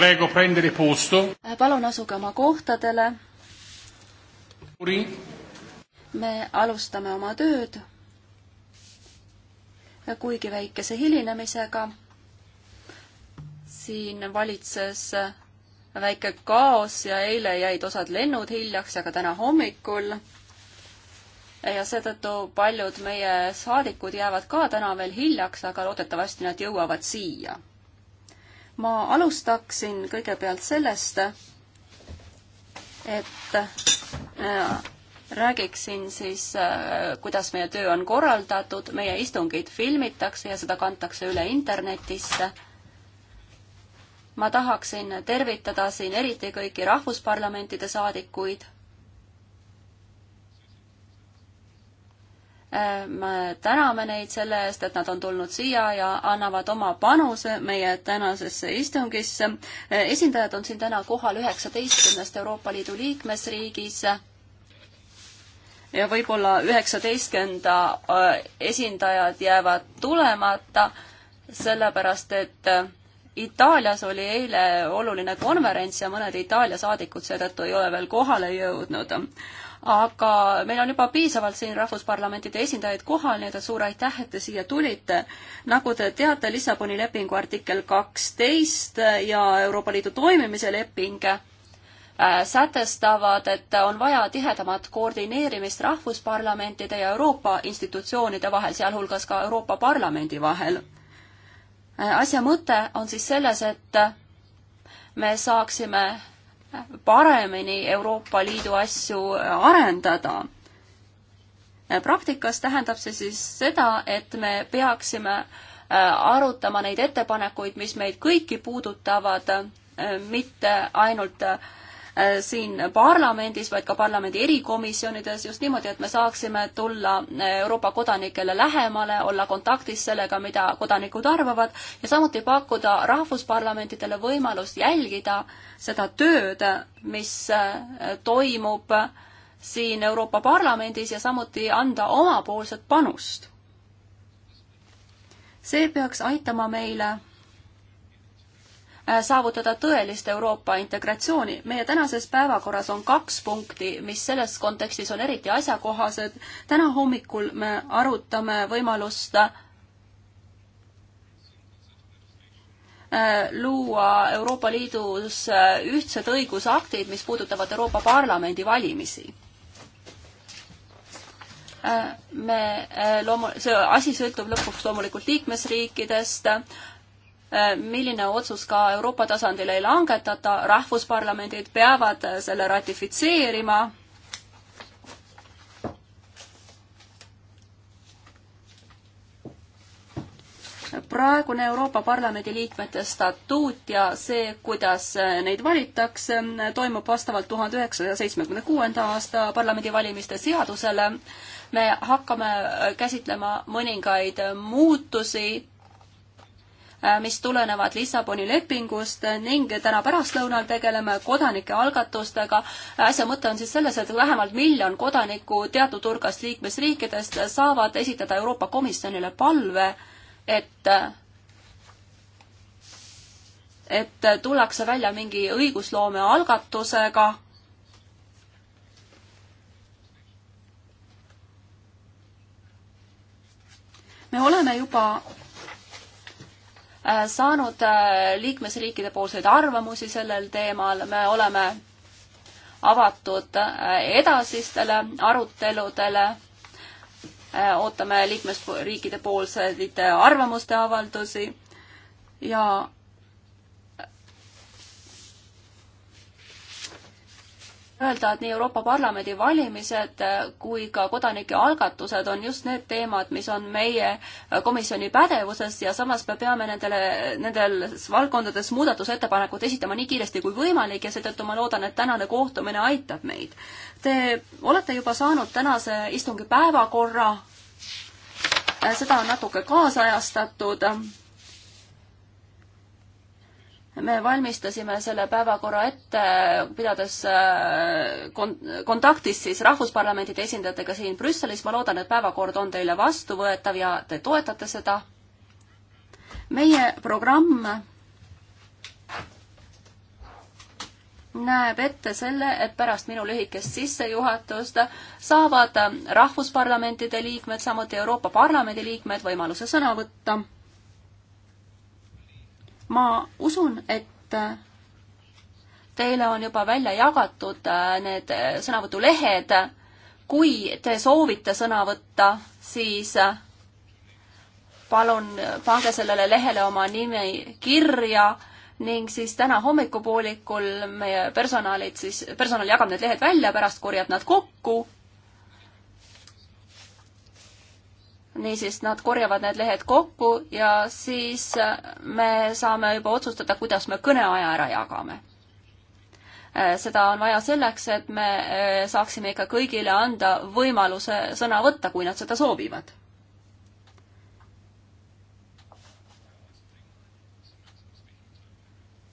Prego prendere posto. Äh, palun asuge oma kohtadele. me alustame oma tööd. Äh, kuigi väikese hilinemisega. siin valitses äh, väike kaos ja eile jäid osad lennud hiljaks ja ka täna hommikul. ja seetõttu paljud meie saadikud jäävad ka täna veel hiljaks, aga loodetavasti nad jõuavad siia ma alustaksin kõigepealt sellest, et äh, räägiksin siis, äh, kuidas meie töö on korraldatud, meie istungid filmitakse ja seda kantakse üle internetisse. ma tahaksin tervitada siin eriti kõiki rahvusparlamentide saadikuid Äh, me täname neid selle eest, et nad on tulnud siia ja annavad oma panuse meie tänasesse istungisse. Äh, esindajad on siin täna kohal üheksateistkümnest Euroopa Liidu liikmesriigis ja võib-olla üheksateistkümnenda äh, esindajad jäävad tulemata, sellepärast et Itaalias oli eile oluline konverents ja mõned Itaalia saadikud seetõttu ei ole veel kohale jõudnud aga meil on juba piisavalt siin rahvusparlamentide esindajaid kohal, nii et suur aitäh, et te siia tulite. nagu te teate, Lissaboni lepingu artikkel kaksteist ja Euroopa Liidu toimimise leping äh, sätestavad, et on vaja tihedamat koordineerimist rahvusparlamentide ja Euroopa institutsioonide vahel, sealhulgas ka Euroopa Parlamendi vahel. Äh, asja mõte on siis selles, et me saaksime paremini Euroopa Liidu asju arendada. praktikas tähendab see siis seda, et me peaksime äh, arutama neid ettepanekuid, mis meid kõiki puudutavad, äh, mitte ainult äh, Äh, siin parlamendis, vaid ka parlamendi erikomisjonides just niimoodi, et me saaksime tulla äh, Euroopa kodanikele lähemale, olla kontaktis sellega, mida kodanikud arvavad ja samuti pakkuda rahvusparlamentidele võimalust jälgida seda tööd, mis äh, toimub siin Euroopa Parlamendis ja samuti anda omapoolset panust. see peaks aitama meile Äh, saavutada tõelist Euroopa integratsiooni. meie tänases päevakorras on kaks punkti, mis selles kontekstis on eriti asjakohased. täna hommikul me arutame võimalust äh, luua Euroopa Liidus äh, ühtsed õigusaktid, mis puudutavad Euroopa Parlamendi valimisi. me loomu-, see asi sõltub lõpuks loomulikult liikmesriikidest, Äh, milline otsus ka Euroopa tasandil ei langetata, rahvusparlamendid peavad äh, selle ratifitseerima praegune Euroopa Parlamendi liikmete statuut ja see, kuidas äh, neid valitakse, toimub vastavalt tuhande üheksasaja seitsmekümne kuuenda aasta parlamendivalimiste seadusele. me hakkame käsitlema mõningaid muutusi Äh, mis tulenevad Lissaboni lepingust ning täna pärastlõunal tegeleme kodanike algatustega. asja mõte on siis selles, et vähemalt miljon kodanikku teatud hulgast liikmesriikidest saavad esitada Euroopa Komisjonile palve, et et tullakse välja mingi õigusloome algatusega me oleme juba Äh, saanud äh, liikmesriikide poolseid arvamusi sellel teemal, me oleme avatud äh, edasistele aruteludele, ootame liikmesriikide poolseid arvamuste avaldusi ja öelda, et nii Euroopa Parlamendi valimised äh, kui ka kodanike algatused on just need teemad, mis on meie äh, komisjoni pädevuses ja samas me peame nendele, nendes valdkondades muudatusettepanekud esitama nii kiiresti kui võimalik ja seetõttu ma loodan, et tänane kohtumine aitab meid. Te olete juba saanud tänase istungi päevakorra, äh, seda on natuke kaasajastatud me valmistasime selle päevakorra ette, pidades äh, kon-, kontaktis siis rahvusparlamentide esindajatega siin Brüsselis, ma loodan, et päevakord on teile vastuvõetav ja te toetate seda. meie programm näeb ette selle, et pärast minu lühikest sissejuhatust saavad rahvusparlamentide liikmed, samuti Euroopa Parlamendi liikmed võimaluse sõna võtta ma usun, et teile on juba välja jagatud äh, need äh, sõnavõtulehed. kui te soovite sõna võtta, siis äh, palun pange sellele lehele oma nimi kirja ning siis täna hommikupoolikul meie personalid siis, personal jagab need lehed välja, pärast korjab nad kokku niisiis nad korjavad need lehed kokku ja siis äh, me saame juba otsustada, kuidas me kõneaja ära jagame. Äh, seda on vaja selleks, et me äh, saaksime ikka kõigile anda võimaluse sõna võtta, kui nad seda soovivad.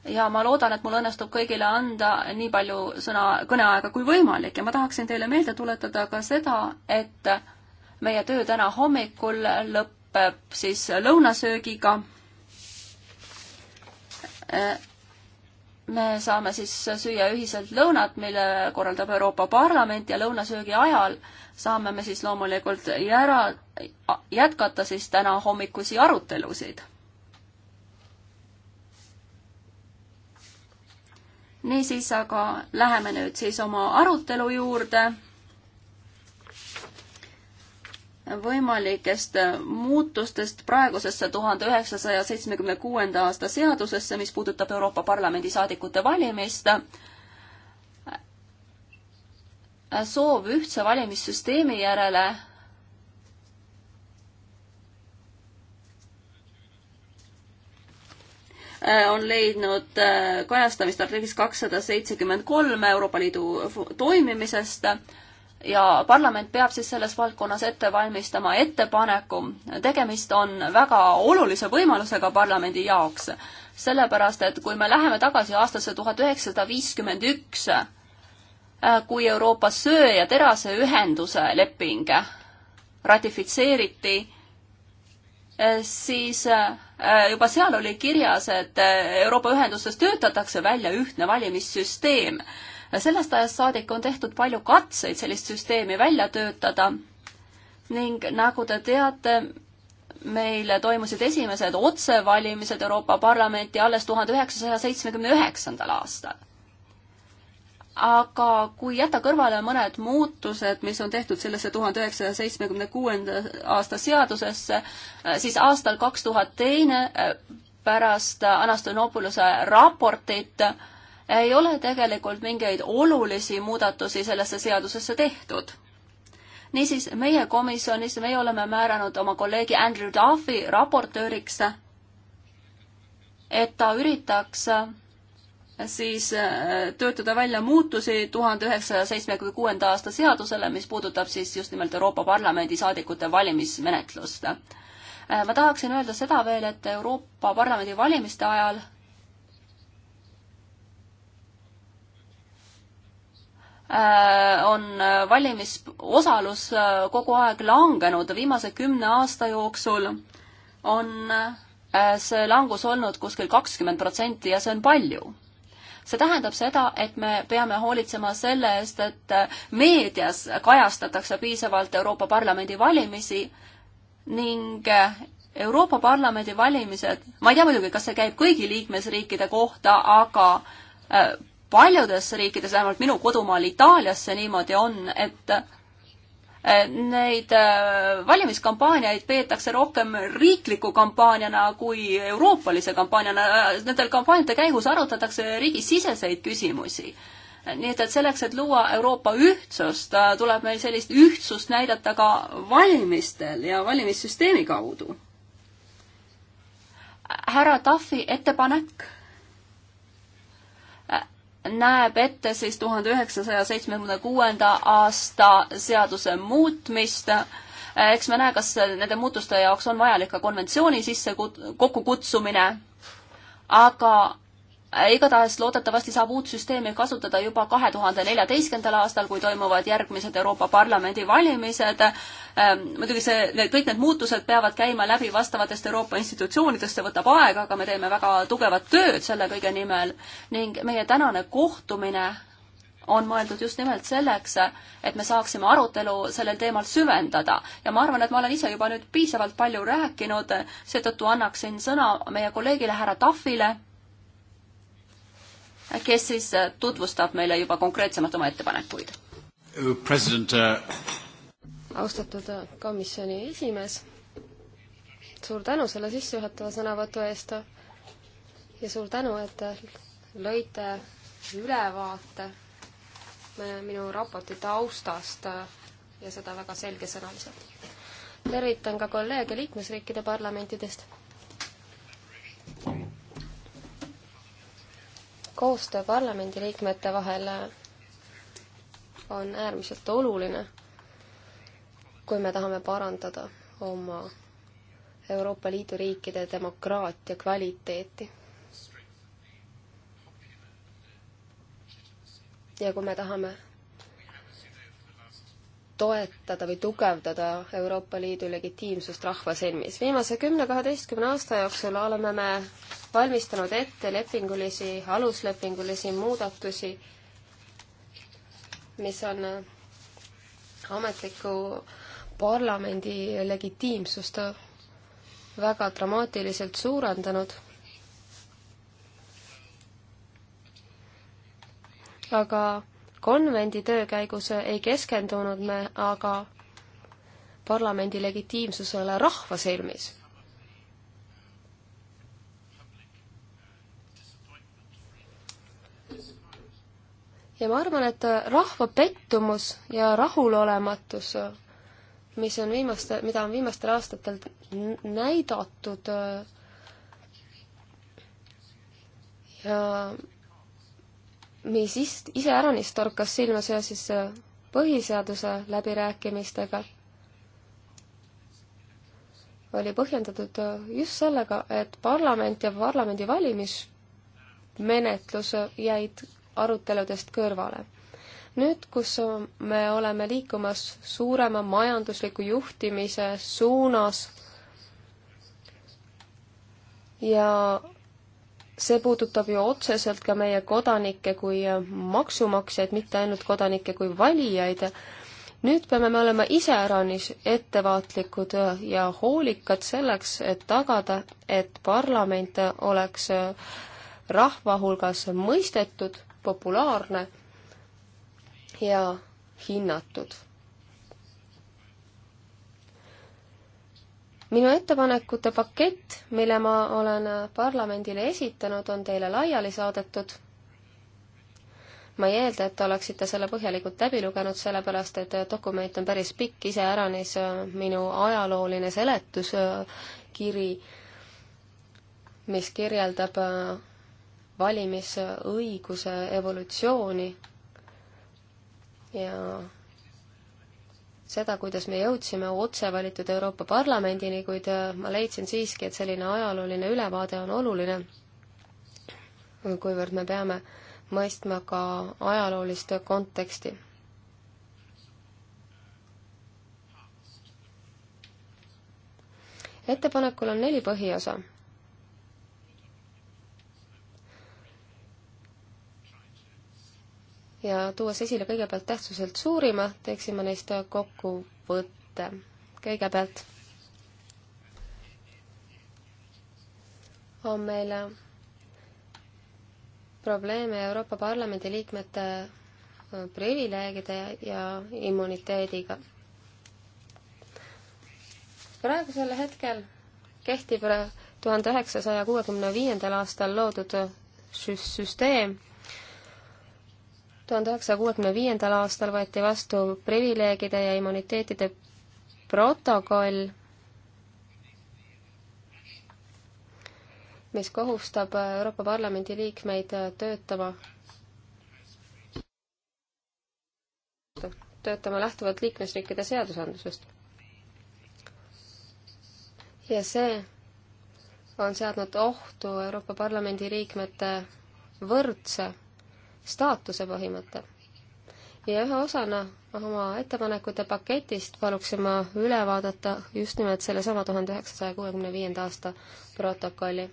ja ma loodan, et mul õnnestub kõigile anda nii palju sõna, kõneaega kui võimalik ja ma tahaksin teile meelde tuletada ka seda, et meie töö täna hommikul lõpeb siis lõunasöögiga. Äh, me saame siis süüa ühiselt lõunat, mille korraldab Euroopa Parlament ja lõunasöögi ajal saame me siis loomulikult jära, jätkata siis täna hommikusi arutelusid. niisiis, aga läheme nüüd siis oma arutelu juurde võimalikest muutustest praegusesse tuhande üheksasaja seitsmekümne kuuenda aasta seadusesse, mis puudutab Euroopa Parlamendi saadikute valimist. soov ühtse valimissüsteemi järele on leidnud äh, kajastamist artiklis kakssada seitsekümmend kolm Euroopa Liidu toimimisest ja parlament peab siis selles valdkonnas ette valmistama ettepaneku. tegemist on väga olulise võimalusega parlamendi jaoks, sellepärast et kui me läheme tagasi aastasse tuhat üheksasada viiskümmend üks, äh, kui Euroopa söe- ja teraseühenduse leping ratifitseeriti, äh, siis äh, juba seal oli kirjas, et Euroopa ühendustes töötatakse välja ühtne valimissüsteem sellest ajast saadik on tehtud palju katseid sellist süsteemi välja töötada ning nagu te teate, meil toimusid esimesed otsevalimised Euroopa Parlamenti alles tuhande üheksasaja seitsmekümne üheksandal aastal. aga kui jätta kõrvale mõned muutused, mis on tehtud sellesse tuhande üheksasaja seitsmekümne kuuenda aasta seadusesse, siis aastal kaks tuhat teine pärast Anastonopoluse raportit äh, ei ole tegelikult mingeid olulisi muudatusi sellesse seadusesse tehtud. niisiis, meie komisjonis, meie oleme määranud oma kolleegi Andrew Duffy raportööriks, et ta üritaks äh, siis äh, töötada välja muutusi tuhande üheksasaja seitsmekümne kuuenda aasta seadusele, mis puudutab siis just nimelt Euroopa Parlamendi saadikute valimismenetlust. Äh, ma tahaksin öelda seda veel, et Euroopa Parlamendi valimiste ajal Äh, on äh, valimisosalus äh, kogu aeg langenud, viimase kümne aasta jooksul on see langus olnud kuskil kakskümmend protsenti ja see on palju see tähendab seda, et me peame hoolitsema selle eest, et meedias kajastatakse piisavalt Euroopa Parlamendi valimisi ning Euroopa Parlamendi valimised, ma ei tea muidugi, kas see käib kõigi liikmesriikide kohta, aga paljudes riikides, vähemalt minu kodumaal Itaalias see niimoodi on, et e, neid e, valimiskampaaniaid peetakse rohkem riikliku kampaaniana kui euroopalise kampaaniana. Nendel kampaaniate käigus arutatakse riigisiseseid küsimusi. nii et, et selleks, et luua Euroopa ühtsust, e, tuleb meil sellist ühtsust näidata ka valimistel ja valimissüsteemi kaudu. härra Tafi ettepanek näeb ette siis tuhande üheksasaja seitsmekümne kuuenda aasta seaduse muutmist. eks me näe, kas nende muutuste jaoks on vajalik ka konventsiooni sisse kokkukutsumine, aga Äh, igatahes loodetavasti saab uut süsteemi kasutada juba kahe tuhande neljateistkümnendal aastal, kui toimuvad järgmised Euroopa Parlamendi valimised. Ähm, muidugi see, kõik need muutused peavad käima läbi vastavatest Euroopa institutsioonidest, see võtab aega, aga me teeme väga tugevat tööd selle kõige nimel ning meie tänane kohtumine on mõeldud just nimelt selleks, et me saaksime arutelu sellel teemal süvendada. ja ma arvan, et ma olen ise juba nüüd piisavalt palju rääkinud, seetõttu annaksin sõna meie kolleegile härra Tahvile kes siis äh, tutvustab meile juba konkreetsemalt oma ettepanekuid. president uh.... austatud äh, komisjoni esimees, suur tänu selle sissejuhatava sõnavõtu eest ja suur tänu, et lõite ülevaate minu raporti taustast ja seda väga selgesõnaliselt. tervitan ka kolleege liikmesriikide parlamentidest koostöö parlamendiliikmete vahel on äärmiselt oluline, kui me tahame parandada oma Euroopa Liidu riikide demokraatia kvaliteeti. ja kui me tahame toetada või tugevdada Euroopa Liidu legitiimsust rahva silmis. viimase kümne-kaheteistkümne aasta jooksul oleme me valmistanud ette lepingulisi, aluslepingulisi muudatusi, mis on ametliku parlamendi legitiimsust väga dramaatiliselt suurendanud aga konvendi töö käigus ei keskendunud me aga parlamendi legitiimsusele rahva silmis. ja ma arvan, et rahva pettumus ja rahulolematus, mis on viimaste, mida on viimastel aastatel näidatud ja mis ist-, iseäranis torkas silma seoses äh, põhiseaduse läbirääkimistega, oli põhjendatud äh, just sellega, et parlament ja parlamendi valimismenetlus äh, jäid aruteludest kõrvale. nüüd, kus me oleme liikumas suurema majandusliku juhtimise suunas ja see puudutab ju otseselt ka meie kodanikke kui maksumaksjaid, mitte ainult kodanikke kui valijaid. nüüd peame me olema iseäranis ettevaatlikud ja hoolikad selleks, et tagada, et parlament oleks rahva hulgas mõistetud, populaarne ja hinnatud minu ettepanekute pakett, mille ma olen parlamendile esitanud, on teile laiali saadetud. ma ei eelda, et te oleksite selle põhjalikult läbi lugenud, sellepärast et dokument on päris pikk, iseäranis minu ajalooline seletuskiri, mis kirjeldab valimisõiguse evolutsiooni ja seda, kuidas me jõudsime otse valitud Euroopa Parlamendini, kuid äh, ma leidsin siiski, et selline ajalooline ülevaade on oluline, kuivõrd me peame mõistma ka ajaloolist konteksti. ettepanekul on neli põhiosa ja tuues esile kõigepealt tähtsuselt suurima, teeksime neist kokkuvõtte. kõigepealt on meil probleeme Euroopa Parlamendi liikmete privileegide ja immuniteediga. praegusel hetkel kehtib tuhande üheksasaja kuuekümne viiendal aastal loodud süsteem tuhande üheksasaja kuuekümne viiendal aastal võeti vastu privileegide ja immuniteetide protokoll, mis kohustab Euroopa Parlamendi liikmeid töötama, töötama lähtuvalt liikmesriikide seadusandlusest. ja see on seadnud ohtu Euroopa Parlamendi liikmete võrdse staatuse põhimõte. ja ühe osana oma ettepanekute paketist paluksin ma üle vaadata just nimelt sellesama tuhande üheksasaja kuuekümne viienda aasta protokolli.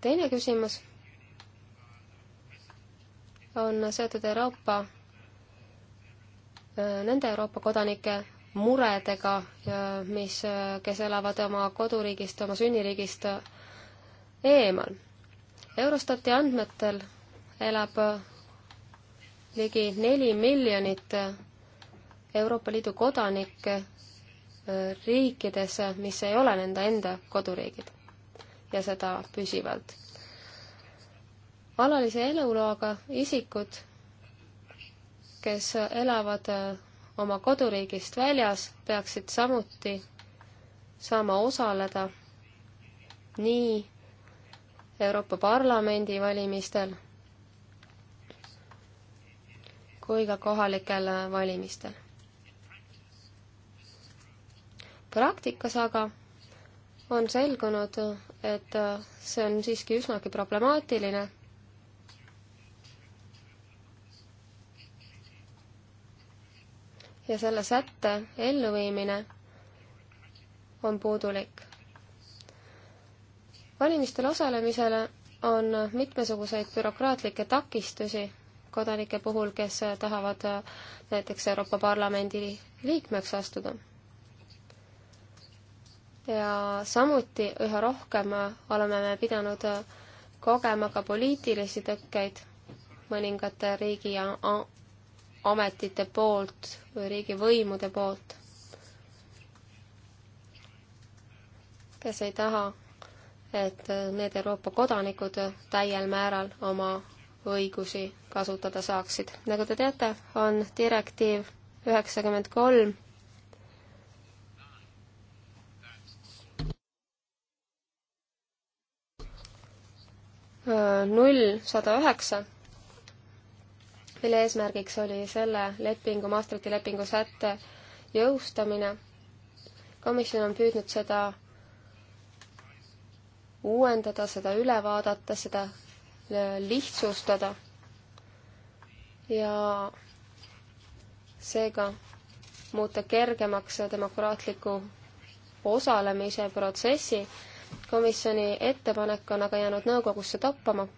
teine küsimus on seotud Euroopa, nende Euroopa kodanike muredega, mis, kes elavad oma koduriigist, oma sünniriigist eemal. Eurostati andmetel elab ligi neli miljonit Euroopa Liidu kodanikke riikides, mis ei ole nende enda koduriigid ja seda püsivalt. alalise eluloaga isikud, kes elavad oma koduriigist väljas peaksid samuti saama osaleda nii Euroopa Parlamendi valimistel kui ka kohalikel valimistel. praktikas aga on selgunud, et see on siiski üsnagi problemaatiline ja selle sätte elluviimine on puudulik. valimistel osalemisele on mitmesuguseid bürokraatlikke takistusi kodanike puhul, kes tahavad näiteks Euroopa Parlamendi liikmeks astuda. ja samuti üha rohkem oleme me pidanud kogema ka poliitilisi tõkkeid mõningate riigi ja ametite poolt või riigivõimude poolt, kes ei taha, et need Euroopa kodanikud täiel määral oma õigusi kasutada saaksid. nagu te teate, on direktiiv üheksakümmend kolm null sada üheksa mille eesmärgiks oli selle lepingu, Maastrichti lepingu sätte jõustamine. komisjon on püüdnud seda uuendada, seda üle vaadata, seda äh, lihtsustada. ja seega muuta kergemaks demokraatliku osalemise protsessi. komisjoni ettepanek on aga jäänud nõukogusse toppama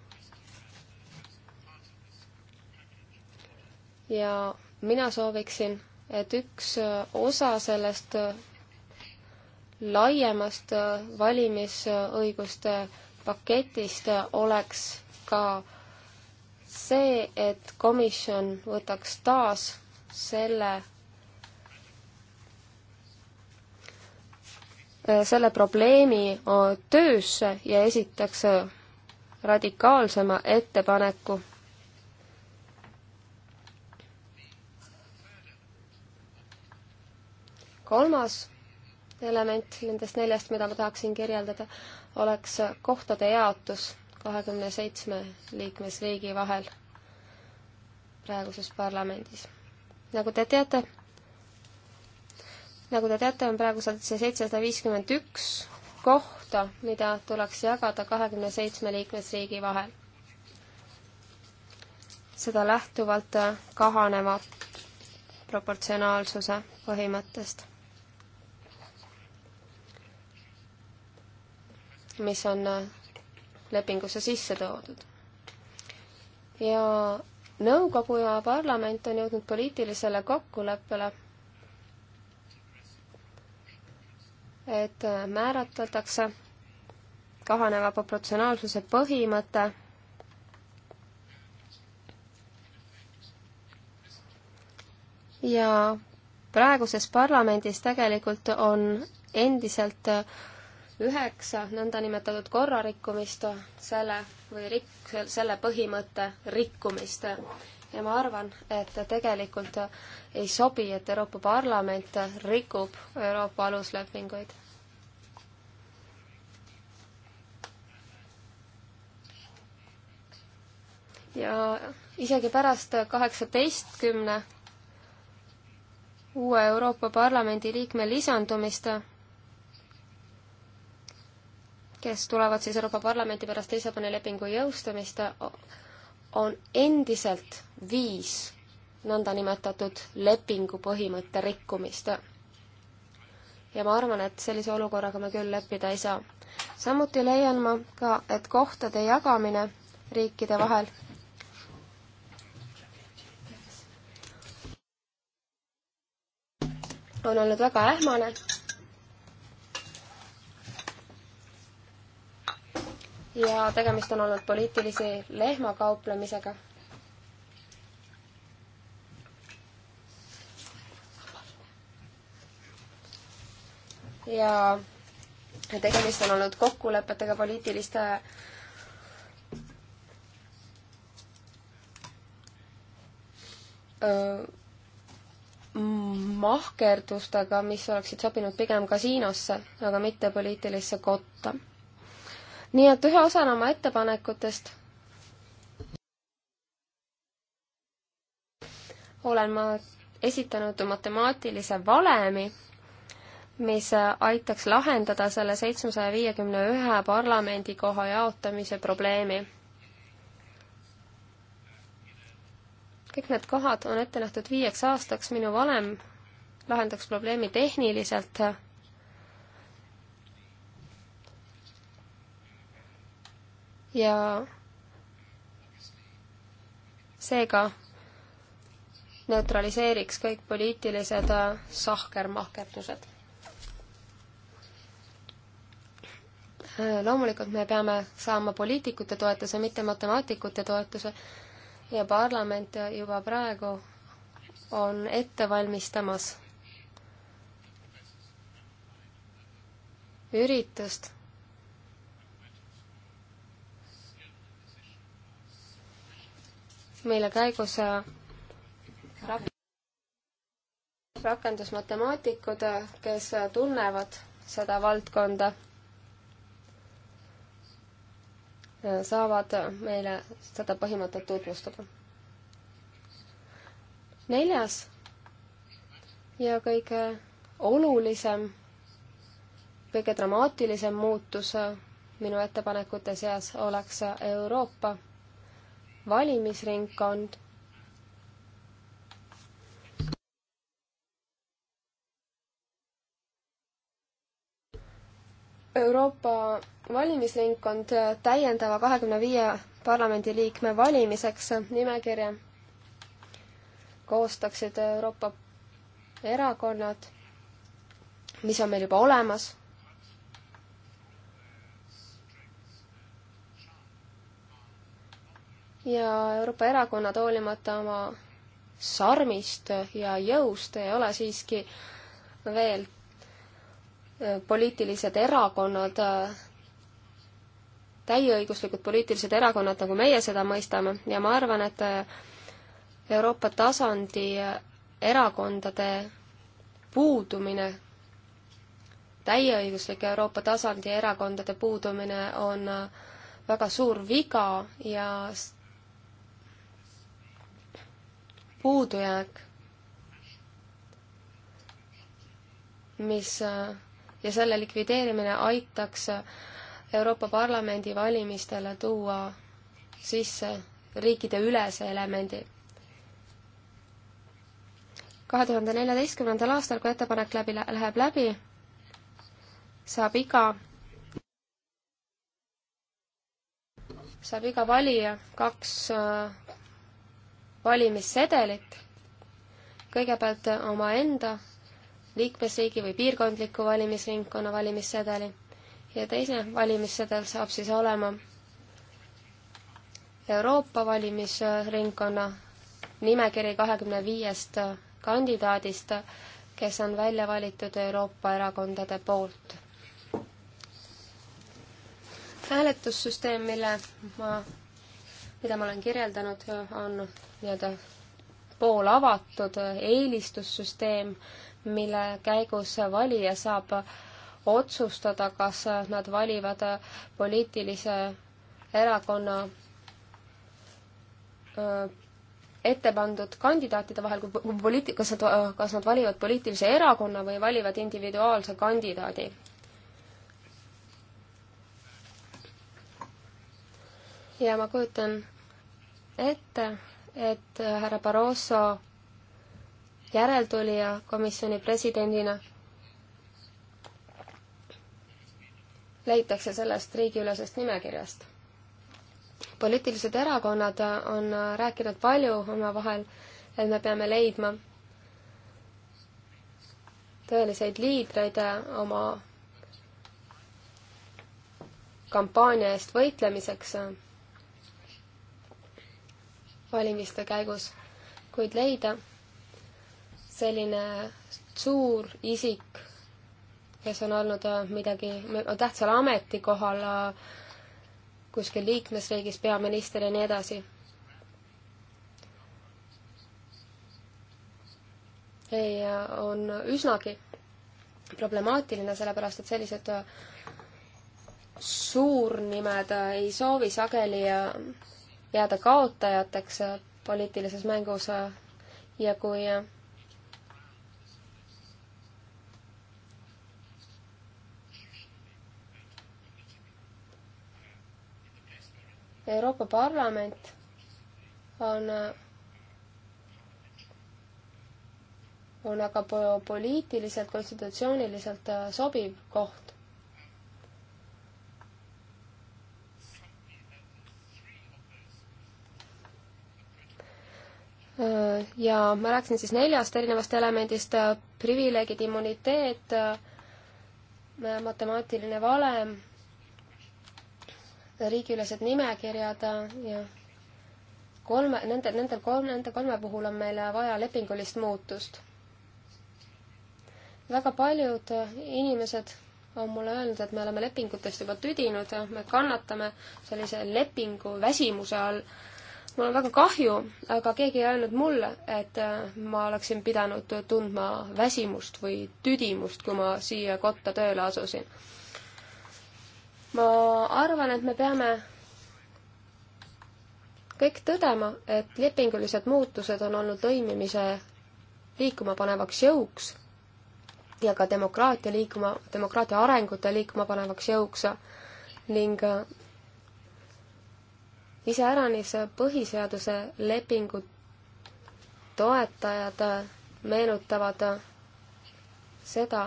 ja mina sooviksin, et üks äh, osa sellest äh, laiemast äh, valimisõiguste paketist oleks ka see, et komisjon võtaks taas selle, selle probleemi töösse ja esitaks radikaalsema ettepaneku kolmas element nendest neljast, mida ma tahaksin kirjeldada, oleks kohtade jaotus kahekümne seitsme liikmesriigi vahel praeguses parlamendis. nagu te teate, nagu te teate, on praeguselt see seitsesada viiskümmend üks kohta, mida tuleks jagada kahekümne seitsme liikmesriigi vahel. seda lähtuvalt kahaneva proportsionaalsuse põhimõttest mis on äh, lepingusse sisse toodud. ja nõukogu ja parlament on jõudnud poliitilisele kokkuleppele, et äh, määratletakse kahaneva proportsionaalsuse põhimõte ja praeguses parlamendis tegelikult on endiselt äh, üheksa nõndanimetatud korrarikkumist, selle või rik-, selle põhimõtte rikkumist. ja ma arvan, et tegelikult ei sobi, et Euroopa Parlament rikub Euroopa aluslepinguid. ja isegi pärast kaheksateistkümne uue Euroopa Parlamendi liikme lisandumist kes tulevad siis Euroopa Parlamenti pärast Lissaboni lepingu jõustumist, on endiselt viis nõndanimetatud lepingu põhimõtte rikkumist. ja ma arvan, et sellise olukorraga me küll leppida ei saa. samuti leian ma ka, et kohtade jagamine riikide vahel on olnud väga ähmane ja tegemist on olnud poliitilise lehmakauplemisega. ja tegemist on olnud kokkulepetega poliitiliste öö, mahkerdustega, mis oleksid sobinud pigem kasiinosse, aga mitte poliitilisse kotta nii et ühe osana oma ettepanekutest olen ma esitanud matemaatilise valemi, mis aitaks lahendada selle seitsmesaja viiekümne ühe parlamendikoha jaotamise probleemi. kõik need kohad on ette nähtud viieks aastaks, minu valem lahendaks probleemi tehniliselt ja seega neutraliseeriks kõik poliitilised äh, sahkermahkerdused. Äh, loomulikult me peame saama poliitikute toetuse, mitte matemaatikute toetuse ja parlament juba praegu on ette valmistamas üritust mille käigus äh, rakendusmatemaatikud, äh, kes tunnevad seda valdkonda, äh, saavad meile seda põhimõtet tutvustada. neljas ja kõige olulisem, kõige dramaatilisem muutus minu ettepanekute seas oleks Euroopa valimisringkond Euroopa valimisringkond täiendava kahekümne viie parlamendiliikme valimiseks nimekirja koostaksid Euroopa erakonnad, mis on meil juba olemas. ja Euroopa erakonnad, hoolimata oma sarmist ja jõust, ei ole siiski veel äh, poliitilised erakonnad, äh, täieõiguslikud poliitilised erakonnad, nagu meie seda mõistame, ja ma arvan, et äh, Euroopa tasandi erakondade puudumine, täieõiguslike Euroopa tasandi erakondade puudumine on väga suur viga ja puudujääk, mis ja selle likvideerimine aitaks Euroopa Parlamendi valimistele tuua sisse riikide ülese elemendi. kahe tuhande neljateistkümnendal aastal, kui ettepanek läbi, läheb läbi, saab iga, saab iga valija kaks valimissedelit, kõigepealt omaenda liikmesriigi või piirkondliku valimisringkonna valimissedeli ja teine valimissedel saab siis olema Euroopa valimisringkonna nimekiri kahekümne viiest kandidaadist, kes on välja valitud Euroopa erakondade poolt. hääletussüsteem, mille ma mida ma olen kirjeldanud, on nii-öelda poolavatud eh, eelistussüsteem, mille käigus valija saab otsustada, kas nad valivad eh, poliitilise erakonna eh, ette pandud kandidaatide vahel, kui poliit-, kas nad, kas nad valivad poliitilise erakonna või valivad individuaalse kandidaadi. ja ma kujutan ette, et härra Barroso järeltulija komisjoni presidendina leitakse sellest riigiülesest nimekirjast. poliitilised erakonnad on rääkinud palju omavahel, et me peame leidma tõeliseid liidreid oma kampaania eest võitlemiseks valimiste käigus, kuid leida selline suur isik, kes on olnud äh, midagi, on tähtsal ametikohal äh, kuskil liikmesriigis, peaminister ja nii edasi. ei, äh, on üsnagi problemaatiline, sellepärast et sellised suurnimed ei soovi sageli jääda kaotajateks äh, poliitilises mängus äh, ja kui äh, Euroopa Parlament on, on aga poliitiliselt, konstitutsiooniliselt sobiv koht Äh, ja ma rääkisin siis neljast erinevast elemendist, äh, privileegid, immuniteet, äh, matemaatiline valem, riigiülesed nimekirjad ja kolme, nende, nendel kolm, nende kolme puhul on meil vaja lepingulist muutust. väga paljud inimesed on mulle öelnud, et me oleme lepingutest juba tüdinud, me kannatame sellise lepingu väsimuse all mul on väga kahju, aga keegi ei öelnud mulle, et äh, ma oleksin pidanud tundma väsimust või tüdimust, kui ma siia kotta tööle asusin. ma arvan, et me peame kõik tõdema, et lepingulised muutused on olnud lõimimise liikumapanevaks jõuks ja ka demokraatia liikuma, demokraatia arengute liikumapanevaks jõuks ning äh, iseäranis põhiseaduse lepingu toetajad meenutavad seda,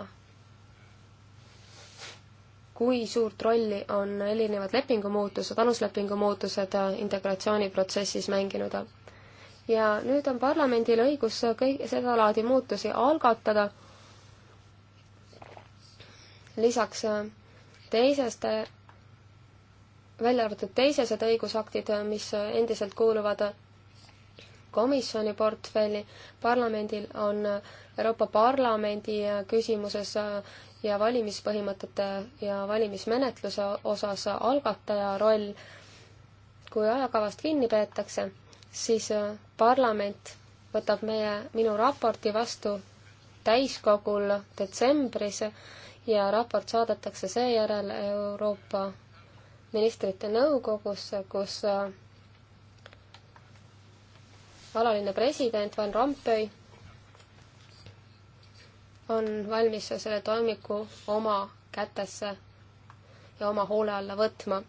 kui suurt rolli on erinevad lepingumuutused, aluslepingu muutused integratsiooniprotsessis mänginud. ja nüüd on parlamendil õigus kõik sedalaadi muutusi algatada. lisaks teiseste välja arvatud teised õigusaktid, mis endiselt kuuluvad komisjoni portfelli, parlamendil on Euroopa Parlamendi küsimuses ja valimispõhimõtete ja valimismenetluse osas algataja roll. kui ajakavast kinni peetakse, siis parlament võtab meie, minu raporti vastu täiskogul detsembris ja raport saadetakse seejärel Euroopa ministrite nõukogusse, kus äh, alaline president Van Rompuy on valmis selle toimiku oma kätesse ja oma hoole alla võtma.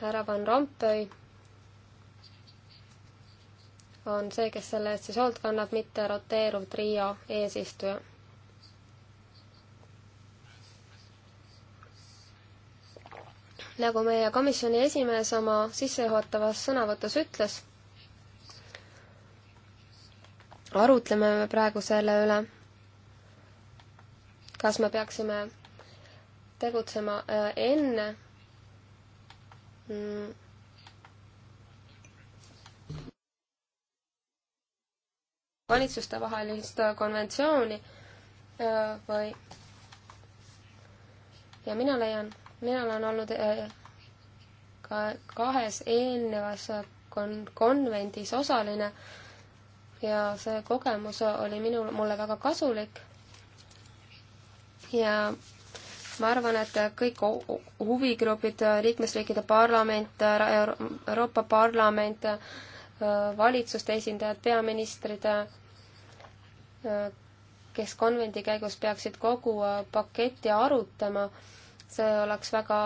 härra Van Rompuy on see, kes selle eest siis hoolt kannab, mitte roteeruv trio eesistuja nagu meie komisjoni esimees oma sissejuhatavas sõnavõtus ütles, arutleme me praegu selle üle, kas me peaksime tegutsema äh, enne mm, valitsuste vahelist äh, konventsiooni äh, või ja mina leian, mina olen olnud äh, ka kahes eelnevas kon-, konvendis osaline ja see kogemus oli minul, mulle väga kasulik. ja ma arvan, et kõik huvigrupid, liikmesriikide parlament, Euroopa Parlament, äh, valitsuste esindajad, peaministrid, äh, kes konvendi käigus peaksid kogu paketti arutama see oleks väga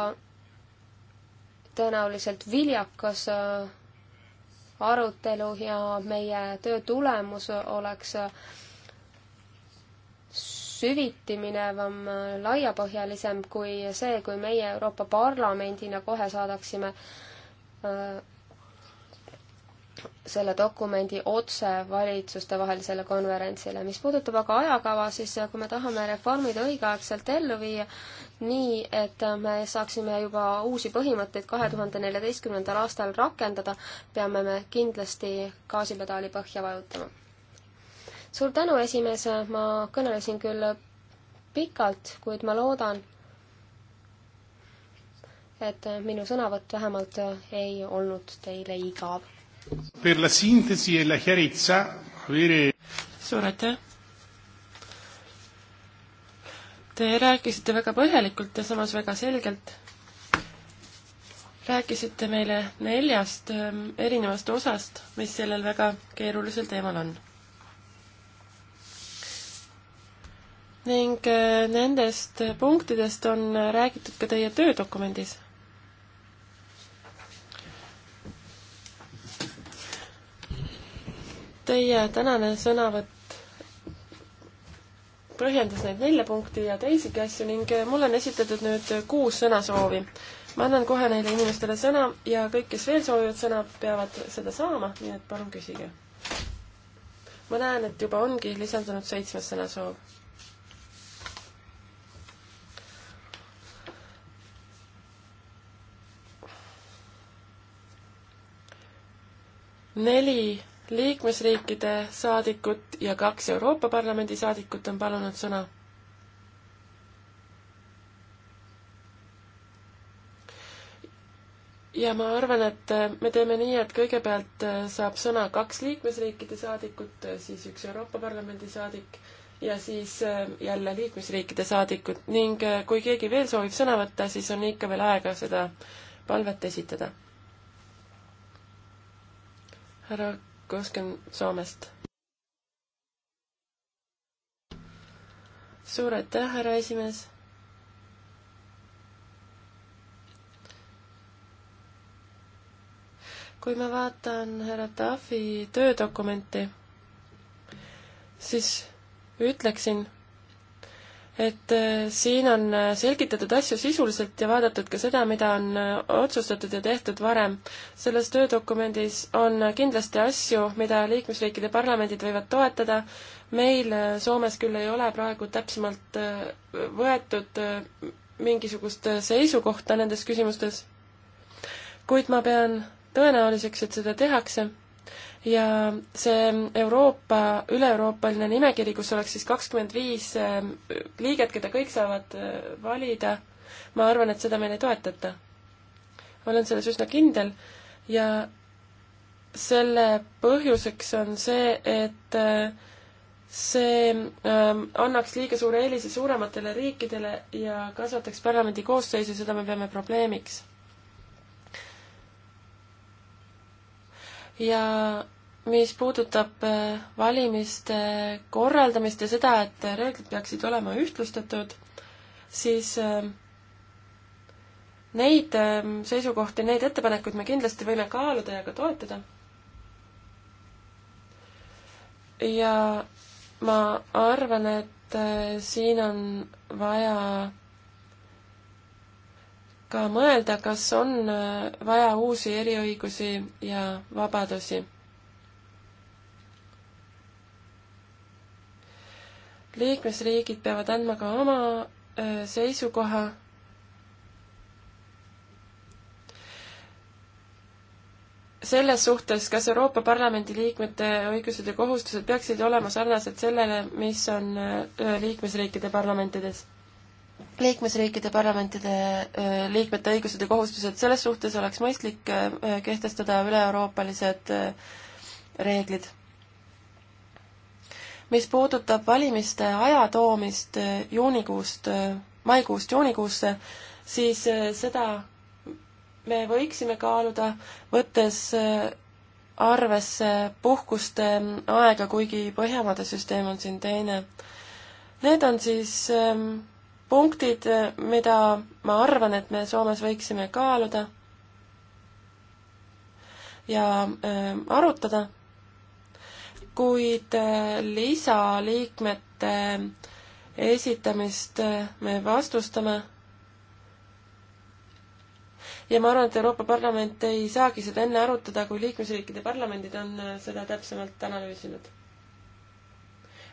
tõenäoliselt viljakas äh, arutelu ja meie töö tulemus oleks äh, süviti minevam, äh, laiapõhjalisem kui see, kui meie Euroopa Parlamendina kohe saadaksime selle dokumendi otse valitsustevahelisele konverentsile. mis puudutab aga ajakava, siis kui me tahame reformid õigeaegselt ellu viia, nii et me saaksime juba uusi põhimõtteid kahe tuhande neljateistkümnendal aastal rakendada, peame me kindlasti gaasipedaali põhja vajutama. suur tänu, esimees, ma kõnelesin küll pikalt, kuid ma loodan, et minu sõnavõtt vähemalt ei olnud teile igav. Per la sintesi e la chiarezza avere... suur aitäh! Te rääkisite väga põhjalikult ja samas väga selgelt. rääkisite meile neljast ähm, erinevast osast, mis sellel väga keerulisel teemal on. ning äh, nendest punktidest on äh, räägitud ka teie töödokumendis Teie tänane sõnavõtt põhjendas neid nelja punkti ja teisigi asju ning mulle on esitatud nüüd kuus sõnasoovi. ma annan kohe neile inimestele sõna ja kõik, kes veel soovivad sõna, peavad seda saama, nii et palun küsige. ma näen, et juba ongi lisandunud seitsmes sõnasoov. neli liikmesriikide saadikut ja kaks Euroopa Parlamendi saadikut on palunud sõna. ja ma arvan, et me teeme nii, et kõigepealt saab sõna kaks liikmesriikide saadikut, siis üks Euroopa Parlamendi saadik ja siis jälle liikmesriikide saadikud ning kui keegi veel soovib sõna võtta, siis on ikka veel aega seda palvet esitada. härra Kosken Soomest. suur aitäh, härra esimees. kui ma vaatan härra Tafi töödokumenti, siis ütleksin et äh, siin on äh, selgitatud asju sisuliselt ja vaadatud ka seda, mida on äh, otsustatud ja tehtud varem. selles töödokumendis on kindlasti asju, mida liikmesriikide parlamendid võivad toetada, meil Soomes küll ei ole praegu täpsemalt võetud mingisugust seisukohta nendes küsimustes, kuid ma pean tõenäoliseks, et seda tehakse ja see Euroopa, üle-euroopaline nimekiri, kus oleks siis kakskümmend viis eh, liiget, keda kõik saavad eh, valida, ma arvan, et seda meil ei toetata. olen selles üsna kindel ja selle põhjuseks on see, et eh, see ähm, annaks liiga suure eelise suurematele riikidele ja kasvataks parlamendi koosseisu, seda me peame probleemiks. ja mis puudutab äh, valimiste korraldamist ja seda, et reeglid peaksid olema ühtlustatud, siis äh, neid ähm, seisukohti, neid ettepanekuid me kindlasti võime kaaluda ja ka toetada. ja ma arvan, et äh, siin on vaja ka mõelda, kas on vaja uusi eriõigusi ja vabadusi liikmesriigid peavad andma ka oma seisukoha. selles suhtes, kas Euroopa Parlamendi liikmete õigused ja kohustused peaksid olema sarnased sellele, mis on liikmesriikide parlamentides? liikmesriikide parlamentide liikmete õigused ja kohustused, selles suhtes oleks mõistlik kehtestada üle-euroopalised reeglid mis puudutab valimiste aja toomist eh, juunikuust, eh, maikuust juunikuusse, siis eh, seda me võiksime kaaluda, võttes arvesse puhkuste mm, aega, kuigi Põhjamaade süsteem on siin teine. Need on siis ehm, punktid, mida ma arvan, et me Soomes võiksime kaaluda ja ehm, arutada kuid äh, lisaliikmete esitamist äh, me vastustame. ja ma arvan, et Euroopa Parlament ei saagi seda enne arutada, kui liikmesriikide parlamendid on äh, seda täpsemalt analüüsinud.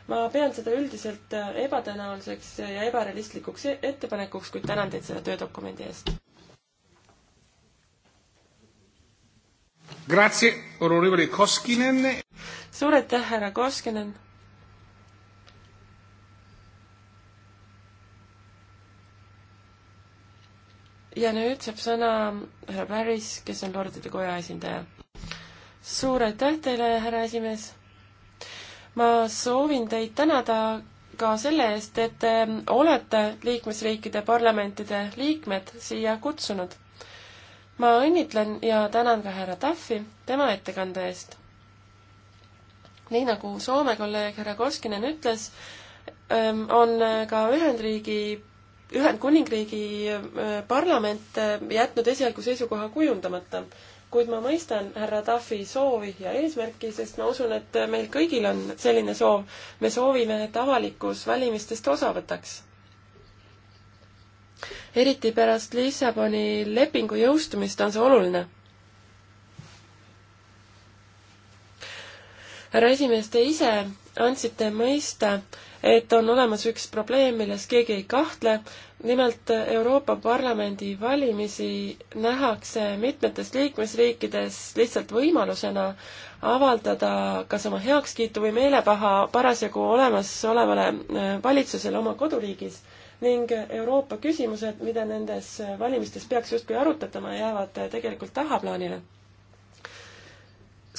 ma pean seda üldiselt ebatõenäoliseks ja ebarealistlikuks e-, ettepanekuks, kuid tänan teid selle töödokumendi eest. Grazie, onorevole Koskinen. suur aitäh, härra Koskinen. ja nüüd saab sõna härra Päris, kes on Lordide Koja esindaja. suur aitäh teile, härra esimees. ma soovin teid tänada ka selle eest, et te olete liikmesriikide parlamentide liikmed siia kutsunud ma õnnitlen ja tänan ka härra Taffi tema ettekande eest. nii nagu Soome kolleeg härra Koskinen ütles, ähm, on äh, ka Ühendriigi, Ühendkuningriigi äh, parlament äh, jätnud esialgu seisukoha kujundamata kuid ma mõistan härra Tafi soovi ja eesmärki, sest ma usun, et meil kõigil on selline soov. me soovime, et avalikkus valimistest osa võtaks eriti pärast Lissaboni lepingu jõustumist on see oluline. härra esimees, te ise andsite mõista, et on olemas üks probleem, milles keegi ei kahtle, nimelt Euroopa Parlamendi valimisi nähakse mitmetes liikmesriikides lihtsalt võimalusena avaldada kas oma heakskiitu või meelepaha parasjagu olemasolevale eh, valitsusele oma koduriigis ning Euroopa küsimused, mida nendes valimistes peaks justkui arutatama, jäävad tegelikult tahaplaanile.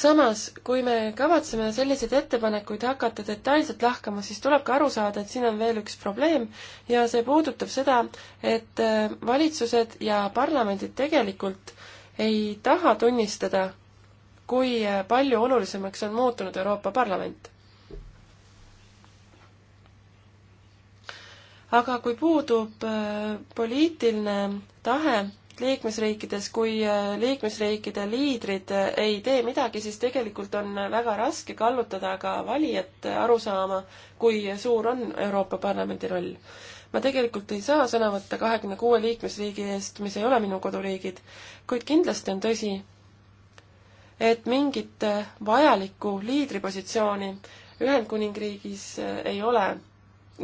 samas, kui me kavatseme selliseid ettepanekuid hakata detailselt lahkama, siis tuleb ka aru saada, et siin on veel üks probleem ja see puudutab seda, et valitsused ja parlamendid tegelikult ei taha tunnistada, kui palju olulisemaks on muutunud Euroopa Parlament aga kui puudub äh, poliitiline tahe liikmesriikides, kui äh, liikmesriikide liidrid äh, ei tee midagi, siis tegelikult on väga raske kallutada ka valijat aru saama, kui suur on Euroopa Parlamendi roll. ma tegelikult ei saa sõna võtta kahekümne kuue liikmesriigi eest, mis ei ole minu koduriigid, kuid kindlasti on tõsi, et mingit vajalikku liidripositsiooni Ühendkuningriigis ei ole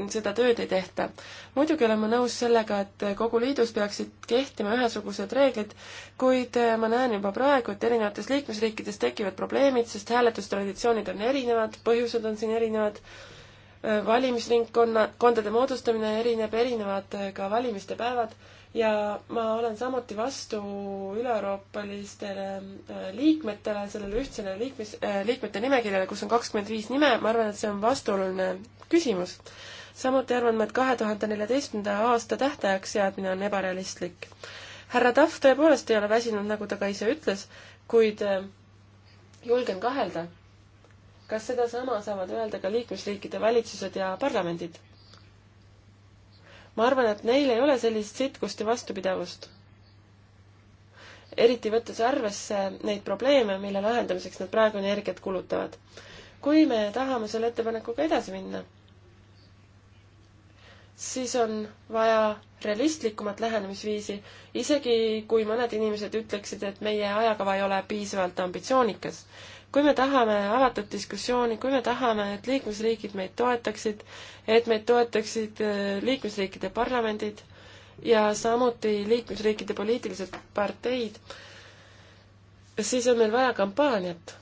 seda tööd ei tehta. muidugi olen ma nõus sellega, et kogu liidus peaksid kehtima ühesugused reeglid, kuid äh, ma näen juba praegu, et erinevates liikmesriikides tekivad probleemid, sest hääletustraditsioonid on erinevad, põhjused on siin erinevad, äh, valimisringkonna, kondade moodustamine erineb, erinevad äh, ka valimiste päevad ja ma olen samuti vastu üle-euroopalistele liikmetele, sellele ühtsele liikmes, liikmete nimekirjale, kus on kakskümmend viis nime, ma arvan, et see on vastuoluline küsimus samuti arvan ma, et kahe tuhande neljateistkümnenda aasta tähtajaks seadmine on ebarealistlik. härra Tahv tõepoolest ei ole väsinud, nagu ta ka ise ütles, kuid äh, julgen kahelda, kas sedasama saavad öelda ka liikmesriikide valitsused ja parlamendid. ma arvan, et neil ei ole sellist sitkust ja vastupidavust. eriti võttes arvesse neid probleeme, mille lahendamiseks nad praegu energiat kulutavad. kui me tahame selle ettepanekuga edasi minna siis on vaja realistlikumat lähenemisviisi, isegi kui mõned inimesed ütleksid, et meie ajakava ei ole piisavalt ambitsioonikas. kui me tahame avatud diskussiooni, kui me tahame, et liikmesriigid meid toetaksid, et meid toetaksid äh, liikmesriikide parlamendid ja samuti liikmesriikide poliitilised parteid, siis on meil vaja kampaaniat.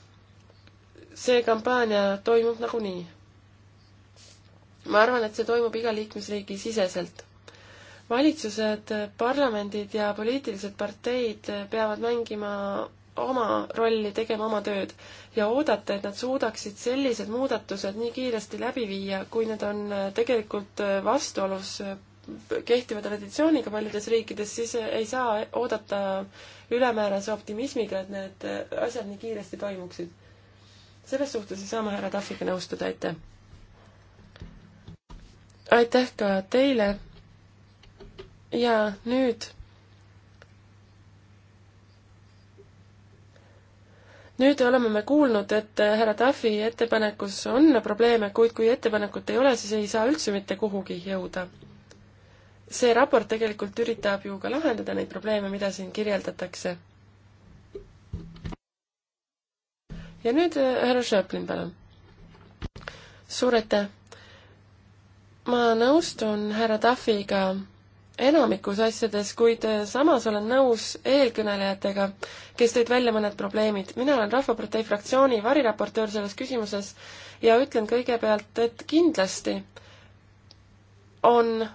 see kampaania toimub nagunii ma arvan, et see toimub iga liikmesriigi siseselt. valitsused, parlamendid ja poliitilised parteid peavad mängima oma rolli, tegema oma tööd ja oodata, et nad suudaksid sellised muudatused nii kiiresti läbi viia, kui need on tegelikult vastuolus kehtiva traditsiooniga paljudes riikides, siis ei saa oodata ülemäärase optimismiga, et need asjad nii kiiresti toimuksid. selles suhtes ei saa ma härra Tahviga nõustuda, aitäh! aitäh ka teile. ja nüüd. nüüd oleme me kuulnud, et härra Tafi ettepanekus on probleeme, kuid kui ettepanekut ei ole, siis ei saa üldse mitte kuhugi jõuda. see raport tegelikult üritab ju ka lahendada neid probleeme, mida siin kirjeldatakse. ja nüüd eh, härra Šõplin, palun. suur aitäh ma nõustun härra Tafiga enamikus asjades, kuid äh, samas olen nõus eelkõnelejatega, kes tõid välja mõned probleemid. mina olen Rahvapartei fraktsiooni variraportöör selles küsimuses ja ütlen kõigepealt, et kindlasti on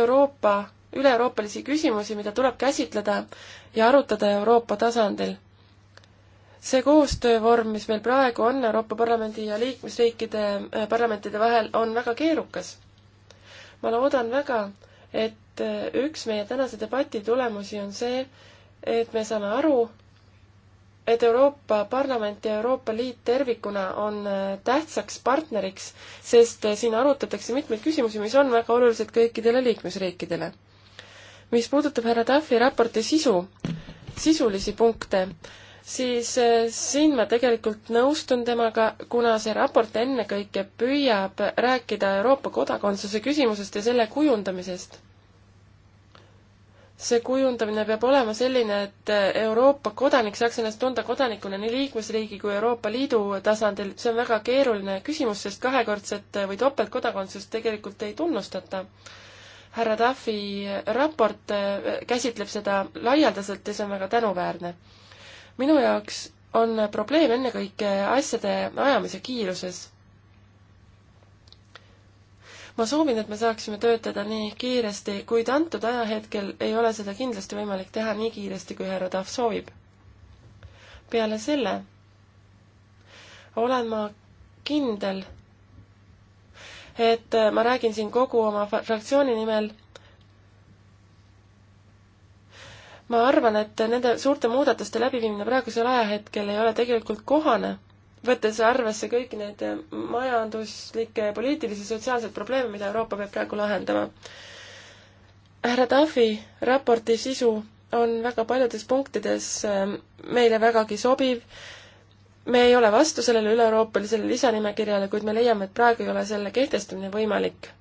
Euroopa, üle-euroopalisi küsimusi, mida tuleb käsitleda ja arutada Euroopa tasandil. see koostöövorm, mis meil praegu on Euroopa Parlamendi ja liikmesriikide äh, parlamentide vahel, on väga keerukas ma loodan väga, et äh, üks meie tänase debati tulemusi on see, et me saame aru, et Euroopa Parlament ja Euroopa Liit tervikuna on äh, tähtsaks partneriks, sest äh, siin arutatakse mitmeid küsimusi, mis on väga olulised kõikidele liikmesriikidele. mis puudutab härra Taffi raporti sisu, sisulisi punkte, siis äh, siin ma tegelikult nõustun temaga, kuna see raport ennekõike püüab rääkida Euroopa kodakondsuse küsimusest ja selle kujundamisest. see kujundamine peab olema selline, et äh, Euroopa kodanik saaks ennast tunda kodanikuna nii liikmesriigi kui Euroopa Liidu tasandil, see on väga keeruline küsimus, sest kahekordset äh, või topeltkodakondsust tegelikult ei tunnustata härra Tafi raport käsitleb seda laialdaselt ja see on väga tänuväärne minu jaoks on probleem ennekõike asjade ajamise kiiruses. ma soovin, et me saaksime töötada nii kiiresti, kuid antud ajahetkel ei ole seda kindlasti võimalik teha nii kiiresti, kui härra Tahv soovib. peale selle olen ma kindel, et ma räägin siin kogu oma fraktsiooni nimel ma arvan, et nende suurte muudatuste läbiviimine praegusel ajahetkel ei ole tegelikult kohane, võttes arvesse kõiki neid majanduslikke, poliitilisi, sotsiaalseid probleeme, mida Euroopa peab praegu lahendama. härra Tafi raporti sisu on väga paljudes punktides ähm, meile vägagi sobiv, me ei ole vastu sellele üle-euroopalisele lisanimekirjale, kuid me leiame, et praegu ei ole selle kehtestamine võimalik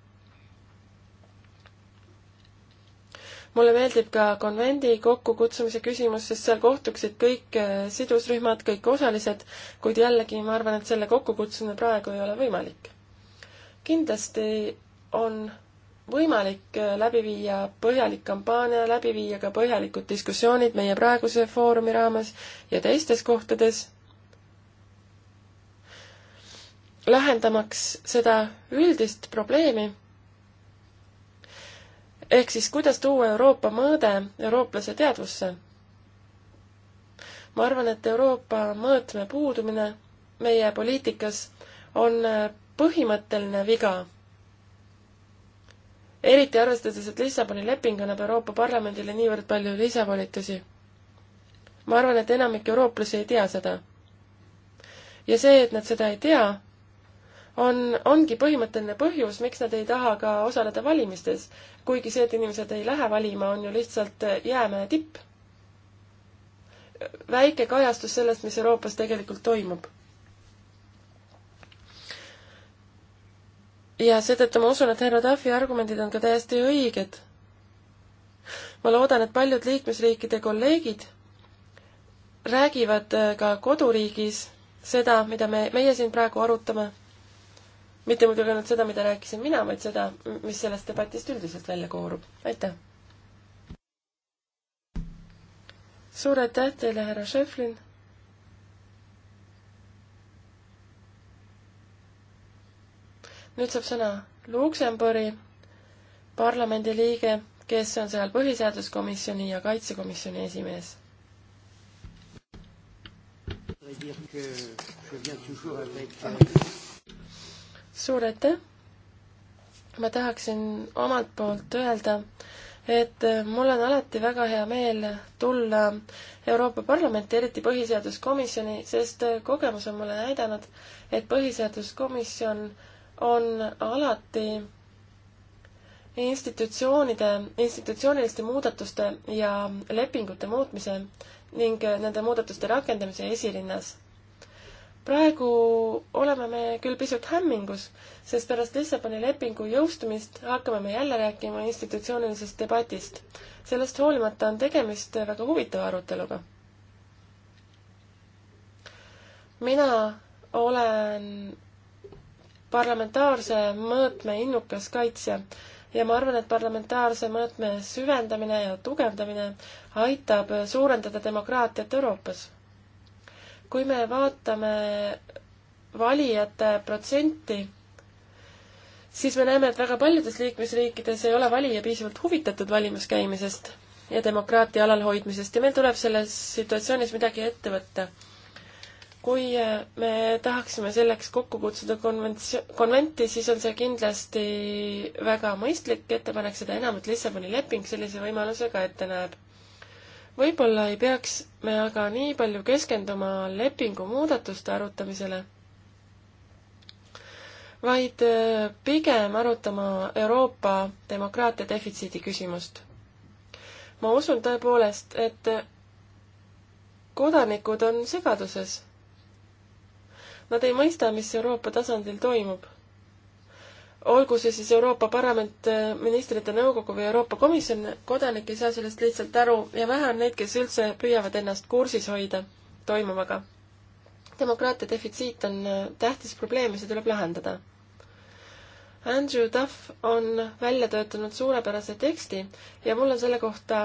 mulle meeldib ka konvendi kokkukutsumise küsimus, sest seal kohtuksid kõik äh, sidusrühmad, kõik osalised, kuid jällegi ma arvan, et selle kokkukutsumine praegu ei ole võimalik. kindlasti on võimalik äh, läbi viia põhjalik kampaania, läbi viia ka põhjalikud diskussioonid meie praeguse foorumi raames ja teistes kohtades, lahendamaks seda üldist probleemi ehk siis, kuidas tuua Euroopa mõõde eurooplase teadvusse? ma arvan, et Euroopa mõõtme puudumine meie poliitikas on põhimõtteline viga. eriti arvestades, et Lissaboni leping annab Euroopa Parlamendile niivõrd palju lisavolitusi. ma arvan, et enamik eurooplasi ei tea seda. ja see, et nad seda ei tea, on, ongi põhimõtteline põhjus, miks nad ei taha ka osaleda valimistes. kuigi see, et inimesed ei lähe valima, on ju lihtsalt jäämäe tipp. väike kajastus sellest, mis Euroopas tegelikult toimub. ja seetõttu ma usun, et härra Tafi argumendid on ka täiesti õiged. ma loodan, et paljud liikmesriikide kolleegid räägivad ka koduriigis seda, mida me, meie siin praegu arutame mitte muidugi ainult seda, mida rääkisin mina, vaid seda, mis sellest debatist üldiselt välja koorub. aitäh! suur aitäh teile, härra Šeflin! nüüd saab sõna Luksemburi parlamendiliige, kes on seal põhiseaduskomisjoni ja kaitsekomisjoni esimees dire que je viens toujours avec euh, suur aitäh! ma tahaksin omalt poolt öelda, et mul on alati väga hea meel tulla Euroopa Parlamenti, eriti Põhiseaduskomisjoni, sest kogemus on mulle näidanud, et Põhiseaduskomisjon on alati institutsioonide, institutsiooniliste muudatuste ja lepingute muutmise ning nende muudatuste rakendamise esirinnas praegu oleme me küll pisut hämmingus, sest pärast Lissaboni lepingu jõustumist hakkame me jälle rääkima institutsioonilisest debatist. sellest hoolimata on tegemist väga huvitava aruteluga. mina olen parlamentaarse mõõtme innukas kaitsja ja ma arvan, et parlamentaarse mõõtme süvendamine ja tugevdamine aitab suurendada demokraatiat Euroopas kui me vaatame valijate protsenti, siis me näeme, et väga paljudes liikmesriikides ei ole valija piisavalt huvitatud valimas käimisest ja demokraatia alalhoidmisest ja meil tuleb selles situatsioonis midagi ette võtta. kui äh, me tahaksime selleks kokku kutsuda konvents-, konventi, siis on see kindlasti väga mõistlik ettepanek, seda enam, et Lissaboni leping sellise võimaluse ka ette näeb võib-olla ei peaks me aga nii palju keskenduma lepingu muudatuste arutamisele, vaid äh, pigem arutama Euroopa demokraatia defitsiidi küsimust. ma usun tõepoolest, et kodanikud on segaduses. Nad ei mõista, mis Euroopa tasandil toimub olgu see siis Euroopa Parlament, äh, Ministrite Nõukogu või Euroopa Komisjon, kodanik ei saa sellest lihtsalt aru ja vähe on neid, kes üldse püüavad ennast kursis hoida toimuvaga. demokraatia defitsiit on äh, tähtis probleem ja see tuleb lahendada. Andrew Duff on välja töötanud suurepärase teksti ja mul on selle kohta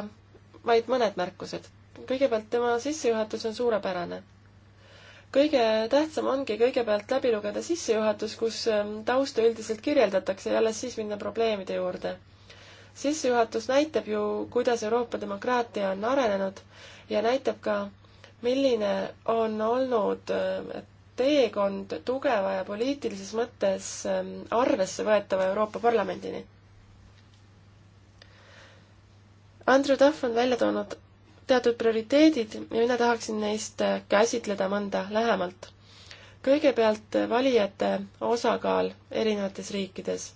vaid mõned märkused. kõigepealt tema sissejuhatus on suurepärane kõige tähtsam ongi kõigepealt läbi lugeda sissejuhatus, kus ähm, tausta üldiselt kirjeldatakse ja alles siis minna probleemide juurde. sissejuhatus näitab ju, kuidas Euroopa demokraatia on arenenud ja näitab ka, milline on olnud äh, teekond tugeva ja poliitilises mõttes ähm, arvesse võetava Euroopa Parlamendini. Andrew Duff on välja toonud teatud prioriteedid ja mina tahaksin neist käsitleda mõnda lähemalt. kõigepealt valijate osakaal erinevates riikides.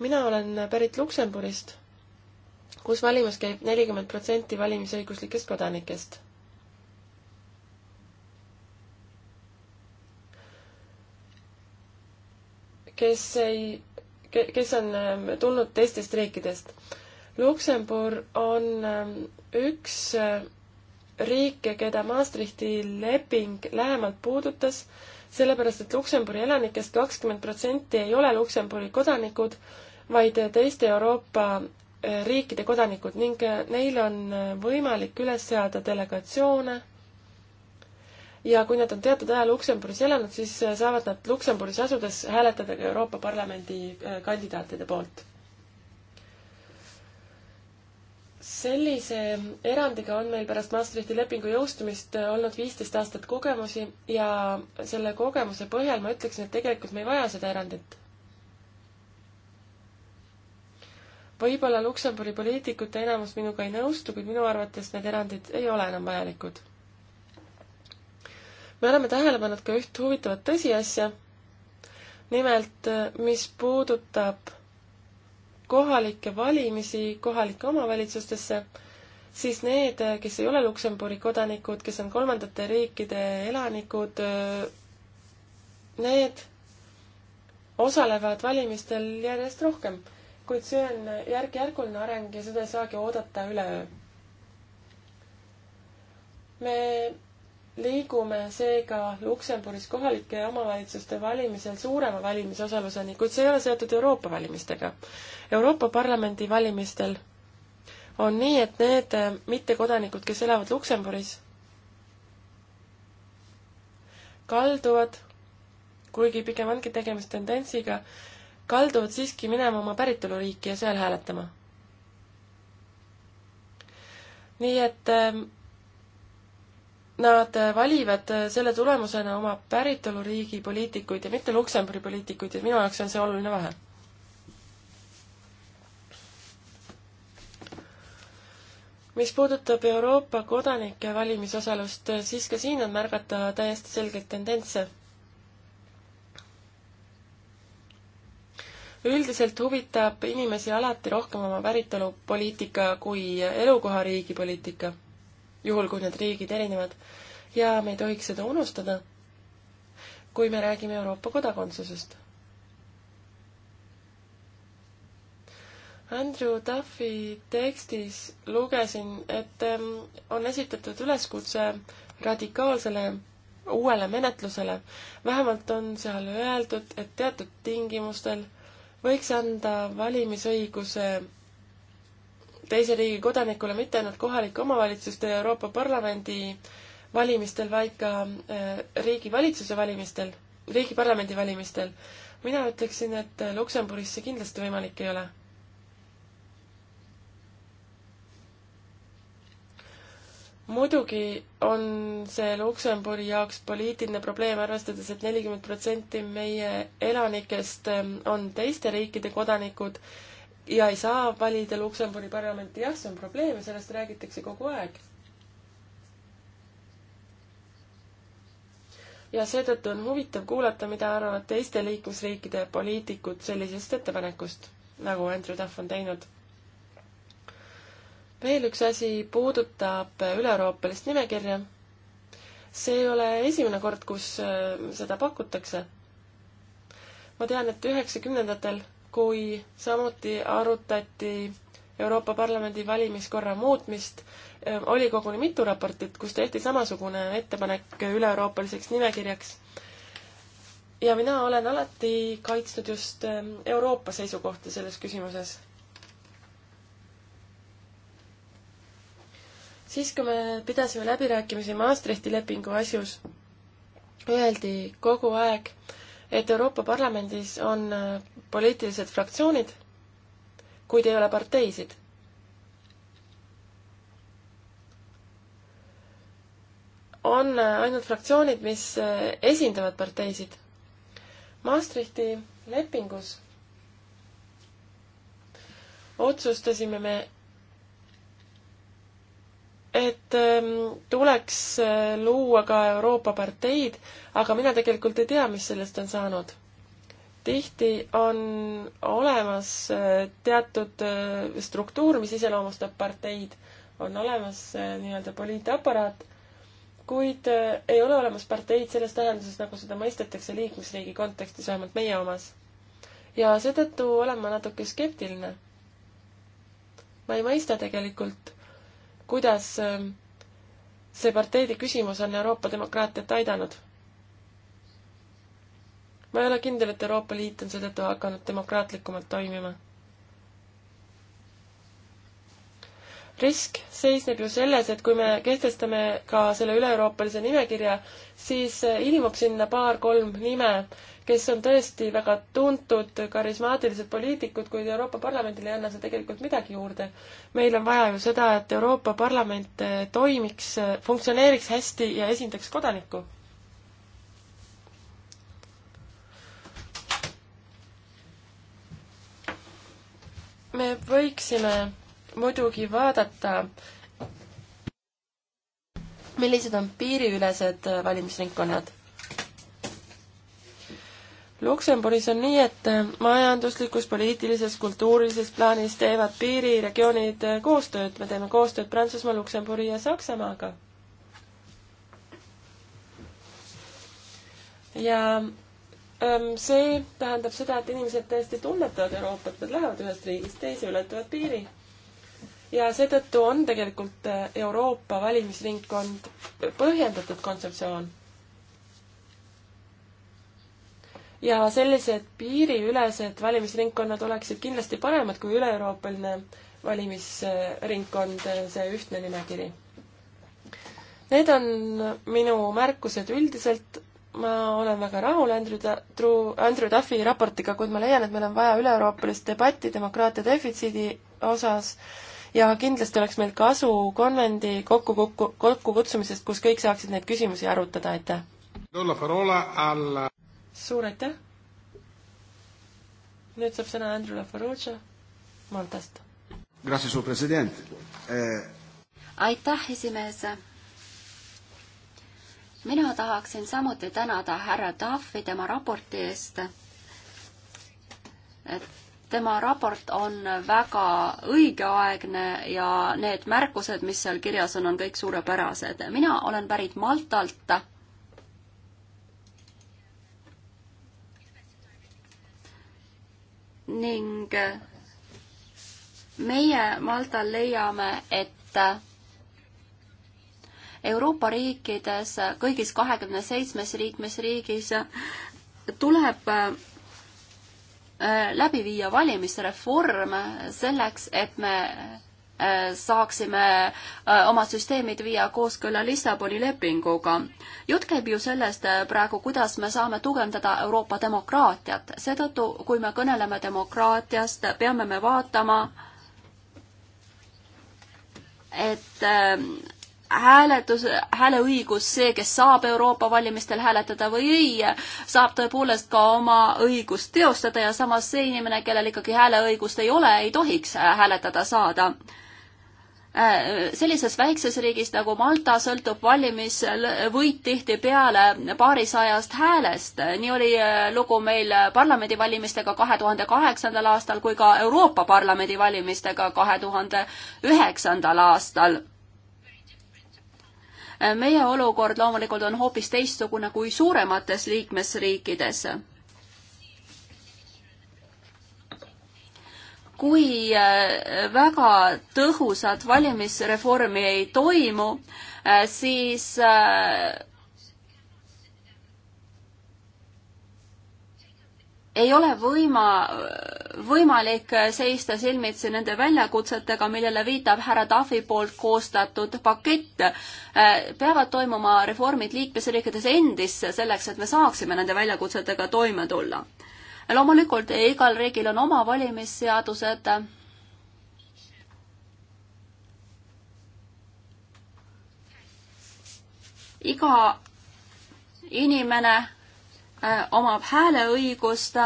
mina olen pärit Luksemburist, kus valimas käib nelikümmend protsenti valimisõiguslikest kodanikest kes ei, kes on eh, tulnud teistest riikidest. Luksemburg on ähm, üks äh, riike, keda Maastrichti leping lähemalt puudutas, sellepärast et Luksemburi elanikest kakskümmend protsenti ei ole Luksemburi kodanikud, vaid äh, teiste Euroopa äh, riikide kodanikud ning neil on võimalik üles seada delegatsioone. ja kui nad on teatud aja Luksemburgis elanud, siis saavad nad Luksemburgis asudes hääletada ka Euroopa Parlamendi kandidaatide poolt sellise erandiga on meil pärast Maastrichti lepingu jõustumist olnud viisteist aastat kogemusi ja selle kogemuse põhjal ma ütleksin, et tegelikult me ei vaja seda erandit. võib-olla Luksemburi poliitikute enamus minuga ei nõustu, kuid minu arvates need erandid ei ole enam vajalikud. me oleme tähele pannud ka üht huvitavat tõsiasja, nimelt mis puudutab kohalikke valimisi kohalike omavalitsustesse, siis need, kes ei ole Luksemburi kodanikud, kes on kolmandate riikide elanikud, need osalevad valimistel järjest rohkem. kuid see on järk-järguline areng ja seda ei saagi oodata üleöö. me liigume seega Luksemburgis kohalike omavalitsuste valimisel suurema valimisosaluseni, kuid see ei ole seotud Euroopa valimistega. Euroopa Parlamendi valimistel on nii, et need äh, mittekodanikud, kes elavad Luksemburgis, kalduvad, kuigi pigem ongi tegemist tendentsiga, kalduvad siiski minema oma päritoluriiki ja seal hääletama. nii et ähm, Nad valivad selle tulemusena oma päritoluriigi poliitikuid ja mitte Luksemburgi poliitikuid ja minu jaoks on see oluline vahe. mis puudutab Euroopa kodanike valimisosalust, siis ka siin on märgata täiesti selgeid tendentse. üldiselt huvitab inimesi alati rohkem oma päritolupoliitika kui elukohariigi poliitika juhul kui need riigid erinevad. ja me ei tohiks seda unustada, kui me räägime Euroopa kodakondsusest. Andrew Duffy tekstis lugesin, et ähm, on esitatud üleskutse radikaalsele uuele menetlusele. vähemalt on seal öeldud, et teatud tingimustel võiks anda valimisõiguse teise riigi kodanikule mitte ainult kohalike omavalitsuste ja Euroopa Parlamendi valimistel, vaid ka äh, riigi valitsuse valimistel, riigi parlamendi valimistel. mina ütleksin, et Luksemburgis see kindlasti võimalik ei ole. muidugi on see Luksemburgi jaoks poliitiline probleem, arvestades, et nelikümmend protsenti meie elanikest ähm, on teiste riikide kodanikud ja ei saa valida Luksemburgi parlamenti, jah, see on probleem ja sellest räägitakse kogu aeg. ja seetõttu on huvitav kuulata, mida arvavad teiste liikmesriikide poliitikud sellisest ettepanekust, nagu Andrew Duff on teinud. veel üks asi puudutab üleeuroopalist nimekirja. see ei ole esimene kord, kus äh, seda pakutakse. ma tean, et üheksakümnendatel kui samuti arutati Euroopa Parlamendi valimiskorra muutmist, ehm, oli koguni mitu raportit, kus tehti samasugune ettepanek üle-euroopaliseks nimekirjaks. ja mina olen alati kaitsnud just ehm, Euroopa seisukohta selles küsimuses. siis, kui me pidasime läbirääkimisi Maastrichti lepingu asjus, öeldi kogu aeg, et Euroopa Parlamendis on äh, poliitilised fraktsioonid, kuid ei ole parteisid. on äh, ainult fraktsioonid, mis äh, esindavad parteisid. Maastrichti lepingus otsustasime me, et ähm, tuleks äh, luua ka Euroopa parteid, aga mina tegelikult ei tea, mis sellest on saanud. tihti on olemas äh, teatud äh, struktuur, mis iseloomustab parteid, on olemas nii-öelda poliitaparaat, kuid ei ole olemas parteid selles tähenduses, nagu seda mõistetakse liikmesriigi kontekstis, vähemalt meie omas. ja seetõttu olen ma natuke skeptiline. ma ei mõista tegelikult kuidas ähm, see parteide küsimus on Euroopa demokraatiat aidanud? ma ei ole kindel, et Euroopa Liit on seetõttu hakanud demokraatlikumalt toimima. risk seisneb ju selles, et kui me kehtestame ka selle üle-euroopalise nimekirja, siis äh, ilmub sinna paar-kolm nime, kes on tõesti väga tuntud karismaatilised poliitikud, kuid Euroopa Parlamendile ei anna see tegelikult midagi juurde. meil on vaja ju seda, et Euroopa Parlament eh, toimiks, eh, funktsioneeriks hästi ja esindaks kodanikku. me võiksime muidugi vaadata, millised on piiriülesed eh, valimisringkonnad Luksemburis on nii, et majanduslikus, poliitilises, kultuurilises plaanis teevad piiriregioonid eh, koostööd, me teeme koostööd Prantsusmaa, Luksemburi ja Saksamaaga. ja ehm, see tähendab seda, et inimesed täiesti tunnetavad Euroopat, nad lähevad ühest riigist teise, ületavad piiri. ja seetõttu on tegelikult eh, Euroopa valimisringkond põhjendatud kontseptsioon ja sellised piiriülesed valimisringkonnad oleksid kindlasti paremad kui üle-euroopaline valimisringkond, eh, see ühtne nimekiri. Need on minu märkused üldiselt, ma olen väga rahul Andrew Ta-, True, Andrew Duffy raportiga, kuid ma leian, et meil on vaja üle-euroopalist debatti demokraatia defitsiidi osas ja kindlasti oleks meil kasu konvendi kokku, kokku, kokkukutsumisest, kus kõik saaksid neid küsimusi arutada, aitäh! suur aitäh! nüüd saab sõna Andrew LaFarugia Maltast. Eh, aitäh, esimees! mina tahaksin samuti tänada härra Tahvi tema raporti eest. tema raport on väga õigeaegne ja need märkused, mis seal kirjas on, on kõik suurepärased. mina olen pärit Maltalt ning äh, meie Maltal leiame, et äh, Euroopa riikides, äh, kõigis kahekümne seitsmes liikmesriigis tuleb läbi viia valimisreform selleks, et me Äh, saaksime äh, oma süsteemid viia kooskõlla Lissaboni lepinguga. jutt käib ju sellest äh, praegu, kuidas me saame tugevdada Euroopa demokraatiat. seetõttu, kui me kõneleme demokraatiast, peame me vaatama, et hääletus, hääleõigus, see, kes saab Euroopa valimistel hääletada või ei, saab tõepoolest ka oma õigust teostada ja samas see inimene, kellel ikkagi hääleõigust ei ole, ei tohiks hääletada saada Äh, sellises väikses riigis nagu Malta sõltub valimisvõit tihtipeale paarisajast häälest. nii oli äh, lugu meil parlamendivalimistega kahe tuhande kaheksandal aastal kui ka Euroopa Parlamendi valimistega kahe tuhande üheksandal aastal äh, meie olukord loomulikult on hoopis teistsugune kui suuremates liikmesriikides kui äh, väga tõhusat valimisreformi ei toimu, äh, siis äh, ei ole võima, võimalik seista silmitsi nende väljakutsetega, millele viitab härra Tafi poolt koostatud pakett. peavad toimuma reformid liikmesriikides endisse, selleks et me saaksime nende väljakutsetega toime tulla loomulikult igal riigil on oma valimisseadused. iga inimene äh, omab hääleõigust,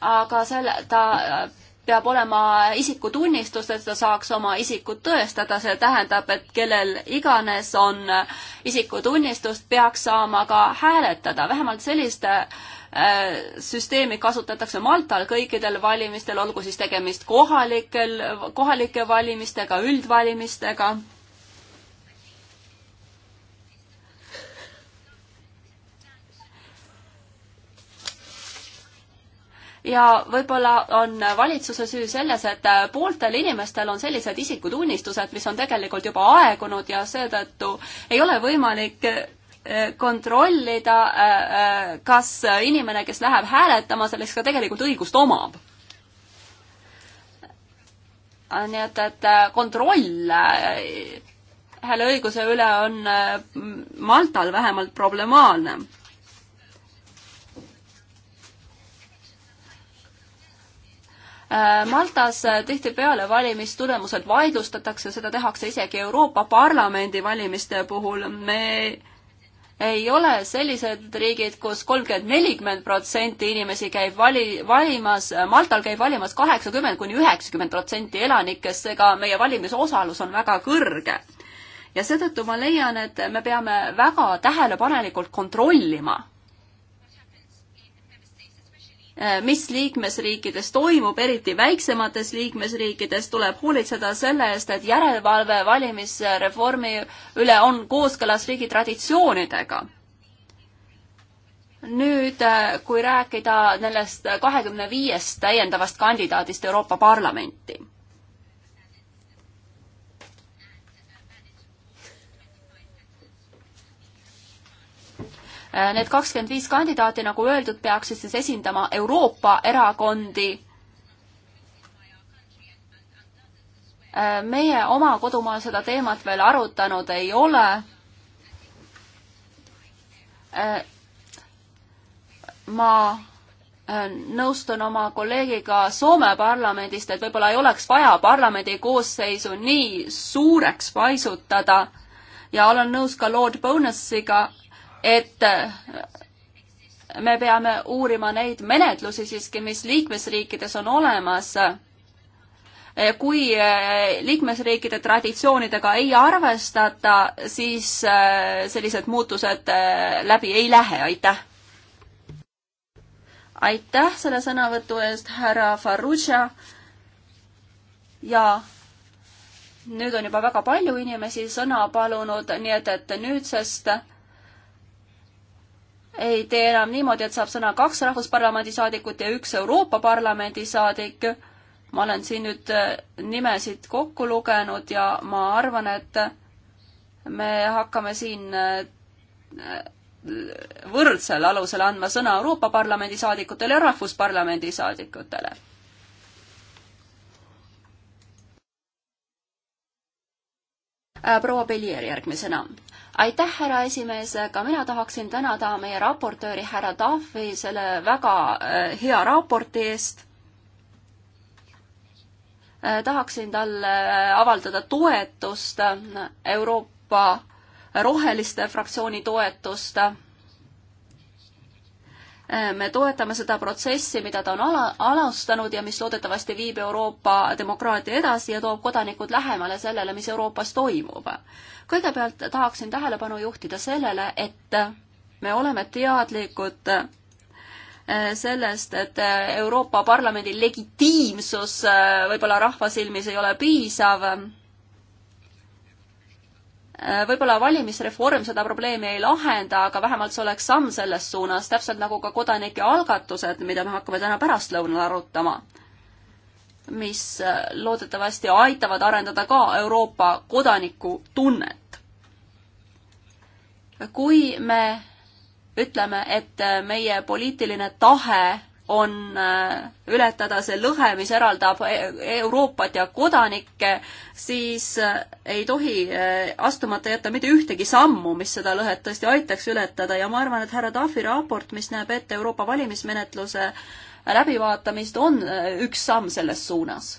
aga selle, ta äh, peab olema isikutunnistus, et ta saaks oma isikut tõestada, see tähendab, et kellel iganes on äh, isikutunnistust, peaks saama ka hääletada, vähemalt sellist Äh, süsteemi kasutatakse Maltal kõikidel valimistel, olgu siis tegemist kohalikel, kohalike valimistega, üldvalimistega. ja võib-olla on valitsuse süü selles, et pooltel inimestel on sellised isikutunnistused, mis on tegelikult juba aegunud ja seetõttu ei ole võimalik Äh, kontrollida, äh, äh, kas inimene, kes läheb hääletama, selleks ka tegelikult õigust omab. nii et, et kontroll hääleõiguse üle on Maltal vähemalt problemaalne Maltas tihtipeale valimistulemused vaidlustatakse, seda tehakse isegi Euroopa Parlamendi valimiste puhul. me ei ole sellised riigid kus, kus kolmkümmend, nelikümmend protsenti inimesi käib vali, valimas, Maltal käib valimas kaheksakümmend kuni üheksakümmend protsenti elanikest, seega meie valimisosalus on väga kõrge. ja seetõttu ma leian, et me peame väga tähelepanelikult kontrollima Äh, mis liikmesriikides toimub, eriti väiksemates liikmesriikides, tuleb hoolitseda selle eest, et järelevalve valimisreformi üle on kooskõlas riigi traditsioonidega. nüüd, äh, kui rääkida nendest kahekümne viiest täiendavast kandidaadist Euroopa Parlamenti Äh, need kakskümmend viis kandidaati, nagu öeldud, peaksid siis esindama Euroopa erakondi. Äh, meie oma kodumaal seda teemat veel arutanud ei ole. Äh, ma nõustun oma kolleegiga Soome parlamendist, et võib-olla ei oleks vaja parlamendi koosseisu nii suureks paisutada ja olen nõus ka Lord Bonusiga, et äh, me peame uurima neid menetlusi siiski, mis liikmesriikides on olemas. Äh, kui äh, liikmesriikide traditsioonidega ei arvestata, siis sellised muutused läbi ei lähe, aitäh. aitäh selle sõnavõtu eest, härra Farrugia. ja nüüd on juba väga palju inimesi sõna palunud, nii et, et nüüdsest ei tee enam niimoodi, et saab sõna kaks Rahvusparlamendi saadikut ja üks Euroopa Parlamendi saadik. ma olen siin nüüd äh, nimesid kokku lugenud ja ma arvan, et me hakkame siin äh, võrdsel alusel andma sõna Euroopa Parlamendi saadikutele ja Rahvusparlamendi saadikutele äh, proua Bellier järgmisena aitäh, härra esimees, ka mina tahaksin tänada meie raportööri härra Tahvi selle väga äh, hea raporti eest. Äh, tahaksin talle äh, avaldada toetust, Euroopa Roheliste fraktsiooni toetust me toetame seda protsessi, mida ta on ala, alustanud ja mis loodetavasti viib Euroopa demokraatia edasi ja toob kodanikud lähemale sellele, mis Euroopas toimub. kõigepealt tahaksin tähelepanu juhtida sellele, et me oleme teadlikud äh, sellest, et Euroopa Parlamendi legitiimsus äh, võib-olla rahva silmis ei ole piisav Äh, võib-olla valimisreform seda probleemi ei lahenda, aga vähemalt see oleks samm selles suunas, täpselt nagu ka kodanike algatused, mida me hakkame täna pärastlõunal arutama. mis äh, loodetavasti aitavad arendada ka Euroopa kodanikutunnet. kui me ütleme, et äh, meie poliitiline tahe on äh, ületada see lõhe, mis eraldab e-, Euroopat ja kodanikke, siis äh, ei tohi äh, astumata jätta mitte ühtegi sammu, mis seda lõhet tõesti aitaks ületada ja ma arvan, et härra Tafi raport, mis näeb ette Euroopa valimismenetluse läbivaatamist, on üks samm selles suunas.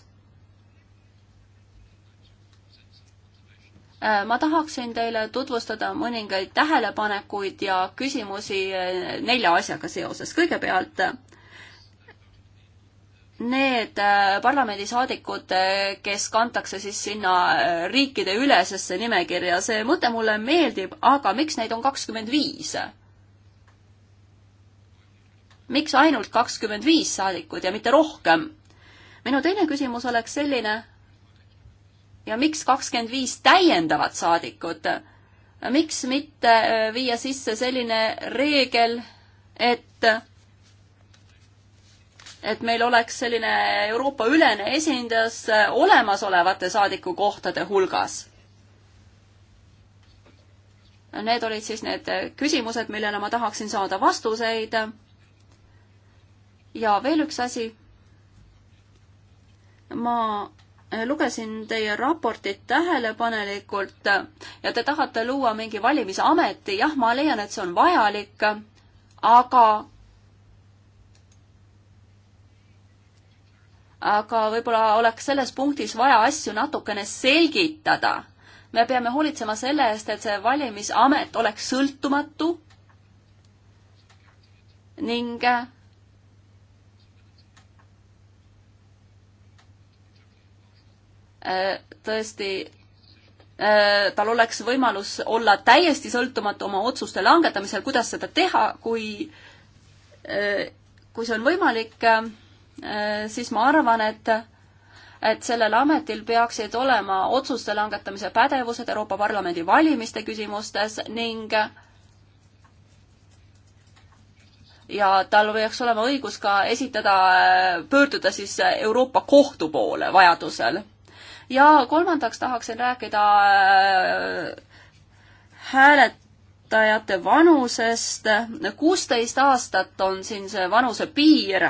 ma tahaksin teile tutvustada mõningaid tähelepanekuid ja küsimusi nelja asjaga seoses. kõigepealt need äh, parlamendisaadikud, äh, kes kantakse siis sinna äh, riikideülesesse nimekirja, see mõte mulle meeldib, aga miks neid on kakskümmend viis? miks ainult kakskümmend viis saadikut ja mitte rohkem? minu teine küsimus oleks selline, ja miks kakskümmend viis täiendavat saadikut? miks mitte viia sisse selline reegel, et et meil oleks selline Euroopa-ülene esindus olemasolevate saadikukohtade hulgas. Need olid siis need küsimused, millele ma tahaksin saada vastuseid. ja veel üks asi. ma lugesin teie raportit tähelepanelikult ja te tahate luua mingi valimisameti, jah, ma leian, et see on vajalik, aga aga võib-olla oleks selles punktis vaja asju natukene selgitada. me peame hoolitsema selle eest, et see valimisamet oleks sõltumatu ning äh, tõesti äh, tal oleks võimalus olla täiesti sõltumatu oma otsuste langetamisel, kuidas seda teha, kui, äh, kui see on võimalik Äh, siis ma arvan, et et sellel ametil peaksid olema otsuste langetamise pädevused Euroopa Parlamendi valimiste küsimustes ning ja tal peaks olema õigus ka esitada, äh, pöörduda siis Euroopa Kohtu poole vajadusel. ja kolmandaks tahaksin rääkida äh, häälet-, töötajate vanusest. kuusteist aastat on siin see vanuse piir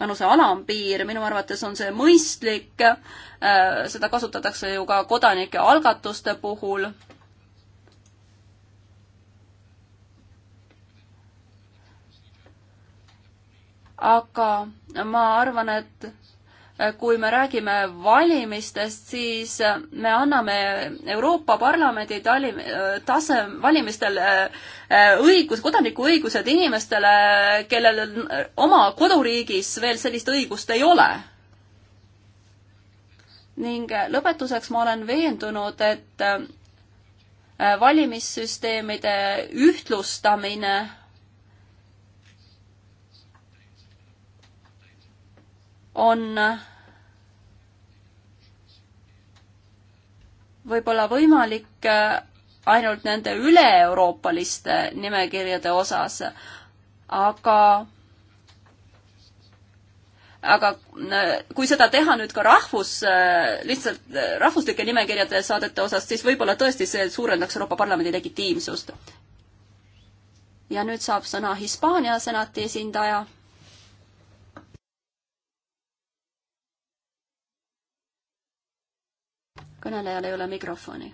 vanuse alampiir, minu arvates on see mõistlik, äh, seda kasutatakse ju ka kodanike algatuste puhul. aga ma arvan, et kui me räägime valimistest, siis me anname Euroopa Parlamendi tali-, tase, valimistel äh, äh, õigus, kodanikuõigused inimestele, kellel oma koduriigis veel sellist õigust ei ole. ning lõpetuseks ma olen veendunud, et äh, valimissüsteemide ühtlustamine on võib-olla võimalik ainult nende üle-euroopaliste nimekirjade osas, aga aga kui seda teha nüüd ka rahvus, lihtsalt rahvuslike nimekirjade saadete osas, siis võib-olla tõesti see suurendaks Euroopa Parlamendi legitiimsust. ja nüüd saab sõna Hispaania senati esindaja kõnelejal ei ole mikrofoni.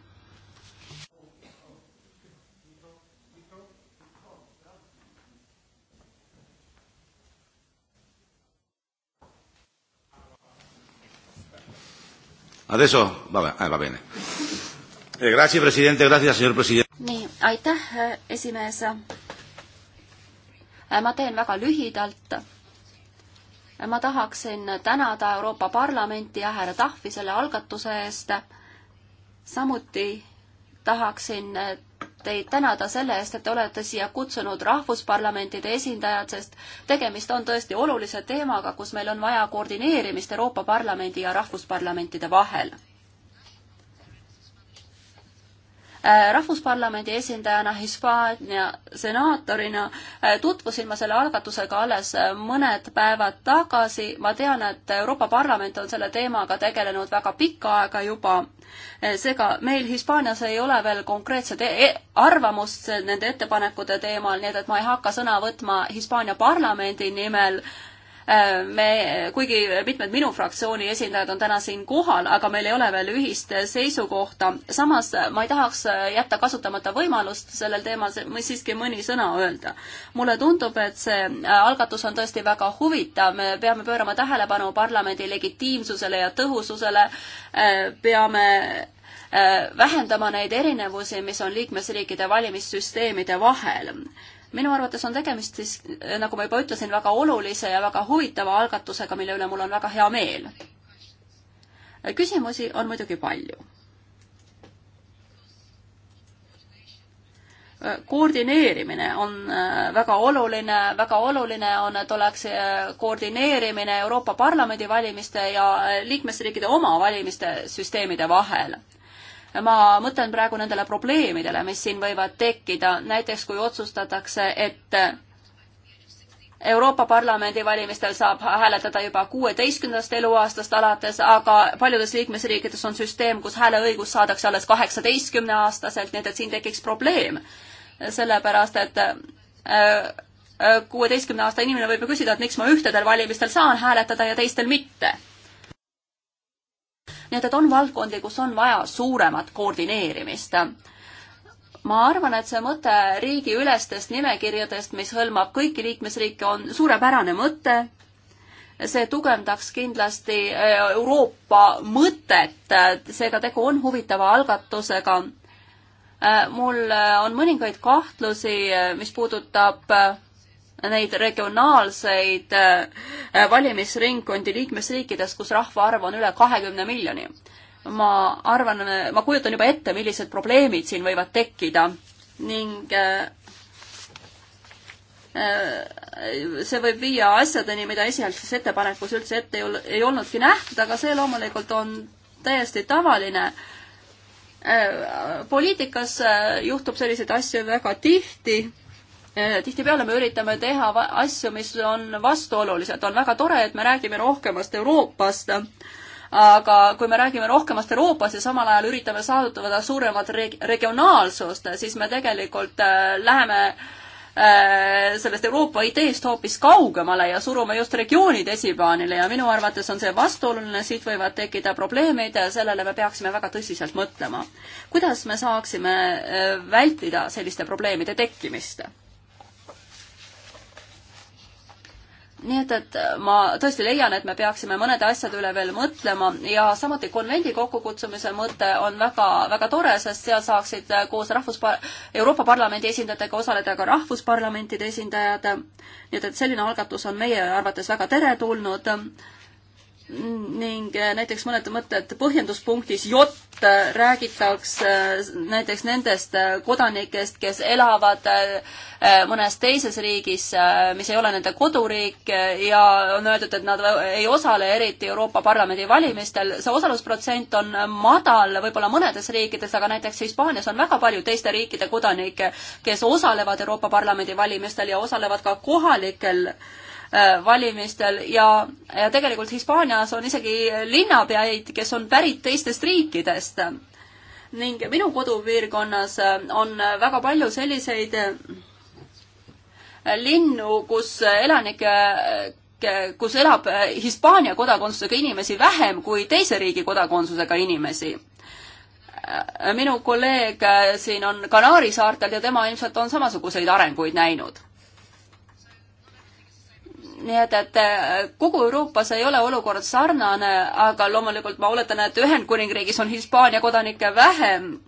Adesso va, eh, va bene. Eh, grazie Presidente, grazie signor Presidente. nii, aitäh, eh, esimees. Eh, ma teen väga lühidalt eh, ma tahaksin tänada Euroopa Parlamenti ja härra Tahvi selle algatuse eest samuti tahaksin teid tänada selle eest, et te olete siia kutsunud rahvusparlamentide esindajad, sest tegemist on tõesti olulise teemaga, kus meil on vaja koordineerimist Euroopa Parlamendi ja rahvusparlamentide vahel. Äh, rahvusparlamendi esindajana, Hispaania senaatorina äh, tutvusin ma selle algatusega alles äh, mõned päevad tagasi. ma tean, et Euroopa Parlament on selle teemaga tegelenud väga pikka aega juba. seega meil Hispaanias ei ole veel konkreetset e-, e arvamust nende ettepanekute teemal, nii et, et ma ei hakka sõna võtma Hispaania parlamendi nimel Äh, me, kuigi mitmed minu fraktsiooni esindajad on täna siin kohal, aga meil ei ole veel ühist seisukohta. samas ma ei tahaks jätta kasutamata võimalust sellel teemal siiski mõni sõna öelda. mulle tundub, et see algatus on tõesti väga huvitav, me peame pöörama tähelepanu parlamendi legitiimsusele ja tõhususele, äh, peame äh, vähendama neid erinevusi, mis on liikmesriikide valimissüsteemide vahel minu arvates on tegemist siis, eh, nagu ma juba ütlesin, väga olulise ja väga huvitava algatusega, mille üle mul on väga hea meel. küsimusi on muidugi palju. koordineerimine on eh, väga oluline, väga oluline on, et oleks eh, koordineerimine Euroopa Parlamendi valimiste ja liikmesriikide oma valimiste süsteemide vahel ma mõtlen praegu nendele probleemidele, mis siin võivad tekkida, näiteks kui otsustatakse, et Euroopa Parlamendi valimistel saab hääletada juba kuueteistkümnendast eluaastast alates, aga paljudes liikmesriikides on süsteem, kus hääleõigus saadakse alles kaheksateistkümneaastaselt, nii et, et siin tekiks probleem. sellepärast, et äh, äh, kuueteistkümne aasta inimene võib ju küsida, et miks ma ühtedel valimistel saan hääletada ja teistel mitte nii et, et on valdkondi, kus on vaja suuremat koordineerimist ma arvan, et see mõte riigiülestest nimekirjadest, mis hõlmab kõiki liikmesriike, on suurepärane mõte. see tugevdaks kindlasti äh, Euroopa mõtet, seega tegu on huvitava algatusega. Äh, mul äh, on mõningaid kahtlusi, mis puudutab neid regionaalseid äh, valimisringkondi liikmesriikides, kus rahvaarv on üle kahekümne miljoni. ma arvan, ma kujutan juba ette, millised probleemid siin võivad tekkida ning äh, äh, see võib viia asjadeni, mida esialgses ettepanekus üldse ette ei, ei olnudki nähtud, aga see loomulikult on täiesti tavaline. poliitikas juhtub selliseid asju väga tihti Eh, tihtipeale me üritame teha asju, mis on vastuolulised, on väga tore, et me räägime rohkemast Euroopast, aga kui me räägime rohkemast Euroopast ja samal ajal üritame saavutada suuremat reg-, regionaalsust, siis me tegelikult eh, läheme eh, sellest Euroopa ideest hoopis kaugemale ja surume just regioonid esiplaanile ja minu arvates on see vastuoluline, siit võivad tekkida probleemid ja sellele me peaksime väga tõsiselt mõtlema. kuidas me saaksime vältida selliste probleemide tekkimist? nii et, et ma tõesti leian, et me peaksime mõnede asjade üle veel mõtlema ja samuti konvendi kokkukutsumise mõte on väga, väga tore, sest seal saaksid äh, koos rahvuspar-, Euroopa Parlamendi esindajatega osaleda ka rahvusparlamentide esindajad. nii et, et selline algatus on meie arvates väga teretulnud ning äh, näiteks mõned mõtted põhjenduspunktis J äh, räägitakse äh, näiteks nendest kodanikest, kes elavad mõnes teises riigis, mis ei ole nende koduriik ja on öeldud, et nad ei osale eriti Euroopa Parlamendi valimistel. see osalusprotsent on madal võib-olla mõnedes riikides, aga näiteks Hispaanias on väga palju teiste riikide kodanikke, kes osalevad Euroopa Parlamendi valimistel ja osalevad ka kohalikel äh, Äh, valimistel ja, ja tegelikult Hispaanias on isegi linnapeaid, kes on pärit teistest riikidest. ning minu kodupiirkonnas äh, on väga palju selliseid äh, linnu, kus elanike kus elab Hispaania kodakondsusega inimesi vähem kui teise riigi kodakondsusega inimesi. minu kolleeg siin on Kanaari saartel ja tema ilmselt on samasuguseid arenguid näinud nii et, et äh, kogu Euroopas ei ole olukord sarnane, aga loomulikult ma oletan, et Ühendkuningriigis on Hispaania kodanikke vähem.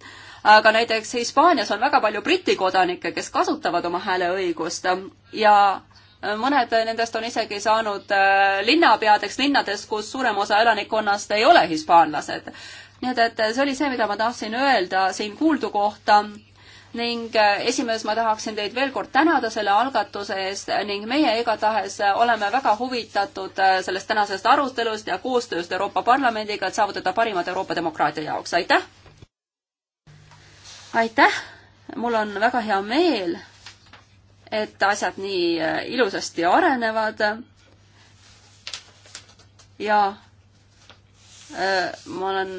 aga näiteks Hispaanias on väga palju Briti kodanikke, kes kasutavad oma hääleõigust ja äh, mõned nendest on isegi saanud äh, linnapeadeks linnades, kus suurem osa elanikkonnast ei ole hispaanlased. nii et, et see oli see, mida ma tahtsin öelda siin kuuldu kohta ning äh, esimees, ma tahaksin teid veel kord tänada selle algatuse eest ning meie igatahes äh, oleme väga huvitatud äh, sellest tänasest arutelust ja koostööst Euroopa Parlamendiga, et saavutada parimad Euroopa demokraatia jaoks, aitäh! aitäh, mul on väga hea meel, et asjad nii ilusasti arenevad ja öö, ma olen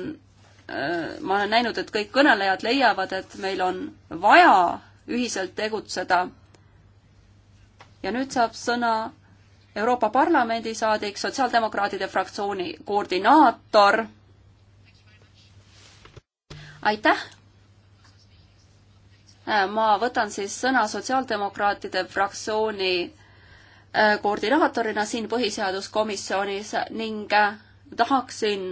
Äh, ma olen näinud, et kõik kõnelejad leiavad, et meil on vaja ühiselt tegutseda. ja nüüd saab sõna Euroopa Parlamendi saadik, Sotsiaaldemokraatide fraktsiooni koordinaator. aitäh! Äh, ma võtan siis sõna Sotsiaaldemokraatide fraktsiooni äh, koordinaatorina siin põhiseaduskomisjonis ning tahaksin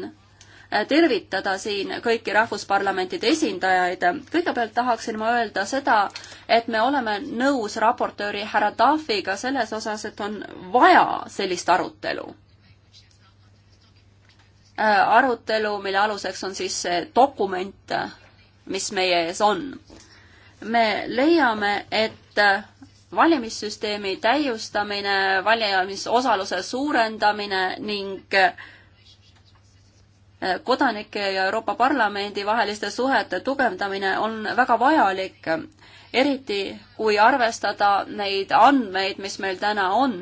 tervitada siin kõiki rahvusparlamentide esindajaid. kõigepealt tahaksin ma öelda seda, et me oleme nõus raportööri härra Tahviga selles osas, et on vaja sellist arutelu. Äh, arutelu, mille aluseks on siis see dokument, mis meie ees on. me leiame, et valimissüsteemi täiustamine, valimisosaluse suurendamine ning äh, kodanike ja Euroopa Parlamendi vaheliste suhete tugevdamine on väga vajalik, eriti kui arvestada neid andmeid, mis meil täna on.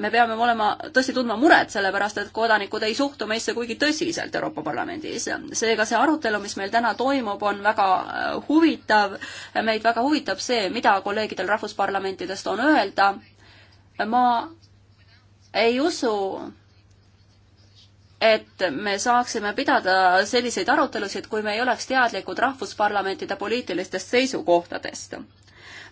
me peame olema, tõesti tundma muret, sellepärast et kodanikud ei suhtu meisse kuigi tõsiselt Euroopa Parlamendis. seega see arutelu, mis meil täna toimub, on väga äh, huvitav. meid väga huvitab see, mida kolleegidel rahvusparlamentidest on öelda. ma ei usu, et me saaksime pidada selliseid arutelusid, kui me ei oleks teadlikud rahvusparlamentide poliitilistest seisukohtadest.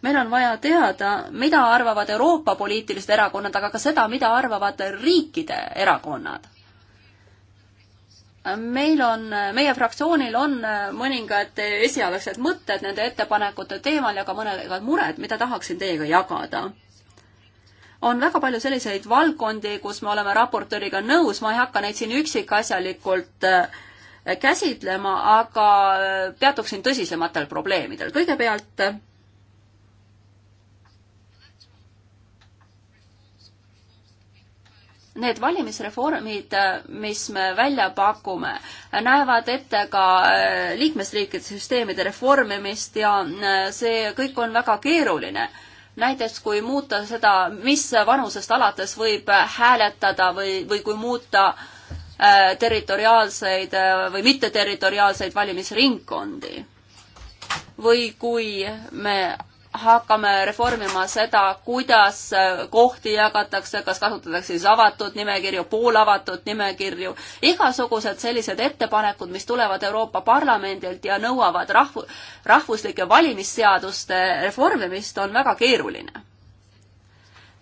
meil on vaja teada, mida arvavad Euroopa poliitilised erakonnad, aga ka seda, mida arvavad riikide erakonnad. meil on, meie fraktsioonil on mõningad esialgsed mõtted nende ettepanekute teemal ja ka mõned mured, mida tahaksin teiega jagada on väga palju selliseid valdkondi, kus me oleme raportööriga nõus, ma ei hakka neid siin üksikasjalikult äh, käsitlema, aga äh, peatuksin tõsisematel probleemidel. kõigepealt äh, need valimisreformid, mis me välja pakume, näevad ette ka liikmesriikide süsteemide reformimist ja see kõik on väga keeruline näiteks kui muuta seda, mis vanusest alates võib hääletada või, või kui muuta äh, territoriaalseid äh, või mitteterritoriaalseid valimisringkondi. või kui me hakkame reformima seda, kuidas äh, kohti jagatakse, kas kasutatakse siis avatud nimekirju, poolavatud nimekirju, igasugused sellised ettepanekud, mis tulevad Euroopa Parlamendilt ja nõuavad rahvu, rahvuslike valimisseaduste reformimist, on väga keeruline.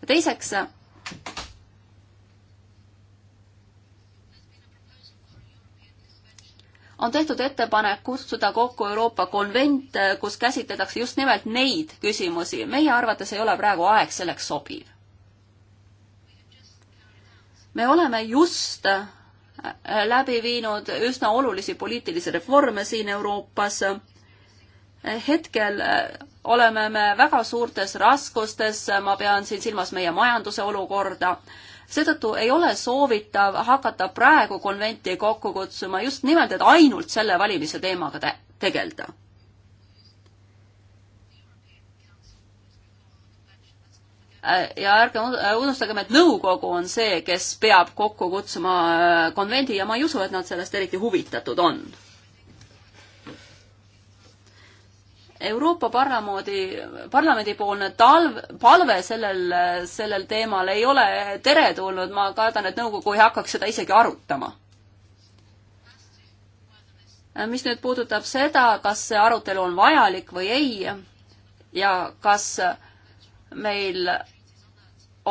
teiseks, on tehtud ettepanek kutsuda kokku Euroopa konvent, kus käsitletakse just nimelt neid küsimusi. meie arvates ei ole praegu aeg selleks sobiv. me oleme just äh, läbi viinud üsna olulisi poliitilisi reforme siin Euroopas. hetkel äh, oleme me väga suurtes raskustes, ma pean siin silmas meie majanduse olukorda seetõttu ei ole soovitav hakata praegu konventi kokku kutsuma just nimelt, et ainult selle valimise teemaga te tegeleda. ja ärge unustagem, et nõukogu on see, kes peab kokku kutsuma konvendi ja ma ei usu, et nad sellest eriti huvitatud on Euroopa Parlamendi, parlamendipoolne talv, palve sellel, sellel teemal ei ole teretulnud, ma kardan, et nõukogu ei hakkaks seda isegi arutama. mis nüüd puudutab seda, kas see arutelu on vajalik või ei ja kas meil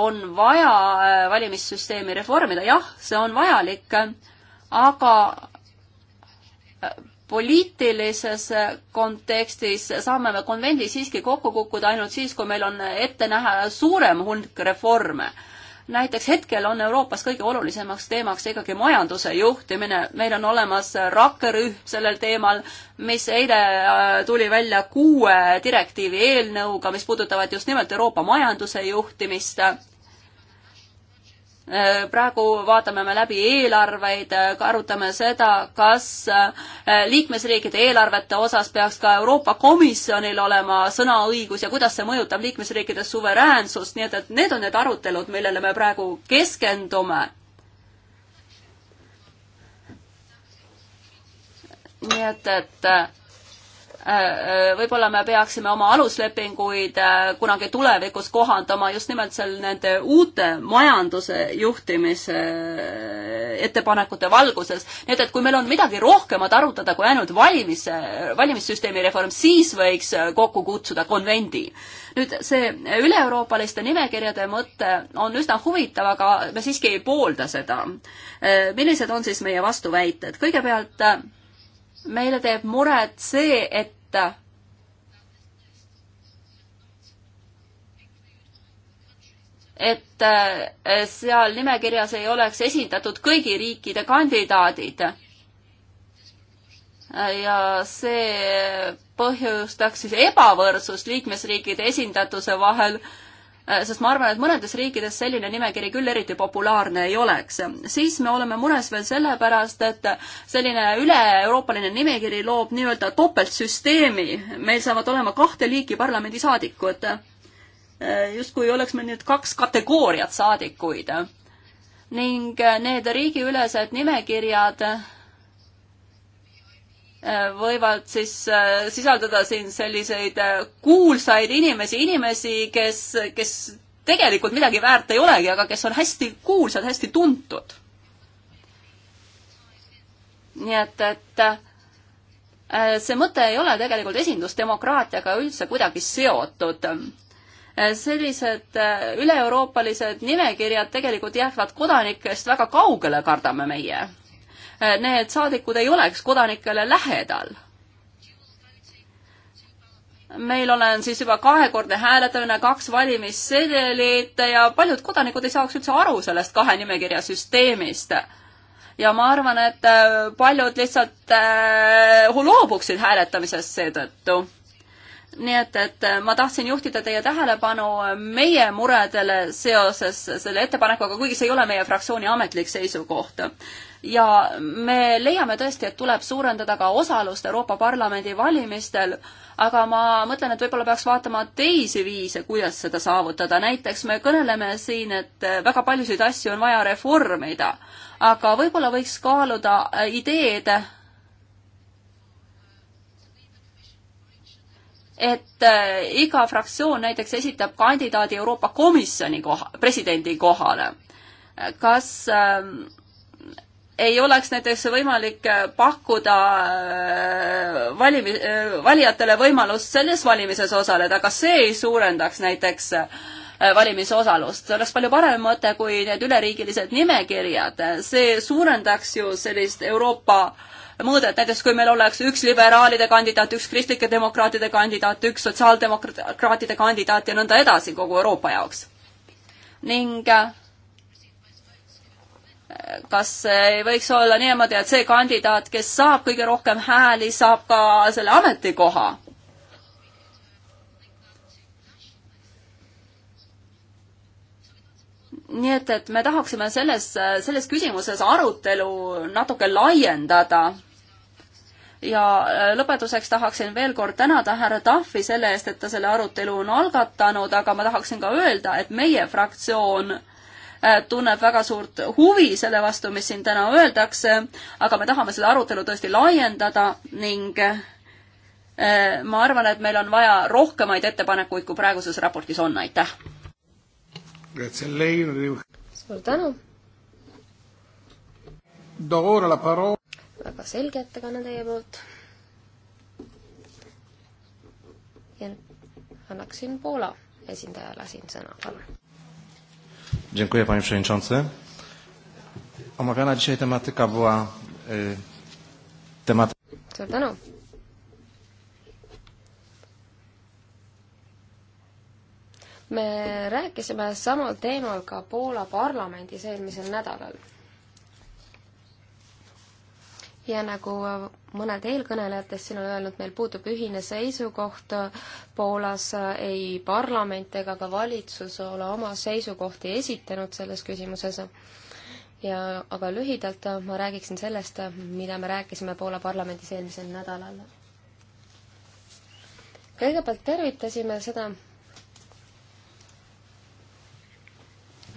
on vaja äh, valimissüsteemi reformida, jah, see on vajalik, aga äh, poliitilises kontekstis saame me konvendi siiski kokku kukkuda ainult siis, kui meil on ette näha suurem hulk reforme. näiteks hetkel on Euroopas kõige olulisemaks teemaks ikkagi majanduse juhtimine, meil on olemas rakkerühm sellel teemal, mis eile äh, tuli välja kuue direktiivi eelnõuga, mis puudutavad just nimelt Euroopa majanduse juhtimist praegu vaatame me läbi eelarveid, arutame seda, kas eh, liikmesriikide eelarvete osas peaks ka Euroopa Komisjonil olema sõnaõigus ja kuidas see mõjutab liikmesriikide suveräänsust, nii et, et need on need arutelud, millele me praegu keskendume. nii et, et Äh, äh, võib-olla me peaksime oma aluslepinguid äh, kunagi tulevikus kohandama just nimelt seal nende uute majanduse juhtimise ettepanekute valguses. nii et, et kui meil on midagi rohkemat arutada kui ainult valimis, valimissüsteemi reform, siis võiks kokku kutsuda konvendi. nüüd see üle-euroopaliste nimekirjade mõte on üsna huvitav, aga me siiski ei poolda seda. millised on siis meie vastuväited? kõigepealt meile teeb muret see, et et äh, seal nimekirjas ei oleks esindatud kõigi riikide kandidaadid. ja see põhjustaks siis ebavõrdsust liikmesriikide esindatuse vahel äh, Äh, sest ma arvan, et mõnedes riikides selline nimekiri küll eriti populaarne ei oleks. siis me oleme mures veel sellepärast, et selline üle-euroopaline nimekiri loob nii-öelda topeltsüsteemi. meil saavad olema kahte liiki parlamendisaadikud. Äh, justkui oleks meil nüüd kaks kategooriat saadikuid. ning äh, need riigiülesed nimekirjad võivad siis äh, sisaldada siin selliseid äh, kuulsaid inimesi, inimesi, kes, kes tegelikult midagi väärt ei olegi, aga kes on hästi kuulsad, hästi tuntud. nii et, et äh, see mõte ei ole tegelikult esindusdemokraatiaga üldse kuidagi seotud sellised üle-euroopalised nimekirjad tegelikult jäävad kodanikest väga kaugele, kardame meie Äh, need saadikud ei oleks kodanikele lähedal meil olen siis juba kahekordne hääletamine, kaks valimissedelit ja paljud kodanikud ei saaks üldse aru sellest kahe nimekirja süsteemist. ja ma arvan, et äh, paljud lihtsalt äh, loobuksid hääletamisest seetõttu. nii et, et ma tahtsin juhtida teie tähelepanu meie muredele seoses selle ettepanekuga, kuigi see ei ole meie fraktsiooni ametlik seisukoht ja me leiame tõesti, et tuleb suurendada ka osalust Euroopa Parlamendi valimistel, aga ma mõtlen, et võib-olla peaks vaatama teisi viise, kuidas seda saavutada, näiteks me kõneleme siin, et väga paljusid asju on vaja reformida, aga võib-olla võiks kaaluda ideed, et eh, iga fraktsioon näiteks esitab kandidaadi Euroopa Komisjoni koha, presidendi kohale. kas äh, ei oleks näiteks võimalik pakkuda äh, valimi-, äh, valijatele võimalust selles valimises osaleda, kas see ei suurendaks näiteks äh, valimisosalust, see oleks palju parem mõte kui need üleriigilised nimekirjad, see suurendaks ju sellist Euroopa mõõdet, näiteks kui meil oleks üks liberaalide kandidaat, üks kristlike demokraatide kandidaat, üks sotsiaaldemokraatide kandidaat ja nõnda edasi kogu Euroopa jaoks. ning kas ei võiks olla niimoodi, et see kandidaat, kes saab kõige rohkem hääli, saab ka selle ametikoha? nii et, et me tahaksime selles, selles küsimuses arutelu natuke laiendada ja lõpetuseks tahaksin veel kord tänada härra Tahvi selle eest, et ta selle arutelu on algatanud, aga ma tahaksin ka öelda, et meie fraktsioon Äh, tunneb väga suurt huvi selle vastu, mis siin täna öeldakse, aga me tahame seda arutelu tõesti laiendada ning äh, ma arvan, et meil on vaja rohkemaid ettepanekuid, kui praeguses raportis on, aitäh! suur tänu! väga selge ettekanne teie poolt. ja annaksin Poola esindajale siin sõna, palun. Dziękuję panie przewodniczący. Omawiana dzisiaj tematyka była y, tematyką. Suur tänu. me rääkisime samal teemal ka Poola parlamendis eelmisel nädalal ja nagu mõned eelkõnelejatest siin on öelnud, meil puudub ühine seisukoht, Poolas ei parlament ega ka valitsus ole oma seisukohti esitanud selles küsimuses. ja aga lühidalt ma räägiksin sellest, mida me rääkisime Poola parlamendis eelmisel nädalal. kõigepealt tervitasime seda,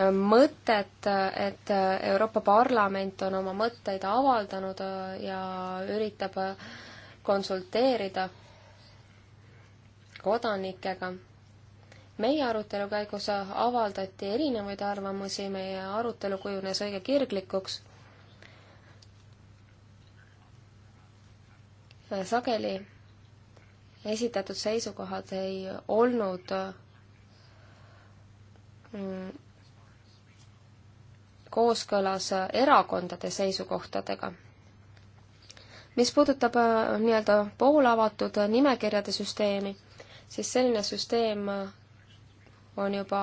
mõtet, et Euroopa Parlament on oma mõtteid avaldanud äh, ja üritab äh, konsulteerida kodanikega. meie arutelu käigus äh, avaldati erinevaid arvamusi, meie arutelu kujunes õige kirglikuks. sageli esitatud seisukohad ei olnud mm, kooskõlas erakondade seisukohtadega. mis puudutab äh, nii-öelda poolavatud nimekirjade süsteemi, siis selline süsteem äh, on juba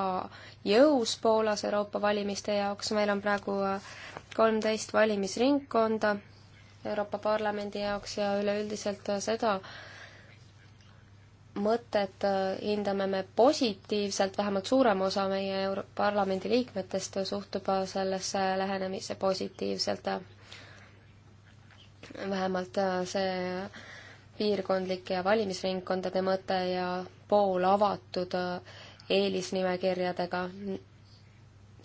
jõus Poolas Euroopa valimiste jaoks, meil on praegu äh, kolmteist valimisringkonda Euroopa Parlamendi jaoks ja üleüldiselt seda, mõtet äh, hindame me positiivselt, vähemalt suurem osa meie Euro-, parlamendi liikmetest suhtub äh, sellesse lähenemisse positiivselt. vähemalt äh, see piirkondlike ja valimisringkondade mõte ja poolavatud eelisnimekirjadega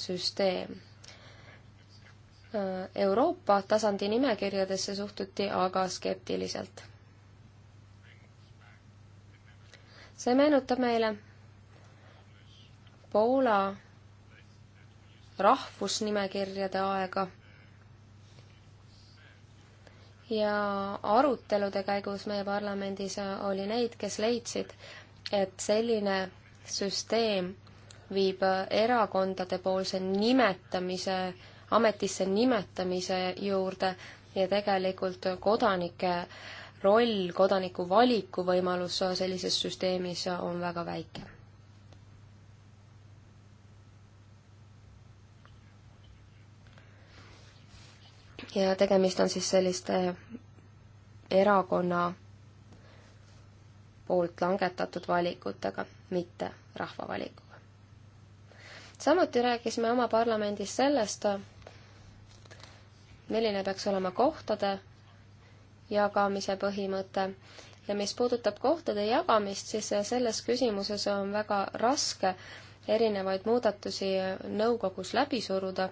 süsteem. Euroopa tasandi nimekirjadesse suhtuti aga skeptiliselt see meenutab meile Poola rahvusnimekirjade aega ja arutelude käigus meie parlamendis oli neid, kes leidsid, et selline süsteem viib erakondadepoolse nimetamise, ametisse nimetamise juurde ja tegelikult kodanike äh, roll, kodaniku valikuvõimalus sellises süsteemis on väga väike. ja tegemist on siis selliste erakonna poolt langetatud valikutega, mitte rahva valikuga. samuti rääkisime oma parlamendis sellest, milline peaks olema kohtade jagamise põhimõte. ja mis puudutab kohtade jagamist, siis selles küsimuses on väga raske erinevaid muudatusi nõukogus läbi suruda.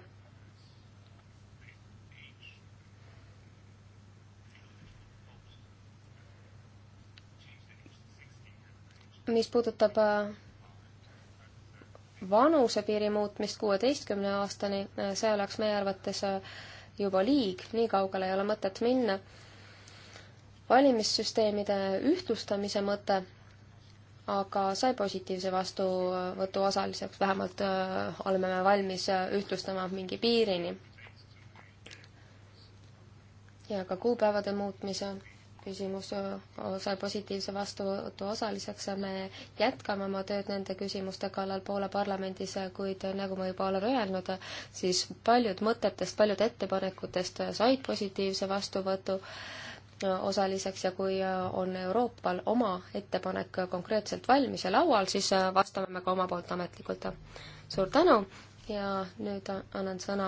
mis puudutab äh, vanusepiiri muutmist kuueteistkümne aastani, äh, see oleks meie arvates äh, juba liig, nii kaugele ei ole mõtet minna valimissüsteemide ühtlustamise mõte aga sai positiivse vastuvõtu osaliseks, vähemalt öö, äh, oleme me valmis äh, ühtlustama mingi piirini. ja ka kuupäevade muutmise küsimus äh, sai positiivse vastuvõtu osaliseks ja me jätkame oma tööd nende küsimuste kallal Poola parlamendis, kuid nagu ma juba olen öelnud, siis paljud mõtetest, paljud ettepanekutest said positiivse vastuvõtu osaliseks ja kui äh, on Euroopal oma ettepanek konkreetselt valmis ja laual, siis äh, vastame me ka oma poolt ametlikult. suur tänu ja nüüd annan sõna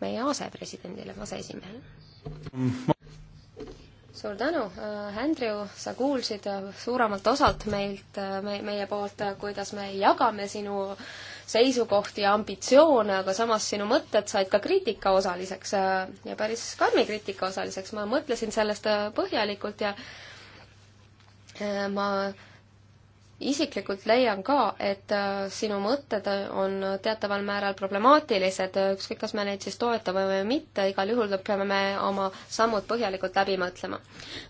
meie asepresidendile, aseesimehele. suur tänu, äh, Andrew, sa kuulsid suuremalt osalt meilt, me, meie poolt, kuidas me jagame sinu äh, seisukohti ja ambitsioone, aga samas sinu mõtted said ka kriitika osaliseks äh, ja päris karmi kriitika osaliseks. ma mõtlesin sellest äh, põhjalikult ja äh, ma isiklikult leian ka, et sinu mõtted on teataval määral problemaatilised, ükskõik, kas me neid siis toetame või mitte, igal juhul peame me oma sammud põhjalikult läbi mõtlema.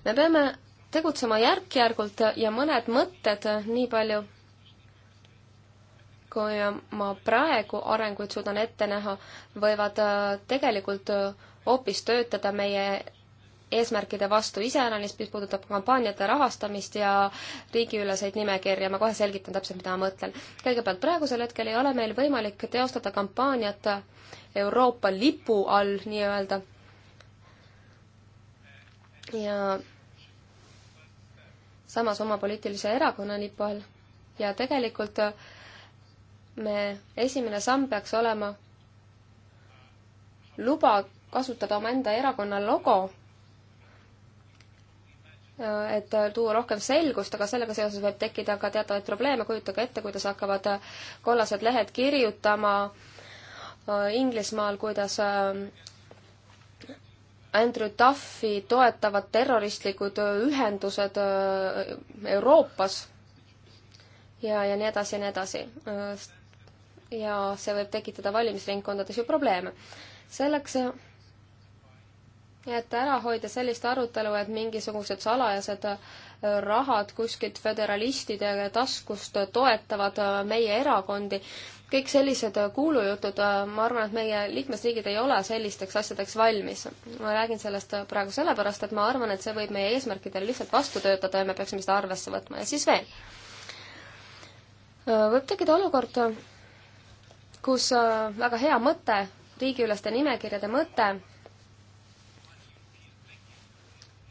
me peame tegutsema järk-järgult ja mõned mõtted, nii palju kui ma praegu arenguid suudan ette näha, võivad äh, tegelikult äh, hoopis töötada meie eesmärkide vastu iseäranis, mis puudutab kampaaniate rahastamist ja riigiüleseid nimekirja, ma kohe selgitan täpselt, mida ma mõtlen. kõigepealt, praegusel hetkel ei ole meil võimalik teostada kampaaniat Euroopa lipu all nii-öelda. ja samas oma poliitilise erakonna lipu all ja tegelikult äh, me, esimene samm peaks olema luba kasutada omaenda erakonna logo, äh, et tuua rohkem selgust, aga sellega seoses võib tekkida ka teatavaid probleeme, kujutage ette, kuidas hakkavad äh, kollased lehed kirjutama äh, Inglismaal, kuidas Andrew Duffi toetavad terroristlikud ühendused Euroopas ja, ja nii edasi ja nii edasi ja see võib tekitada valimisringkondades ju probleeme. selleks, et ära hoida sellist arutelu, et mingisugused salajased äh, rahad kuskilt föderalistide taskust toetavad äh, meie erakondi, kõik sellised äh, kuulujutud, ma arvan, et meie liikmesriigid ei ole sellisteks asjadeks valmis. ma räägin sellest praegu sellepärast, et ma arvan, et see võib meie eesmärkidele lihtsalt vastu töötada ja me peaksime seda arvesse võtma ja siis veel. võib tekkida olukord, kus äh, väga hea mõte, riigiüleste nimekirjade mõte,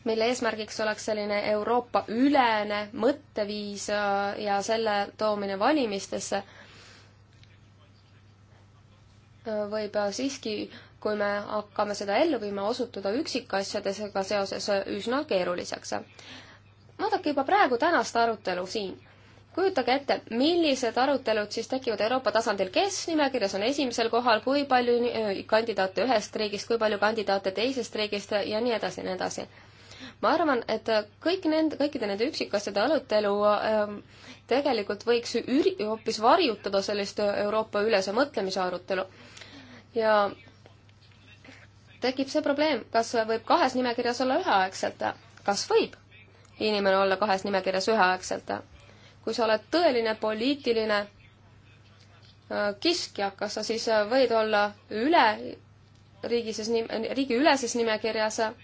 mille eesmärgiks oleks selline Euroopa-ülene mõtteviis äh, ja selle toomine valimistesse, äh, võib siiski, kui me hakkame seda ellu viima, osutuda üksikasjadega seoses üsna keeruliseks. vaadake juba praegu tänast arutelu siin kujutage ette, millised arutelud siis tekivad Euroopa tasandil, kes nimekirjas on esimesel kohal, kui palju kandidaate ühest riigist, kui palju kandidaate teisest riigist ja nii edasi ja nii edasi. ma arvan, et kõik nende, kõikide nende üksikasjade arutelu ähm, tegelikult võiks üri-, hoopis varjutada sellist Euroopa-ülese mõtlemise arutelu. ja tekib see probleem, kas võib kahes nimekirjas olla üheaegselt, kas võib inimene olla kahes nimekirjas üheaegselt kui sa oled tõeline poliitiline äh, kiskja, kas sa siis äh, võid olla üle riigises, riigiüleses nimekirjas äh,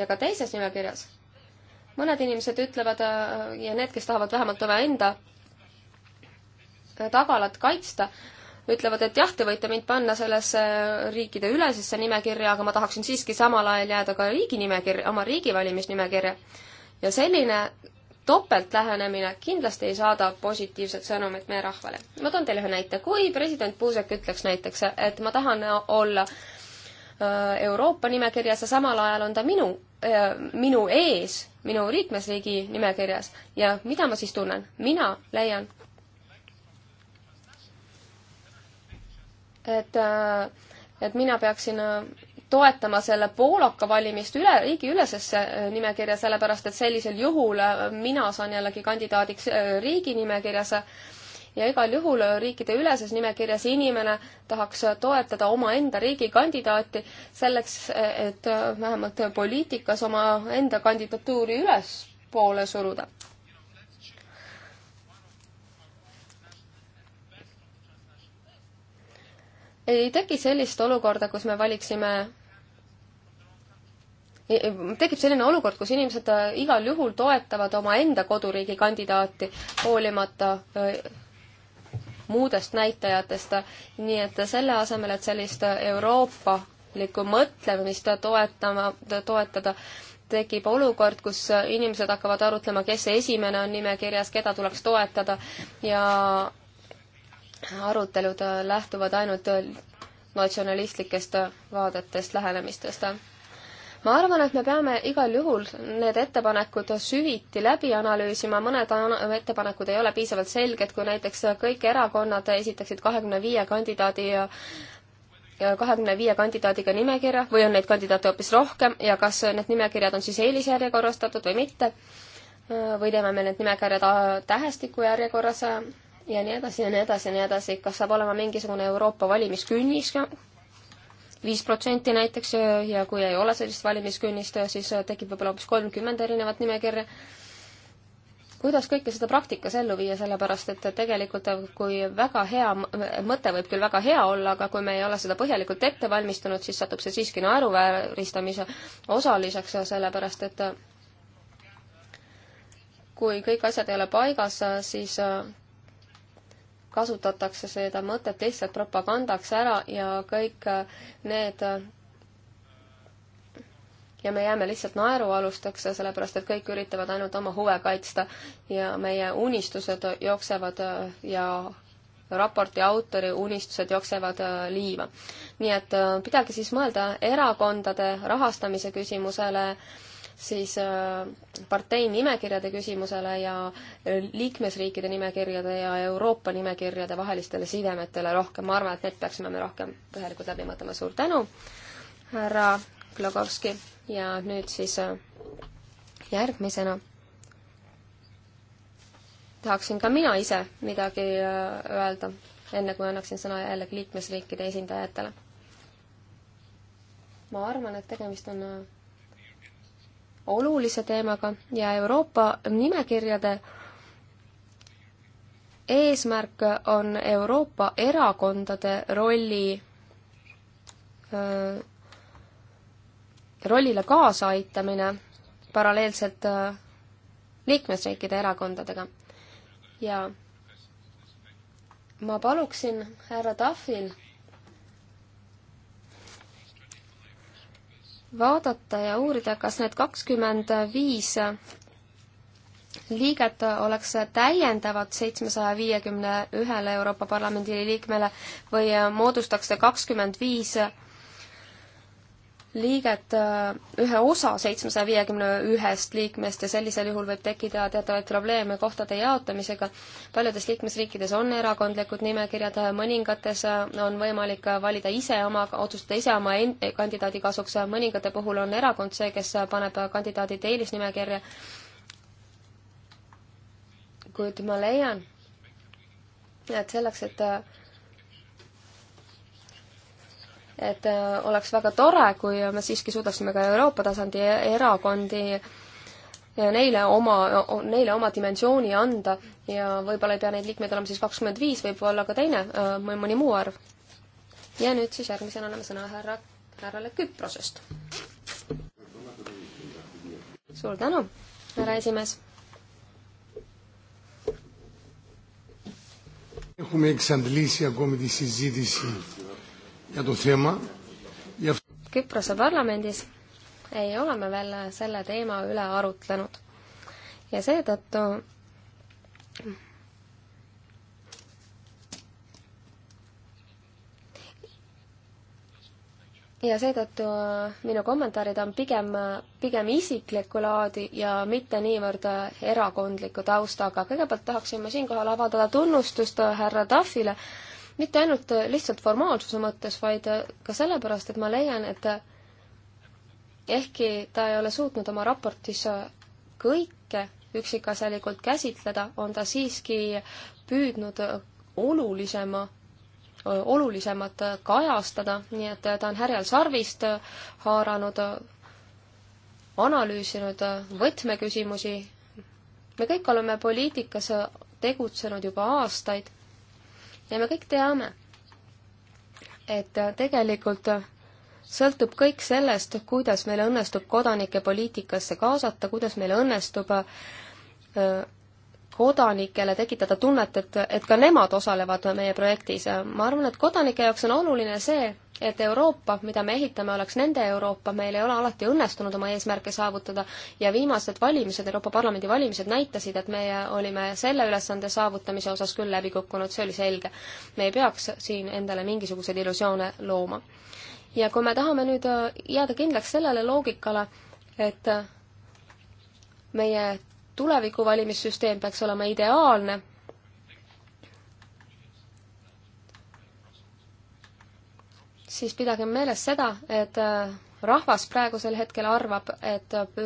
ja ka teises nimekirjas. mõned inimesed ütlevad ja need, kes tahavad vähemalt omaenda tagalat kaitsta, ütlevad, et jah, te võite mind panna sellesse riikide ülesesse nimekirja, aga ma tahaksin siiski samal ajal jääda ka riigi nimekirja, oma riigi valimisnimekirja. ja selline topeltlähenemine kindlasti ei saada positiivset sõnumit meie rahvale. ma toon teile ühe näite. kui president Puusek ütleks näiteks, et ma tahan olla äh, Euroopa nimekirjas ja samal ajal on ta minu, äh, minu ees, minu liikmesriigi nimekirjas ja mida ma siis tunnen? mina leian, et, äh, et mina peaksin toetama selle poolaka valimist üle, riigiülesesse äh, nimekirja, sellepärast et sellisel juhul äh, mina saan jällegi kandidaadiks äh, riigi nimekirjas ja igal juhul riikide üleses nimekirjas inimene tahaks toetada omaenda riigi kandidaati selleks, et vähemalt poliitikas omaenda kandidatuuri ülespoole suruda. ei teki sellist olukorda, kus me valiksime Eh, tekib selline olukord, kus inimesed äh, igal juhul toetavad omaenda koduriigi kandidaati, hoolimata äh, muudest näitajatest, nii et selle asemel, et sellist äh, euroopalikku mõtlemist toetama, toetada, tekib olukord, kus inimesed hakkavad arutlema, kes esimene on nimekirjas, keda tuleks toetada ja arutelud lähtuvad ainult natsionalistlikest vaadetest, lähenemistest ma arvan, et me peame igal juhul need ettepanekud süviti läbi analüüsima, mõned ettepanekud ei ole piisavalt selged, kui näiteks kõik erakonnad esitaksid kahekümne viie kandidaadi ja kahekümne viie kandidaadiga nimekirja või on neid kandidaate hoopis rohkem ja kas need nimekirjad on siis eelisjärjekorrastatud või mitte või teeme me need nimekirjad tähestiku järjekorras ja nii edasi ja nii edasi ja nii edasi, kas saab olema mingisugune Euroopa valimiskünnis viis protsenti näiteks ja kui ei ole sellist valimiskünnist, siis tekib võib-olla hoopis kolmkümmend erinevat nimekirja. kuidas kõike seda praktikas ellu viia, sellepärast et tegelikult kui väga hea, mõte võib küll väga hea olla, aga kui me ei ole seda põhjalikult ette valmistunud, siis satub see siiski naeruvääristamise osaliseks, sellepärast et kui kõik asjad ei ole paigas, siis kasutatakse seda mõtet lihtsalt propagandaks ära ja kõik äh, need äh, ja me jääme lihtsalt naerualusteks, sellepärast et kõik üritavad ainult oma huve kaitsta ja meie unistused jooksevad äh, ja raporti autori unistused jooksevad liiva. nii et pidage siis mõelda erakondade rahastamise küsimusele siis äh, partei nimekirjade küsimusele ja äh, liikmesriikide nimekirjade ja Euroopa nimekirjade vahelistele sidemetele rohkem, ma arvan, et need peaksime me rohkem põhjalikult läbi mõtlema, suur tänu, härra Glogovski, ja nüüd siis äh, järgmisena tahaksin ka mina ise midagi öelda, enne kui annaksin sõna jällegi liikmesriikide esindajatele. ma arvan, et tegemist on olulise teemaga ja Euroopa nimekirjade eesmärk on Euroopa erakondade rolli rollile kaasaaitamine paralleelselt liikmesriikide erakondadega. ja ma paluksin härra Tahvil vaadata ja uurida, kas need kakskümmend viis liiget oleks täiendavad seitsmesaja viiekümne ühele Euroopa Parlamendi liikmele või moodustaks see kakskümmend viis liiget, äh, ühe osa seitsmesaja viiekümne ühest liikmest ja sellisel juhul võib tekkida teatavaid probleeme kohtade jaotamisega. paljudes liikmesriikides on erakondlikud nimekirjad, mõningates äh, on võimalik äh, valida ise oma, otsustada ise oma kandidaadi kasuks, mõningate puhul on erakond see, kes paneb kandidaadid eelisnimekirja. kuid ma leian, et selleks, et et äh, oleks väga tore, kui me siiski suudaksime ka Euroopa tasandi e-, erakondi ja neile oma, neile oma dimensiooni anda ja võib-olla ei pea neid liikmeid olema siis kakskümmend viis, võib-olla ka teine või äh, mõni muu arv. ja nüüd siis järgmisena anname sõna härra, härrale Küprosest. suur tänu, härra esimees. έχουμε εξαντλήσει ακόμη τη συζήτηση Küprose parlamendis ei ole me veel selle teema üle arutlenud ja seetõttu ja seetõttu minu kommentaarid on pigem, pigem isiklikku laadi ja mitte niivõrd erakondliku taustaga. kõigepealt tahaksime siinkohal avaldada tunnustust härra Tahvile mitte ainult lihtsalt formaalsuse mõttes, vaid äh, ka sellepärast, et ma leian, et äh, ehkki ta ei ole suutnud oma raportis äh, kõike üksikasjalikult käsitleda, on ta siiski püüdnud olulisema, olulisemat kajastada, nii et ta on härjal sarvist haaranud, analüüsinud võtmeküsimusi. me kõik oleme poliitikas tegutsenud juba aastaid ja me kõik teame, et tegelikult sõltub kõik sellest, kuidas meil õnnestub kodanikke poliitikasse kaasata, kuidas meil õnnestub äh, kodanikele tekitada tunnet, et, et ka nemad osalevad meie projektis. ma arvan, et kodanike jaoks on oluline see, et Euroopa, mida me ehitame, oleks nende Euroopa, meil ei ole alati õnnestunud oma eesmärke saavutada ja viimased valimised, Euroopa Parlamendi valimised näitasid, et meie olime selle ülesande saavutamise osas küll läbi kukkunud, see oli selge. me ei peaks siin endale mingisuguseid illusioone looma. ja kui me tahame nüüd äh, jääda kindlaks sellele loogikale, et äh, meie tuleviku valimissüsteem peaks olema ideaalne, siis pidagem meeles seda, et äh, rahvas praegusel hetkel arvab, et äh,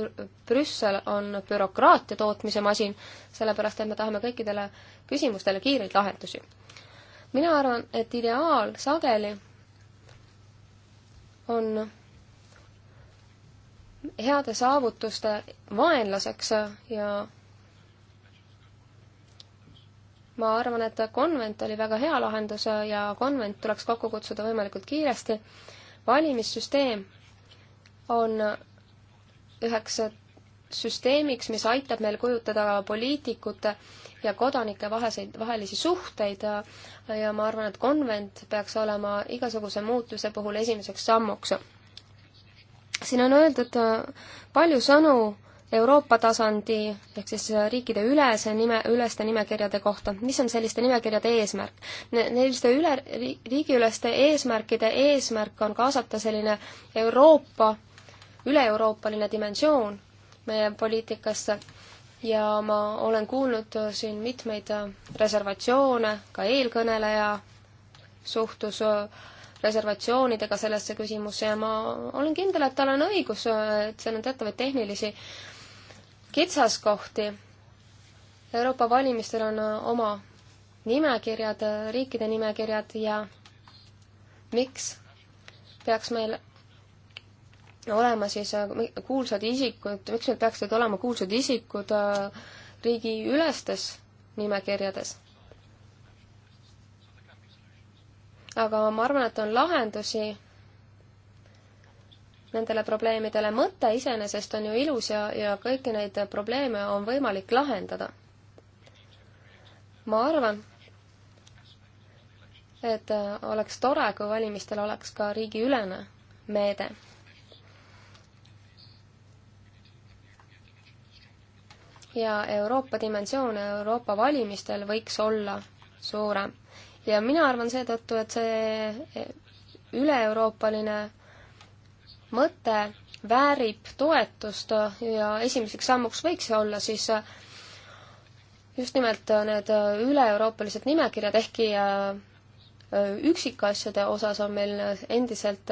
Brüssel on bürokraatia tootmise masin, sellepärast et me tahame kõikidele küsimustele kiireid lahendusi. mina arvan, et ideaal sageli on heade saavutuste vaenlaseks ja ma arvan, et konvent oli väga hea lahendus ja konvent tuleks kokku kutsuda võimalikult kiiresti. valimissüsteem on üheks süsteemiks, mis aitab meil kujutada poliitikute ja kodanike vaheseid, vahelisi suhteid ja, ja ma arvan, et konvent peaks olema igasuguse muutuse puhul esimeseks sammuks. siin on öeldud palju sõnu Euroopa tasandi ehk siis riikide ülese nime, üleste nimekirjade kohta, mis on selliste nimekirjade eesmärk ne,? Neiliste üle, riigiüleste eesmärkide eesmärk on kaasata selline Euroopa, üle-euroopaline dimensioon meie poliitikasse ja ma olen kuulnud siin mitmeid reservatsioone, ka eelkõneleja suhtus reservatsioonidega sellesse küsimusse ja ma olen kindel, et tal on õigus, et seal on teatavaid tehnilisi äh, kitsaskohti. Euroopa valimistel on äh, oma nimekirjad, äh, riikide nimekirjad ja miks peaks meil olema siis äh, kuulsad isikud, miks meil peaksid olema kuulsad isikud riigiülestes nimekirjades? aga ma arvan, et on lahendusi nendele probleemidele. mõte iseenesest on ju ilus ja, ja kõiki neid probleeme on võimalik lahendada. ma arvan, et äh, oleks tore, kui valimistel oleks ka riigiülene meede. ja Euroopa dimensioon Euroopa valimistel võiks olla suurem. ja mina arvan seetõttu, et see üle-euroopaline mõte väärib toetust ja esimeseks sammuks võiks olla siis äh, just nimelt äh, need äh, üle-euroopalised nimekirjad, ehkki üksikasjade osas on meil endiselt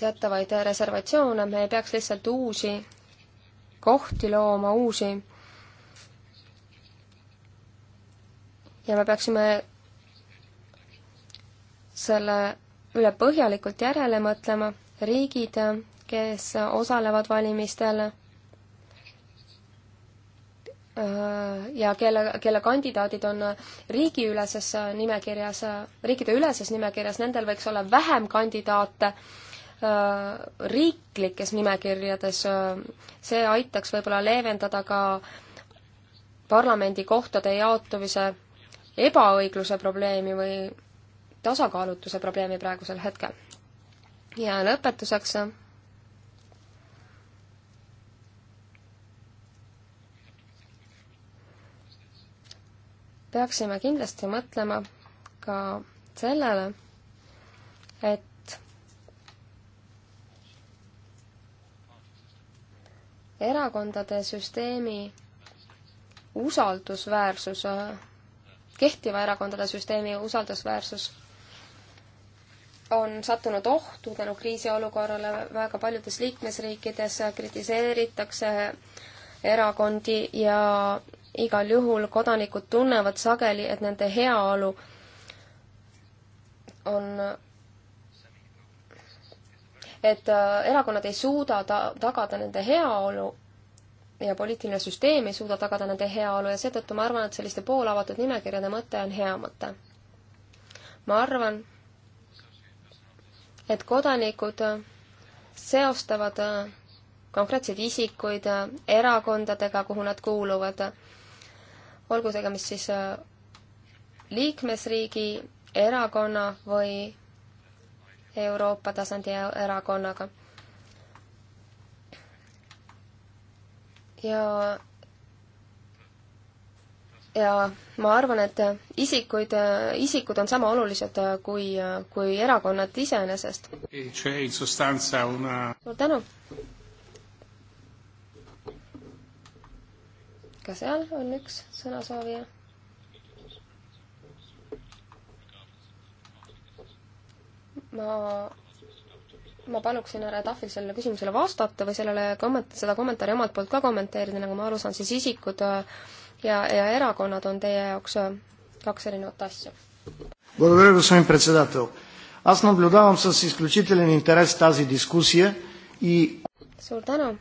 teatavaid reservatsioone, me ei peaks lihtsalt uusi kohti looma, uusi ja me peaksime selle üle põhjalikult järele mõtlema. riigid, kes osalevad valimistel äh, ja kelle, kelle kandidaadid on riigiüleses nimekirjas, riikide üleses nimekirjas, nendel võiks olla vähem kandidaate äh, riiklikes nimekirjades, see aitaks võib-olla leevendada ka parlamendikohtade jaotumise ebaõigluse probleemi või tasakaalutuse probleemi praegusel hetkel. ja lõpetuseks peaksime kindlasti mõtlema ka sellele, et erakondade süsteemi usaldusväärsus, kehtiva erakondade süsteemi usaldusväärsus on sattunud ohtu tänu kriisiolukorrale väga paljudes liikmesriikides, kritiseeritakse erakondi ja igal juhul kodanikud tunnevad sageli, et nende heaolu on, et äh, erakonnad ei suuda ta-, tagada nende heaolu ja poliitiline süsteem ei suuda tagada nende heaolu ja seetõttu ma arvan, et selliste poolavatud nimekirjade mõte on hea mõte. ma arvan, et kodanikud seostavad äh, konkreetseid isikuid äh, erakondadega, kuhu nad kuuluvad. olgu tegemist siis äh, liikmesriigi erakonna või Euroopa tasandi e-, erakonnaga. ja ja ma arvan, et isikuid, isikud on sama olulised äh, kui, äh, kui erakonnad iseenesest. suur tänu! ka seal on üks sõnasoovija. ma, ma paluksin härra Tahvil sellele küsimusele vastata või sellele komment-, seda kommentaari omalt poolt ka kommenteerida, nagu ma aru saan, siis isikud äh, ja, ja erakonnad on teie jaoks äh, kaks erinevat asja. Благодаря, господин председател. Аз наблюдавам с изключителен интерес тази дискусия и... Suur tänu.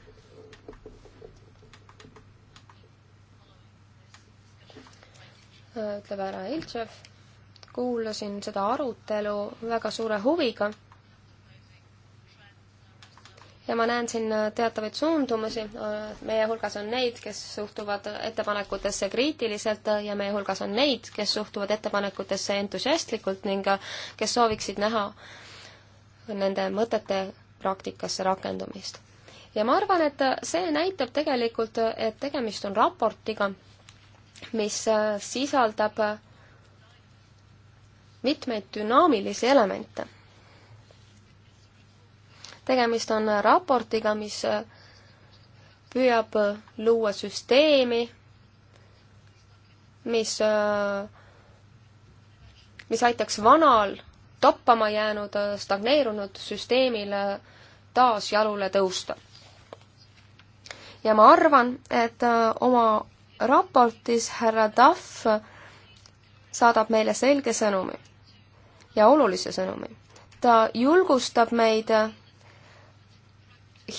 Äh, ütleb härra Iltšev. kuulasin seda arutelu väga suure huviga ja ma näen siin äh, teatavaid suundumusi, äh, meie hulgas on neid, kes suhtuvad ettepanekutesse kriitiliselt äh, ja meie hulgas on neid, kes suhtuvad ettepanekutesse entusiastlikult ning kes sooviksid näha nende mõtete praktikasse rakendumist. ja ma arvan, et see näitab tegelikult, et tegemist on raportiga, mis sisaldab mitmeid dünaamilisi elemente tegemist on raportiga, mis äh, püüab äh, luua süsteemi, mis, äh, mis aitaks vanal toppama jäänud stagneerunud süsteemile taas jalule tõusta. ja ma arvan, et oma raportis härra Tahv saadab meile selge sõnumi ja olulise sõnumi. ta julgustab meid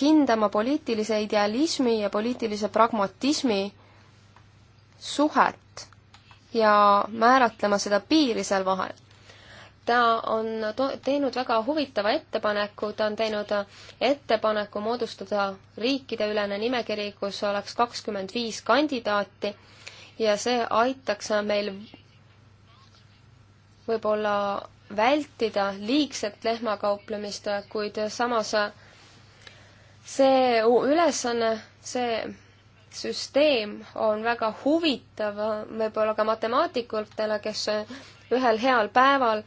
hindama poliitilise idealismi ja poliitilise pragmatismi suhet ja määratlema seda piiri seal vahel. ta on teinud väga huvitava ettepaneku, ta on teinud ettepaneku moodustada riikideülene nimekiri, kus oleks kakskümmend viis kandidaati ja see aitaks meil võib-olla vältida liigset lehmakauplemist, kuid samas see ülesanne, see süsteem on väga huvitav võib-olla ka matemaatikutele, kes ühel heal päeval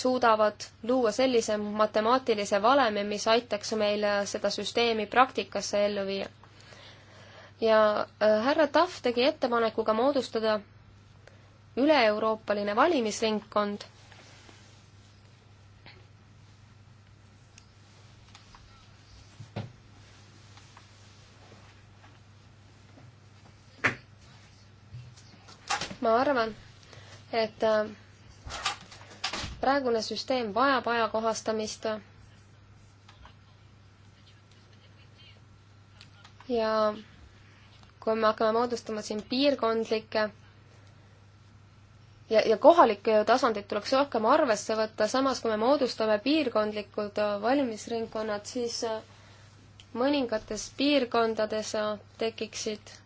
suudavad luua sellise matemaatilise valemi, mis aitaks meil seda süsteemi praktikasse ellu viia. ja äh, härra Tahv tegi ettepaneku ka moodustada üle-euroopaline valimisringkond ma arvan, et äh, praegune süsteem vajab ajakohastamist ja kui me hakkame moodustama siin piirkondlikke ja, ja kohalikke tasandit tuleks rohkem arvesse võtta, samas kui me moodustame piirkondlikud äh, valimisringkonnad, siis äh, mõningates piirkondades tekiksid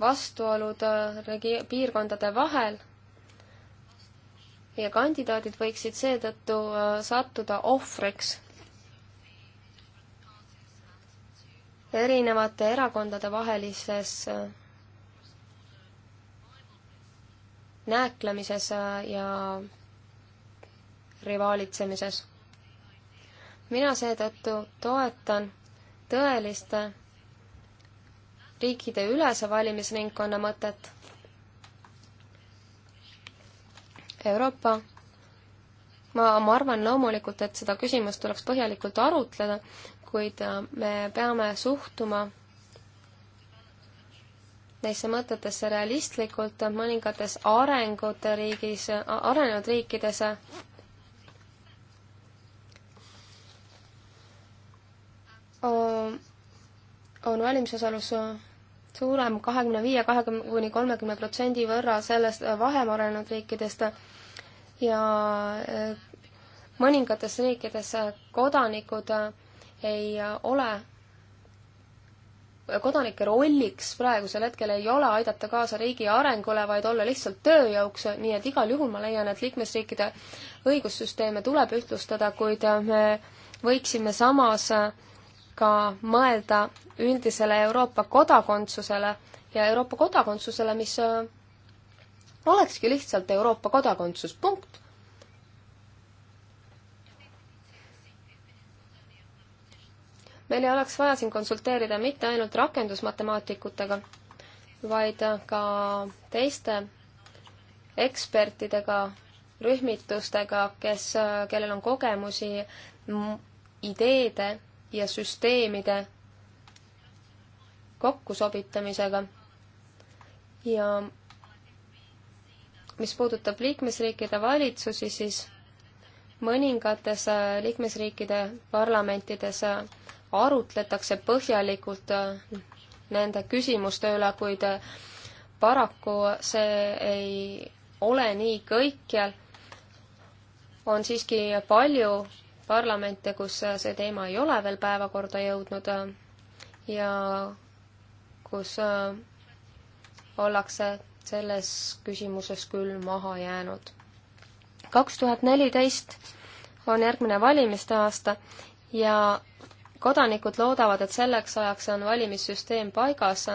vastuolud äh, regi-, piirkondade vahel ja kandidaadid võiksid seetõttu äh, sattuda ohvriks erinevate erakondade vahelises äh, nääklemises ja rivaalitsemises. mina seetõttu toetan tõeliste riikide ülese valimisringkonna mõtet. Euroopa, ma, ma arvan loomulikult, et seda küsimust tuleks põhjalikult arutleda, kuid äh, me peame suhtuma neisse mõtetesse realistlikult, mõningates arengute riigis, arenenud riikides on äh, on valimisosalus suurem kahekümne viie, kahekümne kuni kolmekümne protsendi võrra sellest äh, vahem arenenud riikidest ja äh, mõningates riikides äh, kodanikud ei ole, kodanike rolliks praegusel hetkel ei ole aidata kaasa riigi arengule, vaid olla lihtsalt tööjõuks, nii et igal juhul ma leian, et liikmesriikide õigussüsteeme tuleb ühtlustada, kuid me võiksime samas äh, ka mõelda üldisele Euroopa kodakondsusele ja Euroopa kodakondsusele, mis äh, olekski lihtsalt Euroopa kodakondsus, punkt. meil ei oleks vaja siin konsulteerida mitte ainult rakendusmatemaatikutega, vaid ka teiste ekspertidega, rühmitustega, kes, äh, kellel on kogemusi ideede ja süsteemide kokkusobitamisega. ja mis puudutab liikmesriikide valitsusi, siis mõningates äh, liikmesriikide parlamentides äh, arutletakse põhjalikult äh, nende küsimuste üle, kuid paraku see ei ole nii kõikjal. on siiski palju parlamente, kus see teema ei ole veel päevakorda jõudnud äh, ja kus äh, ollakse selles küsimuses küll maha jäänud. kaks tuhat neliteist on järgmine valimiste aasta ja kodanikud loodavad, et selleks ajaks on valimissüsteem paigas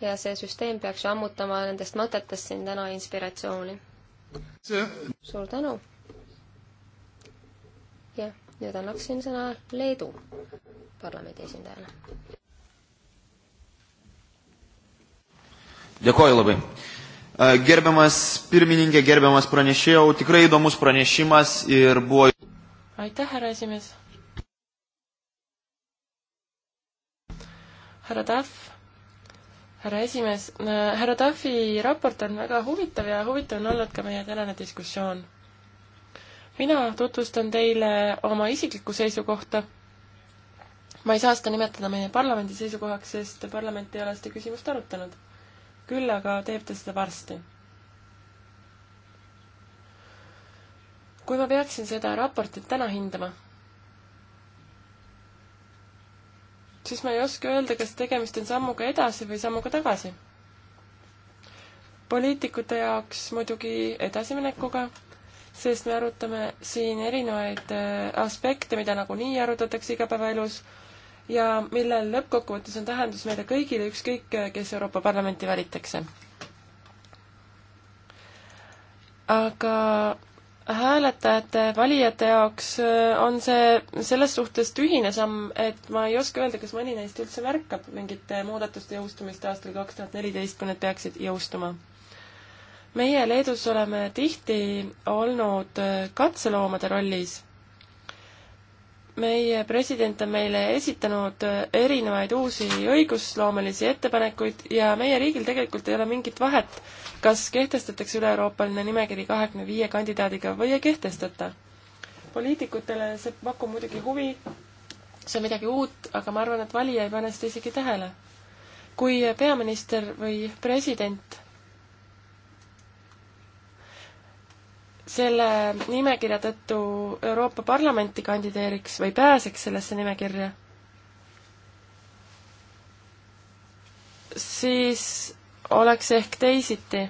ja see süsteem peaks ju ammutama nendest mõtetest siin täna inspiratsiooni. suur tänu! jah nüüd annaksin sõna Leedu parlamendi esindajale. Dėkoju labai. E, gerbiamas pirmininkė, gerbiamas pranešėjau, tikrai įdomus pranešimas ir buvo. Aitäh, härra esimees. härra Tahv, härra esimees, e, härra Tahvi raport on väga huvitav ja huvitav on olnud ka meie tänane diskussioon mina tutvustan teile oma isiklikku seisukohta. ma ei saa seda nimetada meie parlamendi seisukohaks, sest parlament ei ole seda küsimust arutanud. küll aga teeb ta seda varsti. kui ma peaksin seda raportit täna hindama, siis ma ei oska öelda, kas tegemist on sammuga edasi või sammuga tagasi. poliitikute jaoks muidugi edasiminekuga sest me arutame siin erinevaid äh, aspekte, mida nagunii arutatakse igapäevaelus ja millel lõppkokkuvõttes on tähendus meile kõigile, ükskõik äh, kes Euroopa Parlamenti valitakse. aga hääletajate, valijate jaoks äh, on see selles suhtes tühine samm, et ma ei oska öelda, kas mõni neist üldse märkab mingite muudatuste jõustumist aastal kaks tuhat neliteist, kui need peaksid jõustuma meie Leedus oleme tihti olnud katseloomade rollis. meie president on meile esitanud erinevaid uusi õigusloomelisi ettepanekuid ja meie riigil tegelikult ei ole mingit vahet, kas kehtestatakse üle-euroopaline nimekiri kahekümne viie kandidaadiga või ei kehtestata. poliitikutele see pakub muidugi huvi, see on midagi uut, aga ma arvan, et valija ei pane seda isegi tähele. kui peaminister või president selle nimekirja tõttu Euroopa Parlamenti kandideeriks või pääseks sellesse nimekirja, siis oleks ehk teisiti.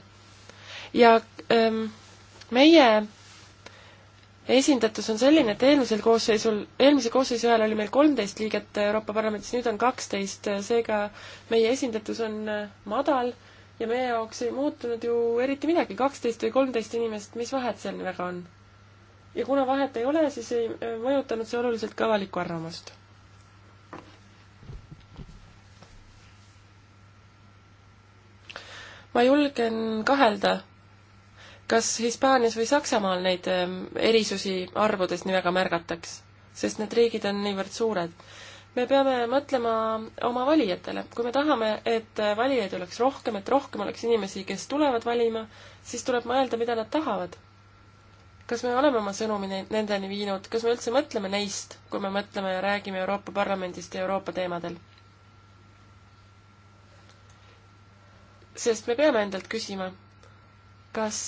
ja ähm, meie esindatus on selline, et eelmisel koosseisul, eelmise koosseisu ajal oli meil kolmteist liiget Euroopa Parlamendis, nüüd on kaksteist, seega meie esindatus on äh, madal ja meie jaoks ei muutunud ju eriti midagi, kaksteist või kolmteist inimest, mis vahet seal väga on? ja kuna vahet ei ole, siis ei äh, mõjutanud see oluliselt ka avalikku arvamust. ma julgen kahelda, kas Hispaanias või Saksamaal neid ähm, erisusi arvudes nii väga märgataks, sest need riigid on niivõrd suured me peame mõtlema oma valijatele. kui me tahame, et valijaid oleks rohkem, et rohkem oleks inimesi, kes tulevad valima, siis tuleb mõelda, mida nad tahavad. kas me oleme oma sõnumi nendeni viinud, kas me üldse mõtleme neist, kui me mõtleme ja räägime Euroopa Parlamendist ja Euroopa teemadel? sest me peame endalt küsima, kas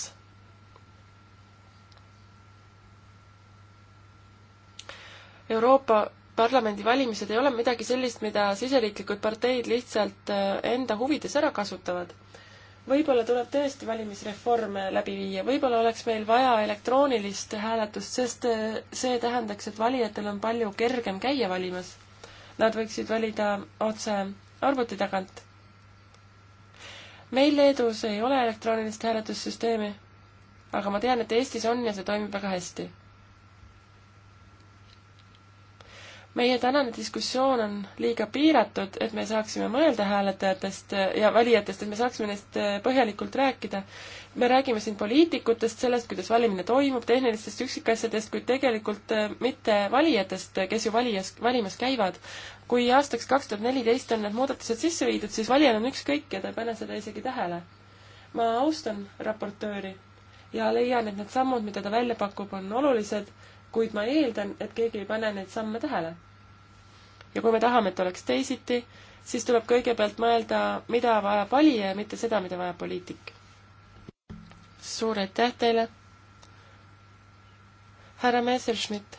Euroopa parlamendivalimised ei ole midagi sellist, mida siseriiklikud parteid lihtsalt äh, enda huvides ära kasutavad. võib-olla tuleb tõesti valimisreforme äh, läbi viia, võib-olla oleks meil vaja elektroonilist hääletust, sest äh, see tähendaks, et valijatel on palju kergem käia valimas. Nad võiksid valida otse arvuti tagant. meil Leedus ei ole elektroonilist hääletussüsteemi, aga ma tean, et Eestis on ja see toimib väga hästi meie tänane diskussioon on liiga piiratud, et me saaksime mõelda hääletajatest äh, ja valijatest, et me saaksime neist äh, põhjalikult rääkida. me räägime siin poliitikutest, sellest, kuidas valimine toimub, tehnilistest üksikasjadest, kuid tegelikult äh, mitte valijatest, kes ju valijas, valimas käivad. kui aastaks kaks tuhat neliteist on need muudatused sisse viidud, siis valijal on ükskõik ja ta ei pane seda isegi tähele. ma austan raportööri ja leian, et need sammud, mida ta välja pakub, on olulised kuid ma eeldan, et keegi ei pane neid samme tähele ja kui me tahame, et oleks teisiti, siis tuleb kõigepealt mõelda, mida vajab valija ja mitte seda, mida vajab poliitik. suur aitäh teile! härra Messerschmidt,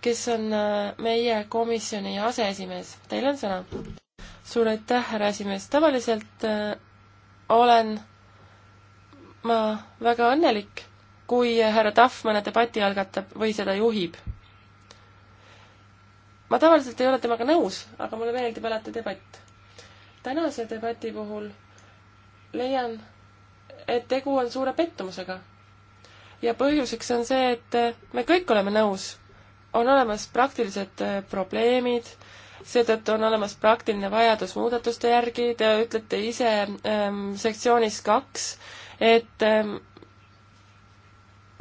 kes on äh, meie komisjoni aseesimees, teil on sõna. suur aitäh, härra esimees, tavaliselt äh, olen ma väga õnnelik, kui härra Tahv mõne debati algatab või seda juhib ma tavaliselt ei ole temaga nõus, aga mulle meeldib alati debatt. tänase debati puhul leian, et tegu on suure pettumusega. ja põhjuseks on see, et me kõik oleme nõus. on olemas praktilised äh, probleemid, seetõttu on olemas praktiline vajadus muudatuste järgi, te ütlete ise ähm, sektsioonis kaks, et ähm,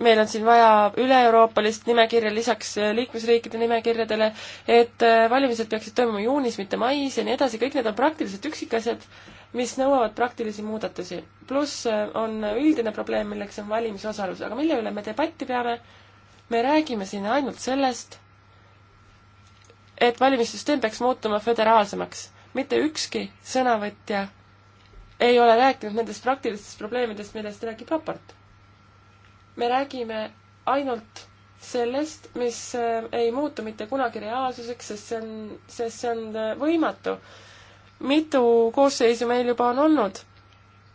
meil on siin vaja üle-euroopalist nimekirja lisaks äh, liikmesriikide nimekirjadele, et äh, valimised peaksid toimuma juunis, mitte mais ja nii edasi, kõik need on praktilised üksikasjad, mis nõuavad praktilisi muudatusi. pluss äh, on üldine probleem, milleks on valimisosalus, aga mille üle me debatti peame? me räägime siin ainult sellest, et valimissüsteem peaks muutuma föderaalsemaks. mitte ükski sõnavõtja ei ole rääkinud nendest praktilistest probleemidest, millest räägib raport me räägime ainult sellest, mis äh, ei muutu mitte kunagi reaalsuseks, sest see on, sest see on äh, võimatu. mitu koosseisu meil juba on olnud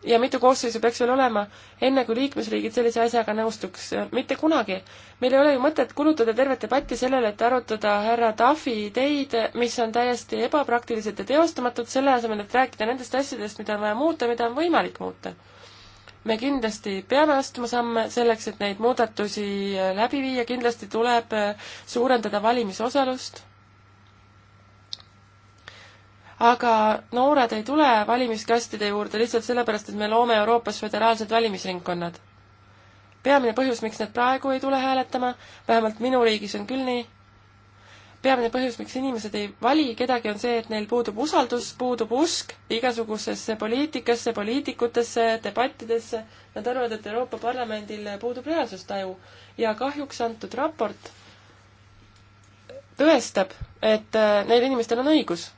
ja mitu koosseisu peaks veel olema, enne kui liikmesriigid sellise asjaga nõustuks, äh, mitte kunagi. meil ei ole ju mõtet kulutada tervet debatti sellele, et arutada härra Tafi ideid, mis on täiesti ebapraktilised ja teostamatud, selle asemel, et rääkida nendest asjadest, mida on vaja muuta, mida on võimalik muuta me kindlasti peame astuma samme selleks, et neid muudatusi äh, läbi viia, kindlasti tuleb äh, suurendada valimisosalust. aga noored ei tule valimiskastide juurde lihtsalt sellepärast, et me loome Euroopas föderaalsed valimisringkonnad. peamine põhjus, miks nad praegu ei tule hääletama, vähemalt minu riigis on küll nii peamine põhjus, miks inimesed ei vali kedagi, on see, et neil puudub usaldus, puudub usk igasugusesse poliitikasse, poliitikutesse, debattidesse. Nad arvavad, et Euroopa Parlamendil puudub reaalsustaju ja kahjuks antud raport tõestab, et äh, neil inimestel on õigus.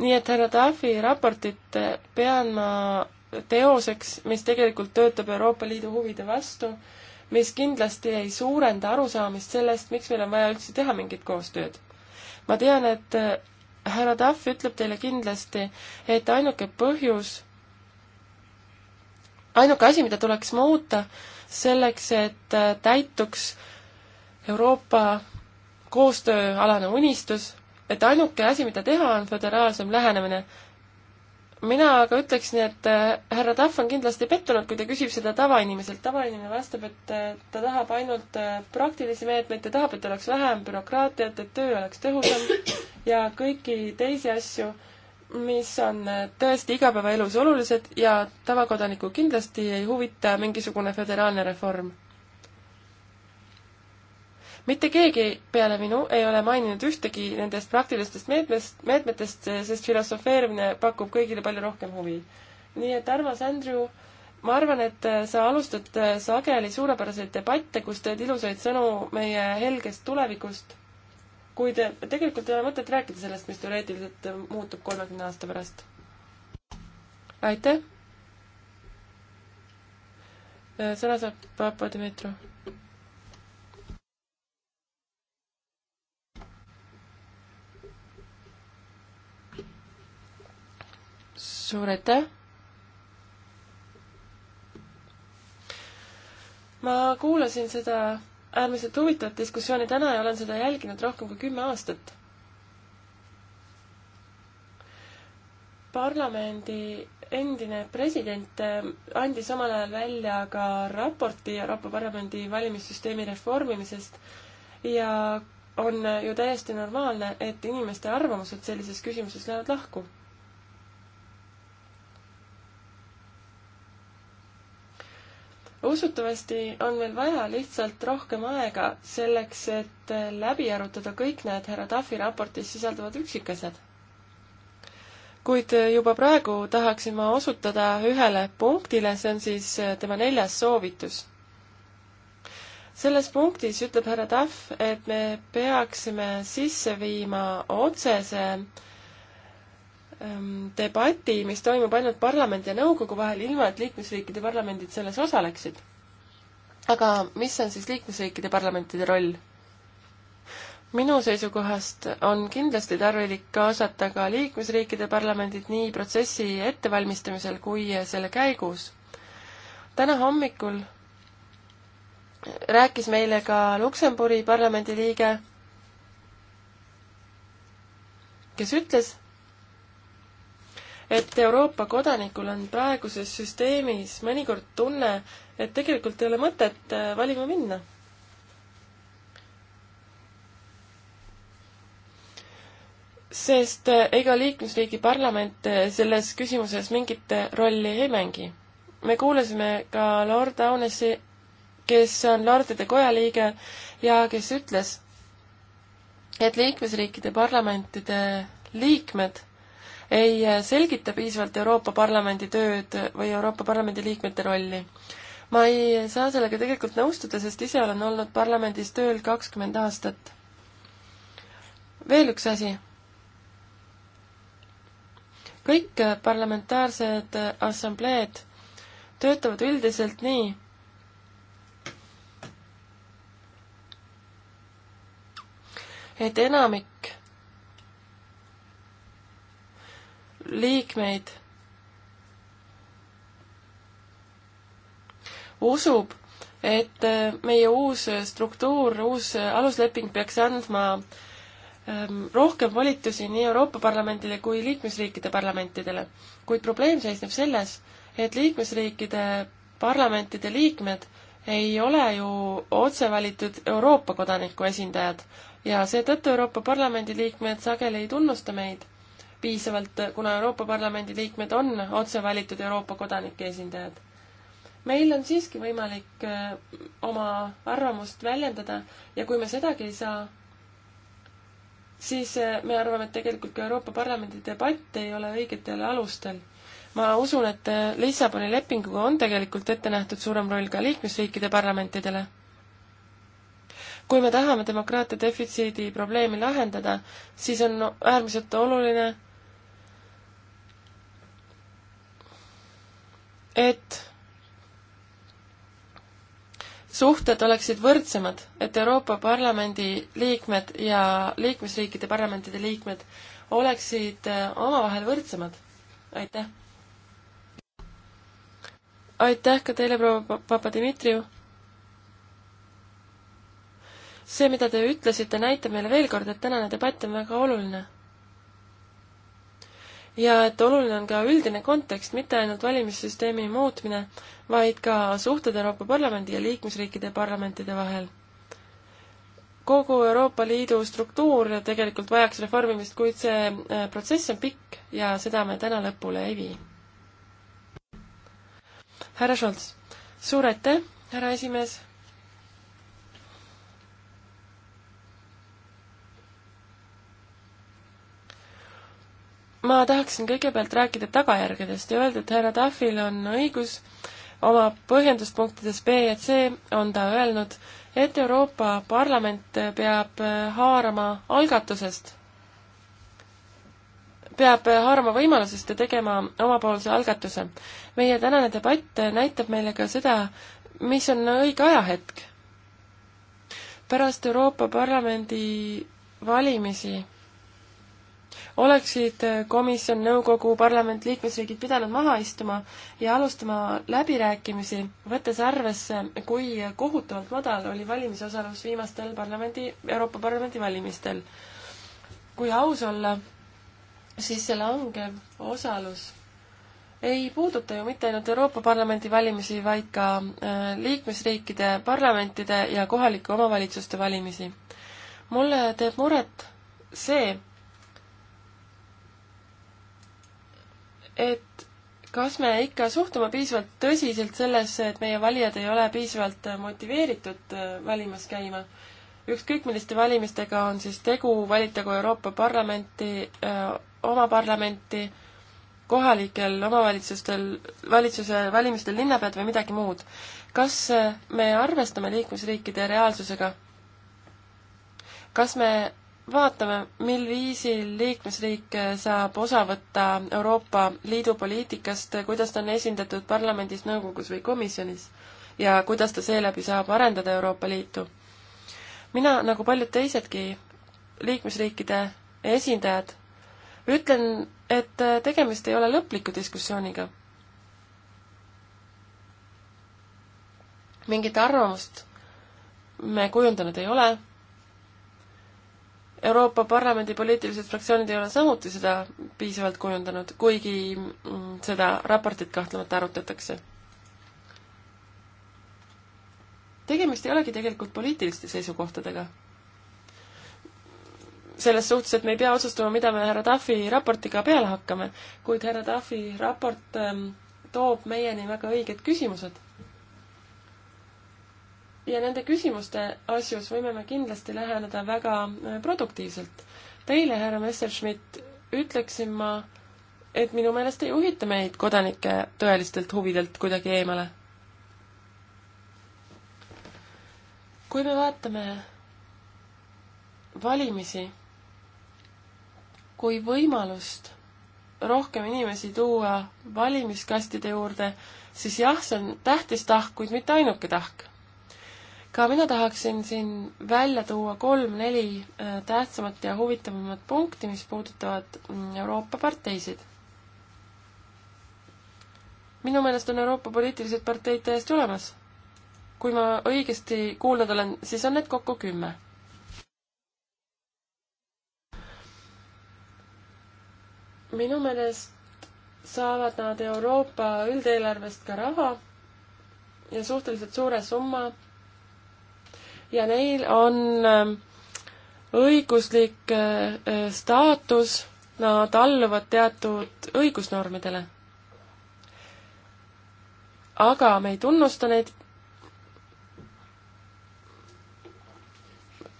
nii et härra Taavi raportit äh, pean ma teoseks, mis tegelikult töötab Euroopa Liidu huvide vastu mis kindlasti ei suurenda arusaamist sellest, miks meil on vaja üldse teha mingit koostööd. ma tean, et äh, härra Tahv ütleb teile kindlasti, et ainuke põhjus, ainuke asi, mida tuleks muuta selleks, et äh, täituks Euroopa koostööalane unistus, et ainuke asi, mida teha, on föderaalsem lähenemine mina aga ütleksin, et äh, härra Tahv on kindlasti pettunud, kui ta küsib seda tavainimeselt. tavainimene vastab, et äh, ta tahab ainult äh, praktilisi meetmeid, ta tahab, et oleks vähem bürokraatiat, et töö oleks tõhusam ja kõiki teisi asju mis on tõesti igapäevaelus olulised ja tavakodanikku kindlasti ei huvita mingisugune föderaalne reform mitte keegi peale minu ei ole maininud ühtegi nendest praktilistest meetmest, meetmetest, sest filosofeerimine pakub kõigile palju rohkem huvi. nii et armas Andrew, ma arvan, et äh, sa alustad äh, sageli suurepäraseid debatte, kus teed ilusaid sõnu meie helgest tulevikust, kuid äh, tegelikult ei ole mõtet rääkida sellest, mis teoreetiliselt muutub kolmekümne aasta pärast. aitäh! sõna saab Papa Dmitri. suur aitäh! ma kuulasin seda äärmiselt huvitavat diskussiooni täna ja olen seda jälginud rohkem kui kümme aastat. parlamendi endine president eh, andis omal ajal välja ka raporti Euroopa Parlamendi valimissüsteemi reformimisest ja on ju täiesti normaalne, et inimeste arvamused sellises küsimuses lähevad lahku usutavasti on meil vaja lihtsalt rohkem aega selleks, et läbi arutada kõik need härra Tafi raportis sisalduvad üksikasjad. kuid juba praegu tahaksin ma osutada ühele punktile, see on siis tema neljas soovitus. selles punktis ütleb härra Tahv, et me peaksime sisse viima otsese äh, Ähm, debati, mis toimub ainult parlamendi ja nõukogu vahel, ilma et liikmesriikide parlamendid selles osaleksid. aga mis on siis liikmesriikide parlamentide roll? minu seisukohast on kindlasti tarvilik kaasata ka liikmesriikide parlamendid nii protsessi ettevalmistamisel kui selle käigus. täna hommikul rääkis meile ka Luksemburi parlamendi liige, kes ütles, et Euroopa kodanikul on praeguses süsteemis mõnikord tunne, et tegelikult ei ole mõtet äh, valima minna. sest äh, ega liikmesriigi parlament äh, selles küsimuses mingit rolli ei mängi. me kuulasime ka Lord Downesi, kes on Lordide koja liige ja kes ütles, et liikmesriikide parlamentide liikmed ei selgita piisavalt Euroopa Parlamendi tööd või Euroopa Parlamendi liikmete rolli. ma ei saa sellega tegelikult nõustuda, sest ise olen olnud parlamendis tööl kakskümmend aastat. veel üks asi. kõik parlamentaarsed assambleed töötavad üldiselt nii, et enamik liikmeid usub, et äh, meie uus äh, struktuur, uus äh, alusleping peaks andma ähm, rohkem volitusi nii Euroopa Parlamendile kui liikmesriikide parlamentidele. kuid probleem seisneb selles, et liikmesriikide parlamentide liikmed ei ole ju otse valitud Euroopa kodaniku esindajad ja seetõttu Euroopa Parlamendi liikmed sageli ei tunnusta meid piisavalt, kuna Euroopa Parlamendi liikmed on otse valitud Euroopa kodanike esindajad. meil on siiski võimalik äh, oma arvamust väljendada ja kui me sedagi ei saa, siis äh, me arvame, et tegelikult ka Euroopa Parlamendi debatt ei ole õigetel alustel. ma usun, et äh, Lissaboni lepinguga on tegelikult ette nähtud suurem roll ka liikmesriikide parlamentidele kui me tahame demokraatia defitsiidi probleemi lahendada, siis on äärmiselt oluline, et suhted oleksid võrdsemad, et Euroopa Parlamendi liikmed ja liikmesriikide parlamentide liikmed oleksid äh, omavahel võrdsemad. aitäh! aitäh ka teile, proua Papadimitri! see, mida te ütlesite, näitab meile veel kord, et tänane debatt on väga oluline ja et oluline on ka üldine kontekst, mitte ainult valimissüsteemi muutmine, vaid ka suhted Euroopa Parlamendi ja liikmesriikide parlamentide vahel. kogu Euroopa Liidu struktuur tegelikult vajaks reformimist, kuid see äh, protsess on pikk ja seda me täna lõpule ei vii. härra Šolts, suur aitäh, härra esimees ma tahaksin kõigepealt rääkida tagajärgedest ja öelda, et härra Tahvil on õigus, oma põhjenduspunktides B ja C on ta öelnud, et Euroopa Parlament peab haarama algatusest, peab haarama võimalusest ja tegema omapoolse algatuse. meie tänane debatt näitab meile ka seda, mis on õige ajahetk. pärast Euroopa Parlamendi valimisi oleksid komisjon, nõukogu, parlament, liikmesriigid pidanud maha istuma ja alustama läbirääkimisi, võttes arvesse, kui kohutavalt madal oli valimisosalus viimastel parlamendi, Euroopa Parlamendi valimistel. kui aus olla, siis see langev osalus ei puuduta ju mitte ainult Euroopa Parlamendi valimisi, vaid ka äh, liikmesriikide parlamentide ja kohalike omavalitsuste valimisi. mulle teeb muret see, et kas me ikka suhtume piisavalt tõsiselt sellesse, et meie valijad ei ole piisavalt äh, motiveeritud äh, valimas käima? ükskõik milliste valimistega on siis tegu, valitagu Euroopa Parlamenti, äh, oma parlamenti, kohalikel omavalitsustel, valitsuse valimistel linnapead või midagi muud. kas me arvestame liikmesriikide reaalsusega? kas me vaatame, mil viisil liikmesriik saab osa võtta Euroopa Liidu poliitikast, kuidas ta on esindatud parlamendis, nõukogus või komisjonis ja kuidas ta seeläbi saab arendada Euroopa Liitu. mina, nagu paljud teisedki liikmesriikide esindajad, ütlen, et tegemist ei ole lõpliku diskussiooniga. mingit arvamust me kujundanud ei ole Euroopa Parlamendi poliitilised fraktsioonid ei ole samuti seda piisavalt kujundanud, kuigi mm, seda raportit kahtlemata arutatakse. tegemist ei olegi tegelikult poliitiliste seisukohtadega. selles suhtes, et me ei pea otsustama, mida me härra Tafi raportiga peale hakkame, kuid härra Tafi raport ähm, toob meieni väga õiged küsimused ja nende küsimuste asjus võime me kindlasti läheneda väga äh, produktiivselt. Teile, härra Messerschmidt, ütleksin ma, et minu meelest ei juhita meid kodanike tõelistelt huvidelt kuidagi eemale. kui me vaatame valimisi kui võimalust rohkem inimesi tuua valimiskastide juurde, siis jah, see on tähtis tahk, kuid mitte ainuke tahk ka mina tahaksin siin välja tuua kolm-neli äh, tähtsamat ja huvitavamat punkti, mis puudutavad mm, Euroopa parteisid. minu meelest on Euroopa poliitilised parteid täiesti olemas. kui ma õigesti kuulnud olen, siis on need kokku kümme minu meelest saavad nad Euroopa üldeelarvest ka raha ja suhteliselt suure summa ja neil on ähm, õiguslik äh, äh, staatus, nad alluvad teatud õigusnormidele. aga me ei tunnusta neid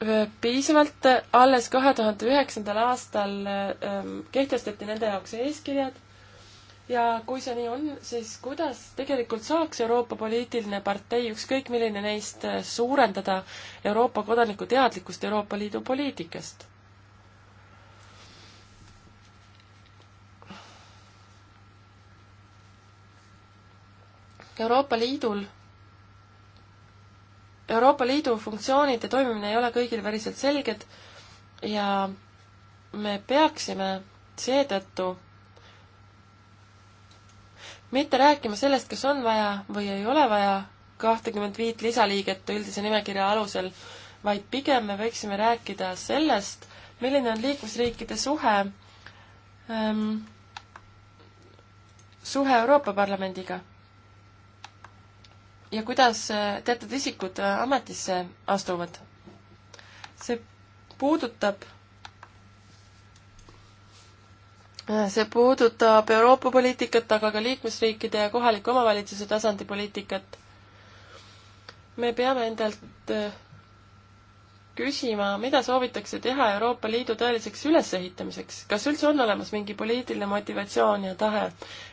äh, piisavalt, alles kahe tuhande üheksandal aastal ähm, kehtestati nende jaoks eeskirjad ja kui see nii on, siis kuidas tegelikult saaks Euroopa poliitiline partei, ükskõik milline neist, eh, suurendada Euroopa kodaniku teadlikkust Euroopa Liidu poliitikast? Euroopa Liidul, Euroopa Liidu funktsioonid ja toimimine ei ole kõigil päriselt selged ja me peaksime seetõttu mitte rääkima sellest, kas on vaja või ei ole vaja kahtekümmet viit lisaliiget üldise nimekirja alusel, vaid pigem me võiksime rääkida sellest, milline on liikmesriikide suhe ähm,, suhe Euroopa Parlamendiga. ja kuidas äh, teatud isikud äh, ametisse astuvad. see puudutab see puudutab Euroopa poliitikat, aga ka liikmesriikide ja kohaliku omavalitsuse tasandi poliitikat. me peame endalt äh, küsima, mida soovitakse teha Euroopa Liidu tõeliseks ülesehitamiseks, kas üldse on olemas mingi poliitiline motivatsioon ja tahe,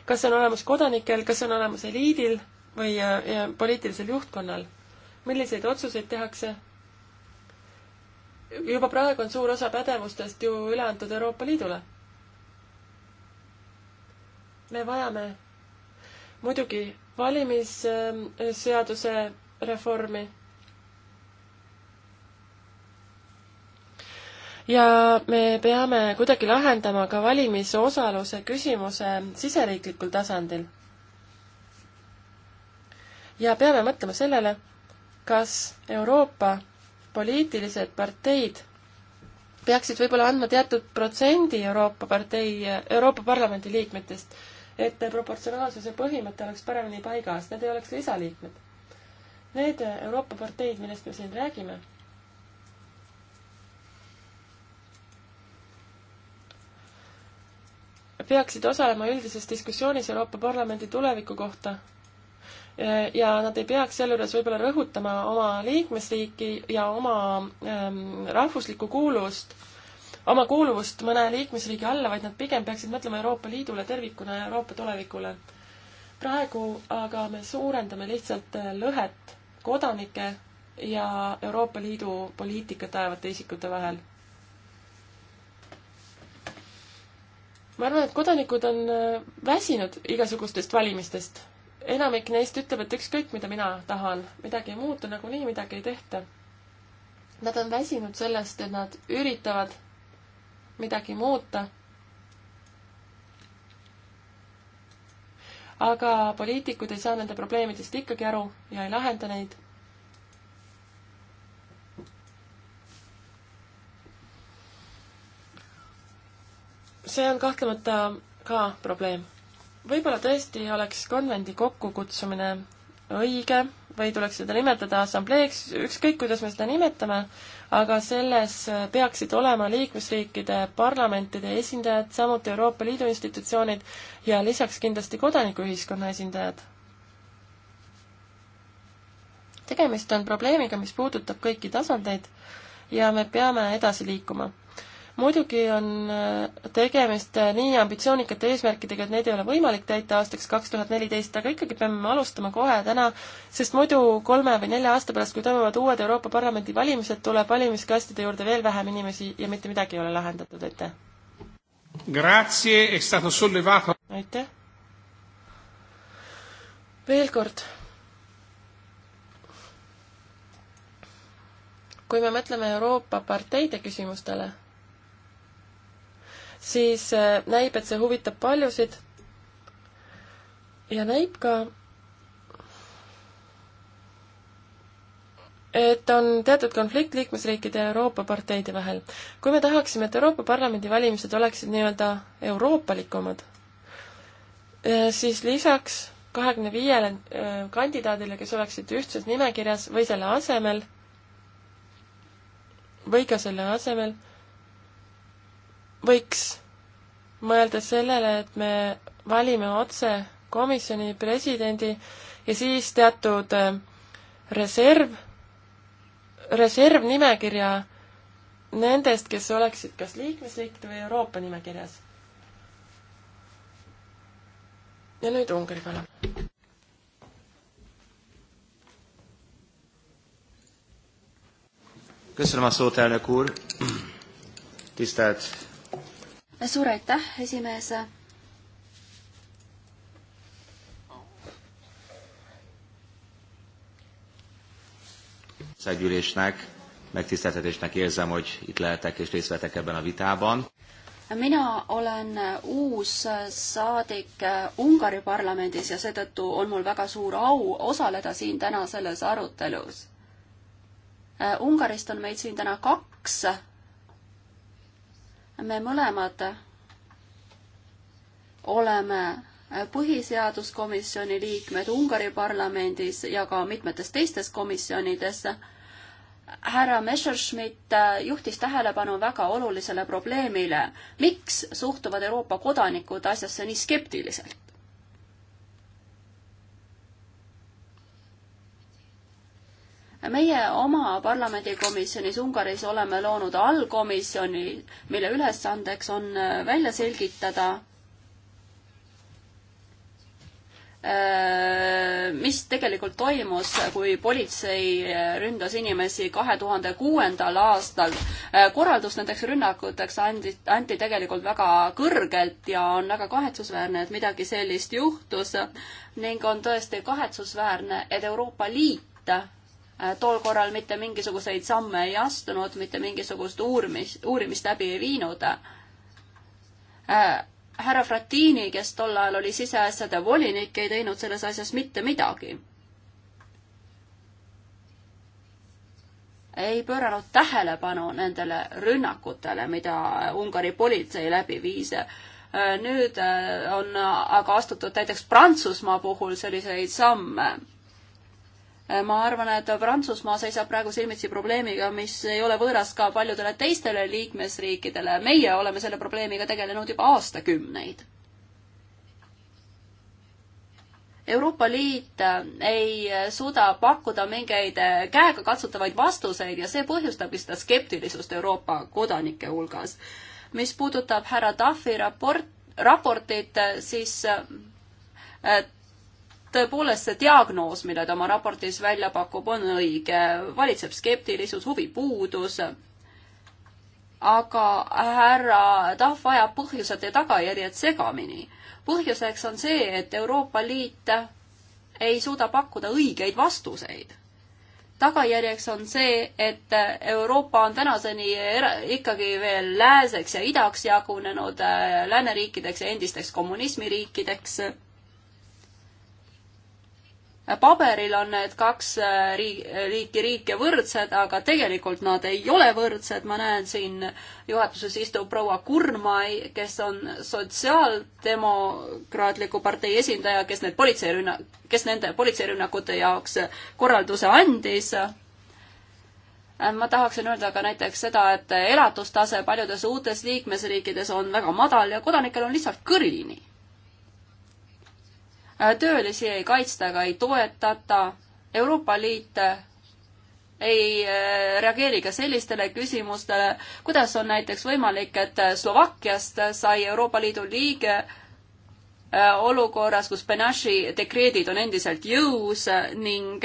kas see on olemas kodanikel, kas see on olemas eliidil või äh, poliitilisel juhtkonnal, milliseid otsuseid tehakse? juba praegu on suur osa pädevustest ju üle antud Euroopa Liidule me vajame muidugi valimisseaduse reformi. ja me peame kuidagi lahendama ka valimisosaluse küsimuse siseriiklikul tasandil. ja peame mõtlema sellele, kas Euroopa poliitilised parteid peaksid võib-olla andma teatud protsendi Euroopa partei, Euroopa Parlamendi liikmetest et proportsionaalsuse põhimõte oleks paremini paigas, need ei oleks lisaliikmed. Need Euroopa parteid, millest me siin räägime, peaksid osalema üldises diskussioonis Euroopa Parlamendi tuleviku kohta. ja nad ei peaks sealjuures võib-olla rõhutama oma liikmesriiki ja oma ähm, rahvuslikku kuuluvust oma kuuluvust mõne liikmesriigi alla, vaid nad pigem peaksid mõtlema Euroopa Liidule tervikuna ja Euroopa tulevikule. praegu aga me suurendame lihtsalt äh, lõhet kodanike ja Euroopa Liidu poliitikat ajavate isikute vahel. ma arvan, et kodanikud on äh, väsinud igasugustest valimistest. enamik neist ütleb, et ükskõik, mida mina tahan, midagi ei muutu nagunii, midagi ei tehta. Nad on väsinud sellest, et nad üritavad midagi muuta. aga poliitikud ei saa nende probleemidest ikkagi aru ja ei lahenda neid. see on kahtlemata ka probleem. võib-olla tõesti oleks konvendi kokkukutsumine õige või tuleks seda nimetada assambleeks, ükskõik kuidas me seda nimetame, aga selles peaksid olema liikmesriikide parlamentide esindajad, samuti Euroopa Liidu institutsioonid ja lisaks kindlasti kodanikuühiskonna esindajad. tegemist on probleemiga, mis puudutab kõiki tasandeid ja me peame edasi liikuma muidugi on äh, tegemist äh, nii ambitsioonikate eesmärkidega, et neid ei ole võimalik täita aastaks kaks tuhat neliteist, aga ikkagi peame alustama kohe täna, sest muidu kolme või nelja aasta pärast, kui toimuvad uued Euroopa Parlamendi valimised, tuleb valimiskastide juurde veel vähem inimesi ja mitte midagi ei ole lahendatud, aitäh! aitäh! veel kord kui me mõtleme Euroopa parteide küsimustele, siis äh, näib, et see huvitab paljusid. ja näib ka, et on teatud konflikt liikmesriikide ja Euroopa parteide vahel. kui me tahaksime, et Euroopa Parlamendi valimised oleksid nii-öelda euroopalikumad, äh, siis lisaks kahekümne viiele äh, kandidaadile, kes oleksid ühtses nimekirjas või selle asemel, või ka selle asemel, võiks mõelda sellele, et me valime otse komisjoni presidendi ja siis teatud äh, reserv, reservnimekirja nendest, kes oleksid kas liikmesriikide või Euroopa nimekirjas. ja nüüd Ungari, palun. köszönöm a szót, elnök úr! Tisztelt suur aitäh, esimees. Szegülésnek, megtiszteltetésnek érzem, hogy itt lehetek és részt vetek ebben a vitában. Mina olen uus saadik Ungari parlamendis ja seetõttu on mul väga suur au osaleda siin täna selles arutelus. Ungarist on meid siin täna kaks me mõlemad oleme põhiseaduskomisjoni liikmed Ungari parlamendis ja ka mitmetes teistes komisjonides. härra Messerschmidt juhtis tähelepanu väga olulisele probleemile, miks suhtuvad Euroopa kodanikud asjasse nii skeptiliselt? meie oma parlamendikomisjonis Ungaris oleme loonud allkomisjoni, mille ülesandeks on äh, välja selgitada, äh, mis tegelikult toimus, kui politsei äh, ründas inimesi kahe tuhande kuuendal aastal. korraldus nendeks rünnakuteks andi, anti tegelikult väga kõrgelt ja on väga kahetsusväärne, et midagi sellist juhtus ning on tõesti kahetsusväärne, et Euroopa Liit Äh, tol korral mitte mingisuguseid samme ei astunud, mitte mingisugust uurimis, uurimist läbi ei viinud. Äh, härra Frattini, kes tol ajal oli siseasjade volinik, ei teinud selles asjas mitte midagi. ei pööranud tähelepanu nendele rünnakutele, mida Ungari politsei läbi viis äh, nüüd on aga astutud näiteks Prantsusmaa puhul selliseid samme ma arvan, et Prantsusmaa seisab praegu silmitsi probleemiga, mis ei ole võõras ka paljudele teistele liikmesriikidele. meie oleme selle probleemiga tegelenud juba aastakümneid. Euroopa Liit ei suuda pakkuda mingeid käegakatsutavaid vastuseid ja see põhjustabki seda skeptilisust Euroopa kodanike hulgas. mis puudutab härra Tafi raport, raportit, siis äh, tõepoolest see diagnoos, mille ta oma raportis välja pakub, on õige, valitseb skeptilisus, huvipuudus, aga härra Tahv ajab põhjused ja tagajärjed segamini. põhjuseks on see, et Euroopa Liit ei suuda pakkuda õigeid vastuseid. tagajärjeks on see, et Euroopa on tänaseni ikkagi veel lääseks ja idaks jagunenud lääneriikideks ja endisteks kommunismiriikideks paberil on need kaks äh, riik, liiki riike võrdsed, aga tegelikult nad ei ole võrdsed, ma näen siin juhatuses istub proua Kurmai, kes on Sotsiaaldemokraatliku partei esindaja, kes need politseirünna-, kes nende politseirünnakute jaoks korralduse andis. ma tahaksin öelda ka näiteks seda, et elatustase paljudes uutes liikmesriikides on väga madal ja kodanikel on lihtsalt kõrini Äh, töölisi ei kaitsta ega ei toetata. Euroopa Liit äh, ei äh, reageeri ka sellistele küsimustele, kuidas on näiteks võimalik, et Slovakkiast sai Euroopa Liidu liige olukorras, kus Benashi dekreedid on endiselt jõus ning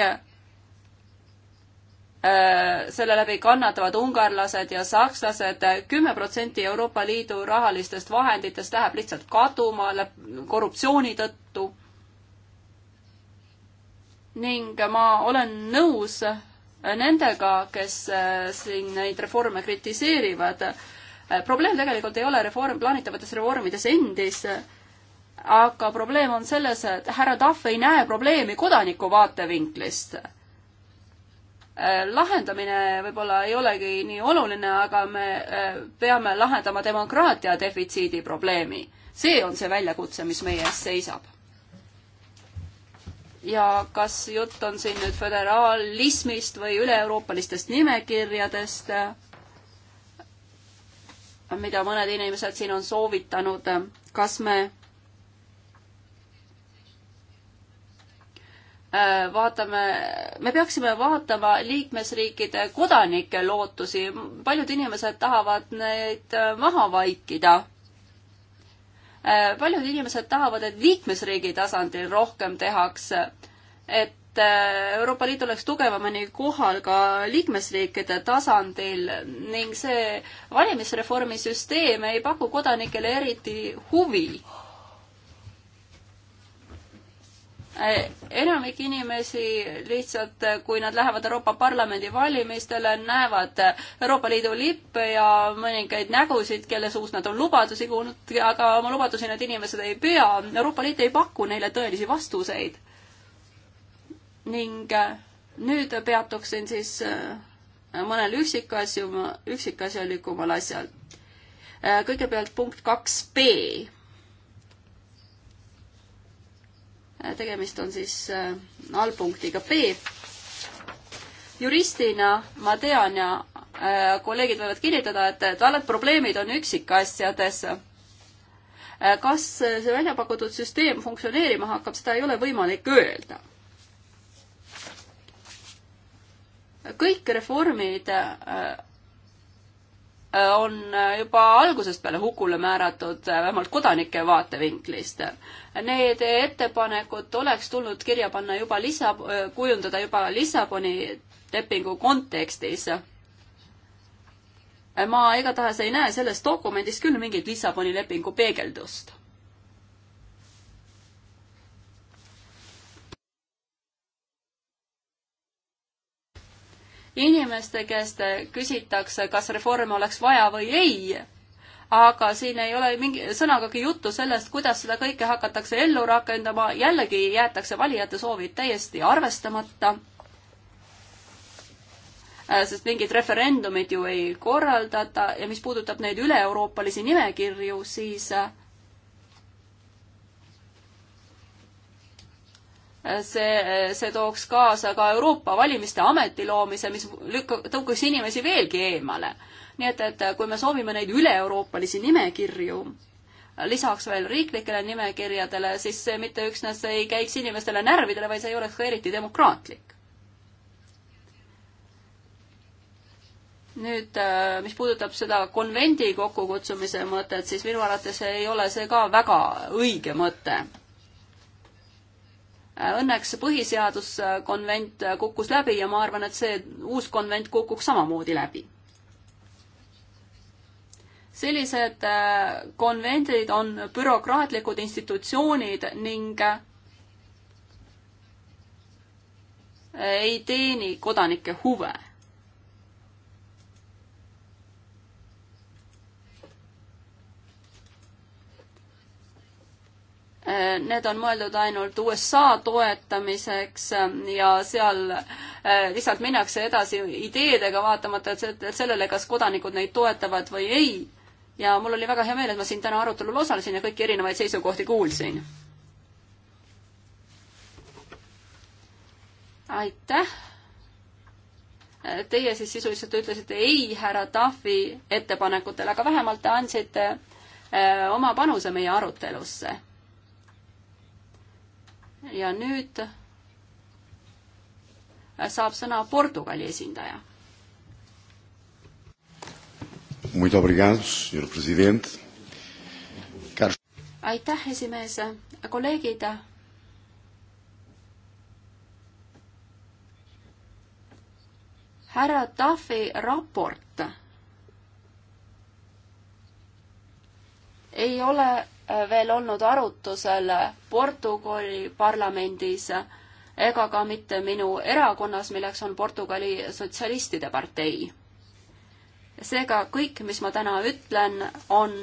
selle läbi kannatavad ungarlased ja sakslased. kümme protsenti Euroopa Liidu rahalistest vahenditest läheb lihtsalt kaduma korruptsiooni tõttu ning ma olen nõus äh, nendega, kes äh, siin neid reforme kritiseerivad. Äh, probleem tegelikult ei ole reform, plaanitavates reformides endis, aga probleem on selles, et härra Tahv ei näe probleemi kodaniku vaatevinklist lahendamine võib-olla ei olegi nii oluline, aga me peame lahendama demokraatia defitsiidi probleemi. see on see väljakutse, mis meie ees seisab ja kas jutt on siin nüüd föderalismist või üle-euroopalistest nimekirjadest, mida mõned inimesed siin on soovitanud, kas me äh, vaatame, me peaksime vaatama liikmesriikide kodanike lootusi, paljud inimesed tahavad neid äh, maha vaikida Äh, paljud inimesed tahavad, et liikmesriigi tasandil rohkem tehakse, et äh, Euroopa Liit oleks tugevamini kohal ka liikmesriikide tasandil ning see valimisreformi süsteem ei paku kodanikele eriti huvi Äh, enamik inimesi lihtsalt, äh, kui nad lähevad Euroopa Parlamendi valimistele, näevad äh, Euroopa Liidu lippe ja mõningaid nägusid, kelle suust nad on lubadusi kuulnud, aga oma lubadusi need inimesed ei pea. Euroopa Liit ei paku neile tõelisi vastuseid. ning nüüd peatuksin siis mõnel üksikasju, üksikasjalikumal asjal. kõigepealt punkt kaks B tegemist on siis äh, allpunktiga B. juristina ma tean ja äh, kolleegid võivad kinnitada, et, et alati probleemid on üksikasjades. Äh, kas see välja pakutud süsteem funktsioneerima hakkab, seda ei ole võimalik öelda. kõik reformid on juba algusest peale hukule määratud, vähemalt kodanike vaatevinklist. Need ettepanekud oleks tulnud kirja panna juba lisa, kujundada juba Lissaboni lepingu kontekstis. ma igatahes ei näe selles dokumendis küll mingit Lissaboni lepingu peegeldust inimeste käest küsitakse, kas reforme oleks vaja või ei, aga siin ei ole mingi sõnagagi juttu sellest, kuidas seda kõike hakatakse ellu rakendama, jällegi jäetakse valijate soovid täiesti arvestamata. Äh, sest mingit referendumit ju ei korraldata ja mis puudutab neid üle-euroopalisi nimekirju, siis äh, see, see tooks kaasa ka Euroopa Valimiste Ameti loomise, mis lükka-, tõukaks inimesi veelgi eemale nii et, et kui me soovime neid üle-euroopalisi nimekirju, lisaks veel riiklikele nimekirjadele, siis see mitte üksnes ei käiks inimestele närvidele, vaid see ei oleks ka eriti demokraatlik. nüüd, äh, mis puudutab seda konvendi kokkukutsumise mõtet, siis minu arvates ei ole see ka väga õige mõte äh, õnneks põhiseaduskonvent kukkus läbi ja ma arvan, et see uus konvent kukuks samamoodi läbi sellised äh, konvendid on bürokraatlikud institutsioonid ning äh, ei teeni kodanike huve. Äh, need on mõeldud ainult USA toetamiseks ja seal lihtsalt minnakse edasi ideedega, vaatamata sellele, kas kodanikud neid toetavad või ei ja mul oli väga hea meel, et ma siin täna arutelul osalesin ja kõiki erinevaid seisukohti kuulsin. aitäh. Teie siis sisuliselt ütlesite ei härra Tahvi ettepanekutele, aga vähemalt te andsite eh, oma panuse meie arutelusse. ja nüüd eh, saab sõna Portugali esindaja Muito obrigado, senhor president. Kar... aitäh, esimees, kolleegid. härra Tafi raport ei ole äh, veel olnud arutusel Portugali parlamendis ega ka mitte minu erakonnas, milleks on Portugali Sotsialistide Partei seega kõik, mis ma täna ütlen, on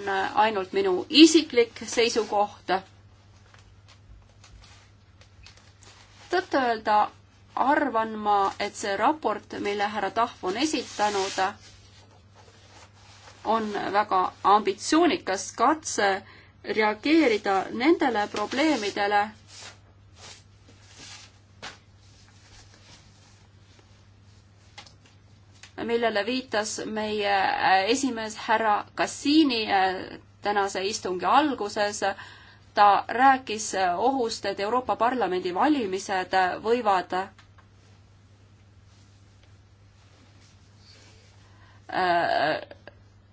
ainult minu isiklik seisukoht. tõtt-öelda arvan ma, et see raport, mille härra Tahv on esitanud, on väga ambitsioonikas katse reageerida nendele probleemidele, millele viitas meie äh, esimees härra Kassiini äh, tänase istungi alguses. ta rääkis äh, ohust, et Euroopa Parlamendi valimised võivad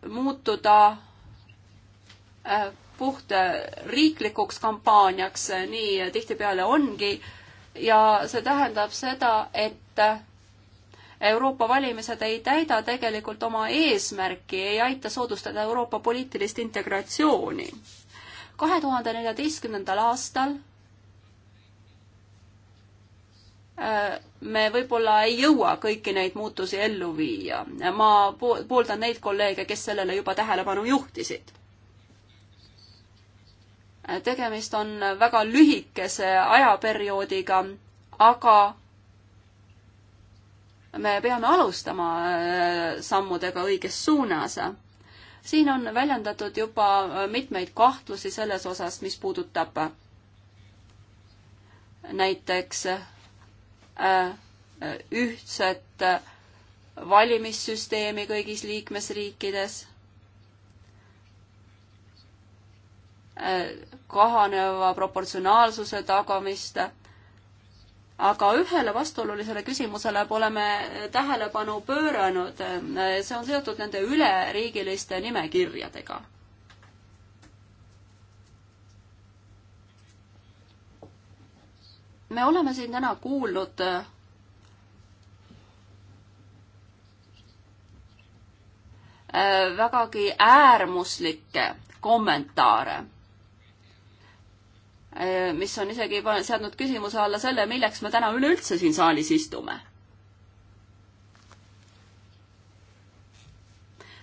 muutuda puht riiklikuks kampaaniaks, nii tihtipeale ongi, ja see tähendab seda, et Euroopa valimised ei täida tegelikult oma eesmärki, ei aita soodustada Euroopa poliitilist integratsiooni. kahe tuhande neljateistkümnendal aastal äh, me võib-olla ei jõua kõiki neid muutusi ellu viia. ma pooldan neid kolleege, kes sellele juba tähelepanu juhtisid. tegemist on väga lühikese ajaperioodiga, aga me peame alustama äh, sammudega õiges suunas. siin on väljendatud juba äh, mitmeid kahtlusi selles osas, mis puudutab äh, näiteks ühtset valimissüsteemi kõigis liikmesriikides, kahaneva proportsionaalsuse tagamist aga ühele vastuolulisele küsimusele pole me tähelepanu pööranud. see on seotud nende üleriigiliste nimekirjadega. me oleme siin täna kuulnud vägagi äärmuslikke kommentaare Äh, mis on isegi seadnud küsimuse alla selle, milleks me täna üleüldse siin saalis istume.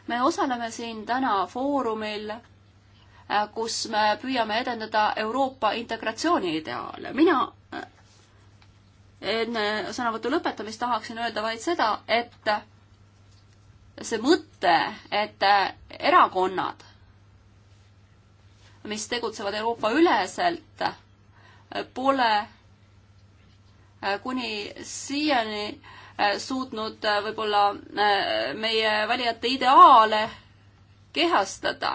me osaleme siin täna foorumil, äh, kus me püüame edendada Euroopa integratsiooni ideaale. mina äh, enne sõnavõtu lõpetamist tahaksin öelda vaid seda, et see mõte, et erakonnad mis tegutsevad Euroopa üleselt, pole äh, kuni siiani äh, suutnud äh, võib-olla meie valijate ideaale kehastada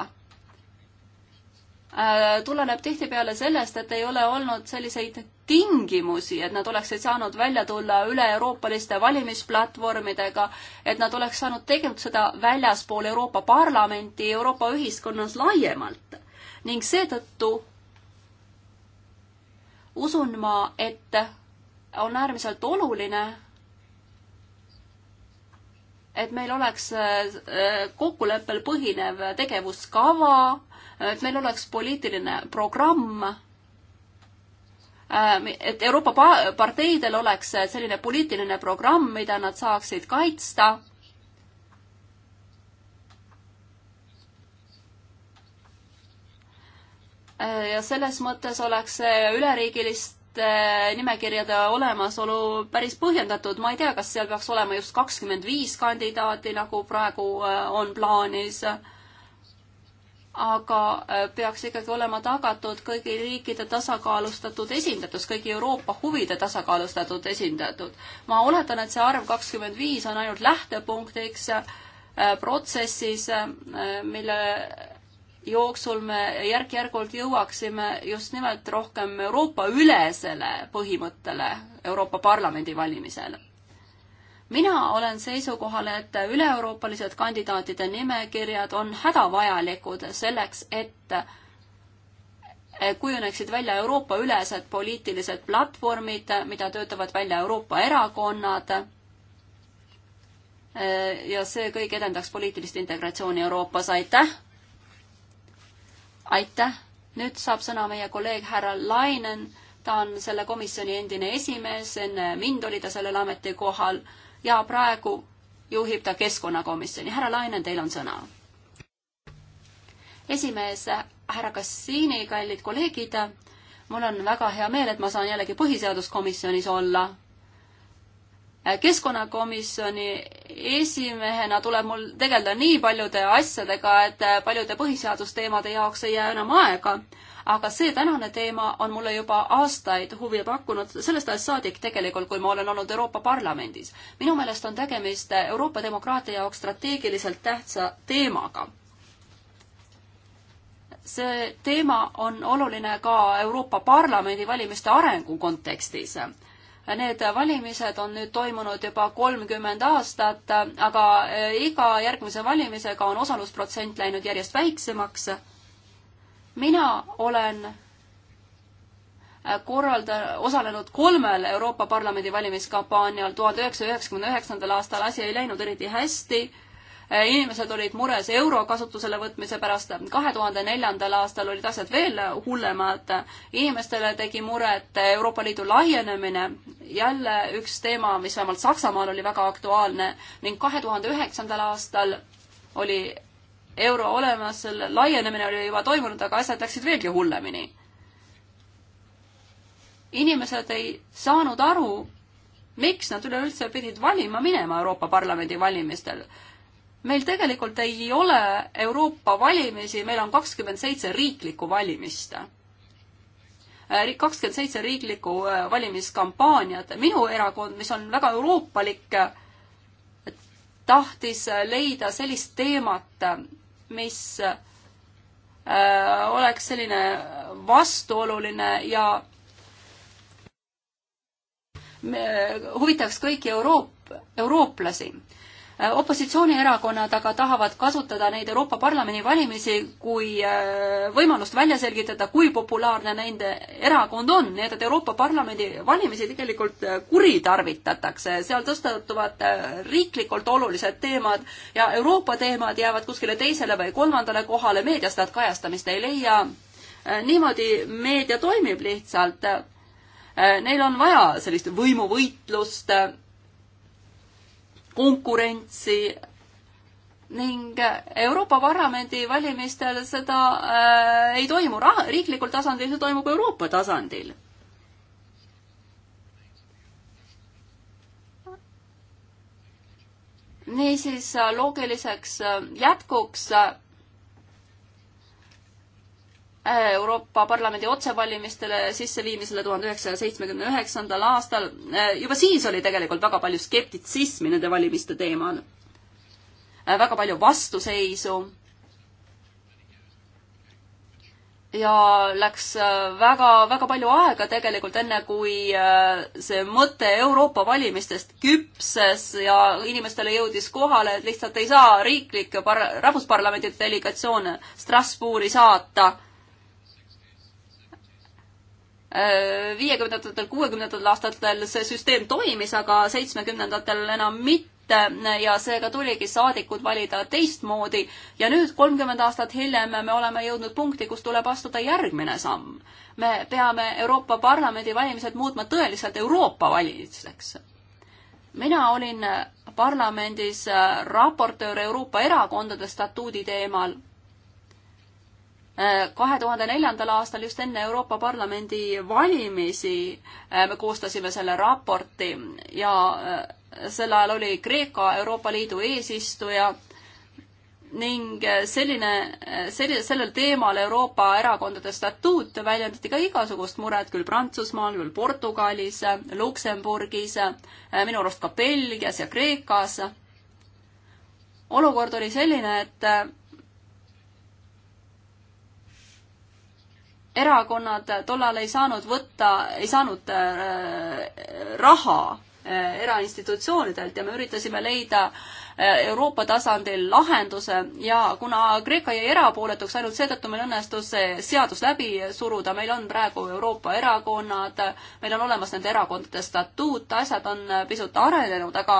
tuleneb tihtipeale sellest, et ei ole olnud selliseid tingimusi, et nad oleksid saanud välja tulla üle-euroopaliste valimisplatvormidega, et nad oleks saanud tegutseda väljaspool Euroopa Parlamenti, Euroopa ühiskonnas laiemalt ning seetõttu usun ma, et on äärmiselt oluline, et meil oleks äh, kokkuleppel põhinev tegevuskava, et meil oleks poliitiline programm, äh, et Euroopa parteidel oleks selline poliitiline programm, mida nad saaksid kaitsta Äh, ja selles mõttes oleks see üleriigiliste äh, nimekirjade olemasolu päris põhjendatud, ma ei tea, kas seal peaks olema just kakskümmend viis kandidaati, nagu praegu äh, on plaanis, aga peaks ikkagi olema tagatud kõigi riikide tasakaalustatud esindatus, kõigi Euroopa huvide tasakaalustatud esindatud. ma oletan, et see arv kakskümmend viis on ainult lähtepunktiks protsessis, mille jooksul me järk-järgult jõuaksime just nimelt rohkem Euroopa-ülesele põhimõttele Euroopa Parlamendi valimisel. mina olen seisukohal, et üle-euroopalised kandidaatide nimekirjad on hädavajalikud selleks, et kujuneksid välja Euroopa-ülesed poliitilised platvormid, mida töötavad välja Euroopa erakonnad ja see kõik edendaks poliitilist integratsiooni Euroopas, aitäh! aitäh, nüüd saab sõna meie kolleeg härra Lainen, ta on selle komisjoni endine esimees, enne mind oli ta sellel ametikohal ja praegu juhib ta keskkonnakomisjoni. härra Lainen, teil on sõna. esimees härra Kassiini, kallid kolleegid, mul on väga hea meel, et ma saan jällegi põhiseaduskomisjonis olla keskkonnakomisjoni esimehena tuleb mul tegeleda nii paljude asjadega, et paljude põhiseadusteemade jaoks ei jää enam aega. aga see tänane teema on mulle juba aastaid huvi pakkunud, sellest ajast saadik tegelikult, kui ma olen olnud Euroopa Parlamendis. minu meelest on tegemist Euroopa demokraatia jaoks strateegiliselt tähtsa teemaga. see teema on oluline ka Euroopa Parlamendi valimiste arengu kontekstis Need valimised on nüüd toimunud juba kolmkümmend aastat, aga eh, iga järgmise valimisega on osalusprotsent läinud järjest väiksemaks. mina olen eh, korralda-, osalenud kolmel Euroopa Parlamendi valimiskampaanial, tuhande üheksasaja üheksakümne üheksandal aastal asi ei läinud eriti hästi Äh, inimesed olid mures euro kasutusele võtmise pärast. kahe tuhande neljandal aastal olid asjad veel hullemad. inimestele tegi muret Euroopa Liidu laienemine, jälle üks teema, mis vähemalt Saksamaal oli väga aktuaalne ning kahe tuhande üheksandal aastal oli euro olemas, selle laienemine oli juba toimunud, aga asjad läksid veelgi hullemini. inimesed ei saanud aru, miks nad üleüldse pidid valima minema Euroopa Parlamendi valimistel meil tegelikult ei ole Euroopa valimisi, meil on kakskümmend seitse riiklikku valimist. Äh, kakskümmend seitse riiklikku äh, valimiskampaaniat. minu erakond, mis on väga euroopalik, äh, tahtis leida sellist teemat, mis oleks selline vastuoluline ja huvitaks kõiki Euroop-, eurooplasi opositsioonierakonnad aga tahavad kasutada neid Euroopa Parlamendi valimisi kui äh, võimalust välja selgitada, kui populaarne nende erakond on, nii et, et Euroopa Parlamendi valimisi tegelikult äh, kuritarvitatakse, seal tõstatuvad äh, riiklikult olulised teemad ja Euroopa teemad jäävad kuskile teisele või kolmandale kohale, meedias nad kajastamist ei leia. niimoodi meedia toimib lihtsalt. Neil on vaja sellist võimuvõitlust konkurentsi ning Euroopa Parlamendi valimistel seda äh, ei toimu rah-, riiklikul tasandil, see toimub Euroopa tasandil. niisiis loogiliseks jätkuks Euroopa Parlamendi otsevalimistele sisseviimisele tuhande üheksasaja seitsmekümne üheksandal aastal. Äh, juba siis oli tegelikult väga palju skeptitsismi nende valimiste teemal. Äh, väga palju vastuseisu. ja läks väga-väga äh, palju aega tegelikult, enne kui see mõte Euroopa valimistest küpses ja inimestele jõudis kohale, et lihtsalt ei saa riiklikke par-, rahvusparlamendi delegatsioone Strasbourgi saata viiekümnendatel, kuuekümnendatel aastatel see süsteem toimis, aga seitsmekümnendatel enam mitte ja seega tuligi saadikud valida teistmoodi. ja nüüd, kolmkümmend aastat hiljem, me oleme jõudnud punkti, kus tuleb astuda järgmine samm. me peame Euroopa Parlamendi valimised muutma tõeliselt Euroopa valimisteks. mina olin parlamendis äh, raportöör Euroopa erakondade statuudi teemal kahe tuhande neljandal aastal, just enne Euroopa Parlamendi valimisi, äh, me koostasime selle raporti ja äh, sel ajal oli Kreeka Euroopa Liidu eesistuja ning äh, selline, selline, sellel teemal Euroopa erakondade statuut väljendati ka igasugust muret küll Prantsusmaal, küll Portugalis, Luksemburgis, minu arust ka Belgias ja Kreekas. olukord oli selline, et erakonnad tollal ei saanud võtta, ei saanud äh, raha äh, erainstitutsioonidelt ja me üritasime leida äh, Euroopa tasandil lahenduse ja kuna Kreeka jäi erapooletuks, ainult seetõttu meil õnnestus see seadus läbi suruda, meil on praegu Euroopa erakonnad, meil on olemas nende erakondade statuut, asjad on pisut arenenud, aga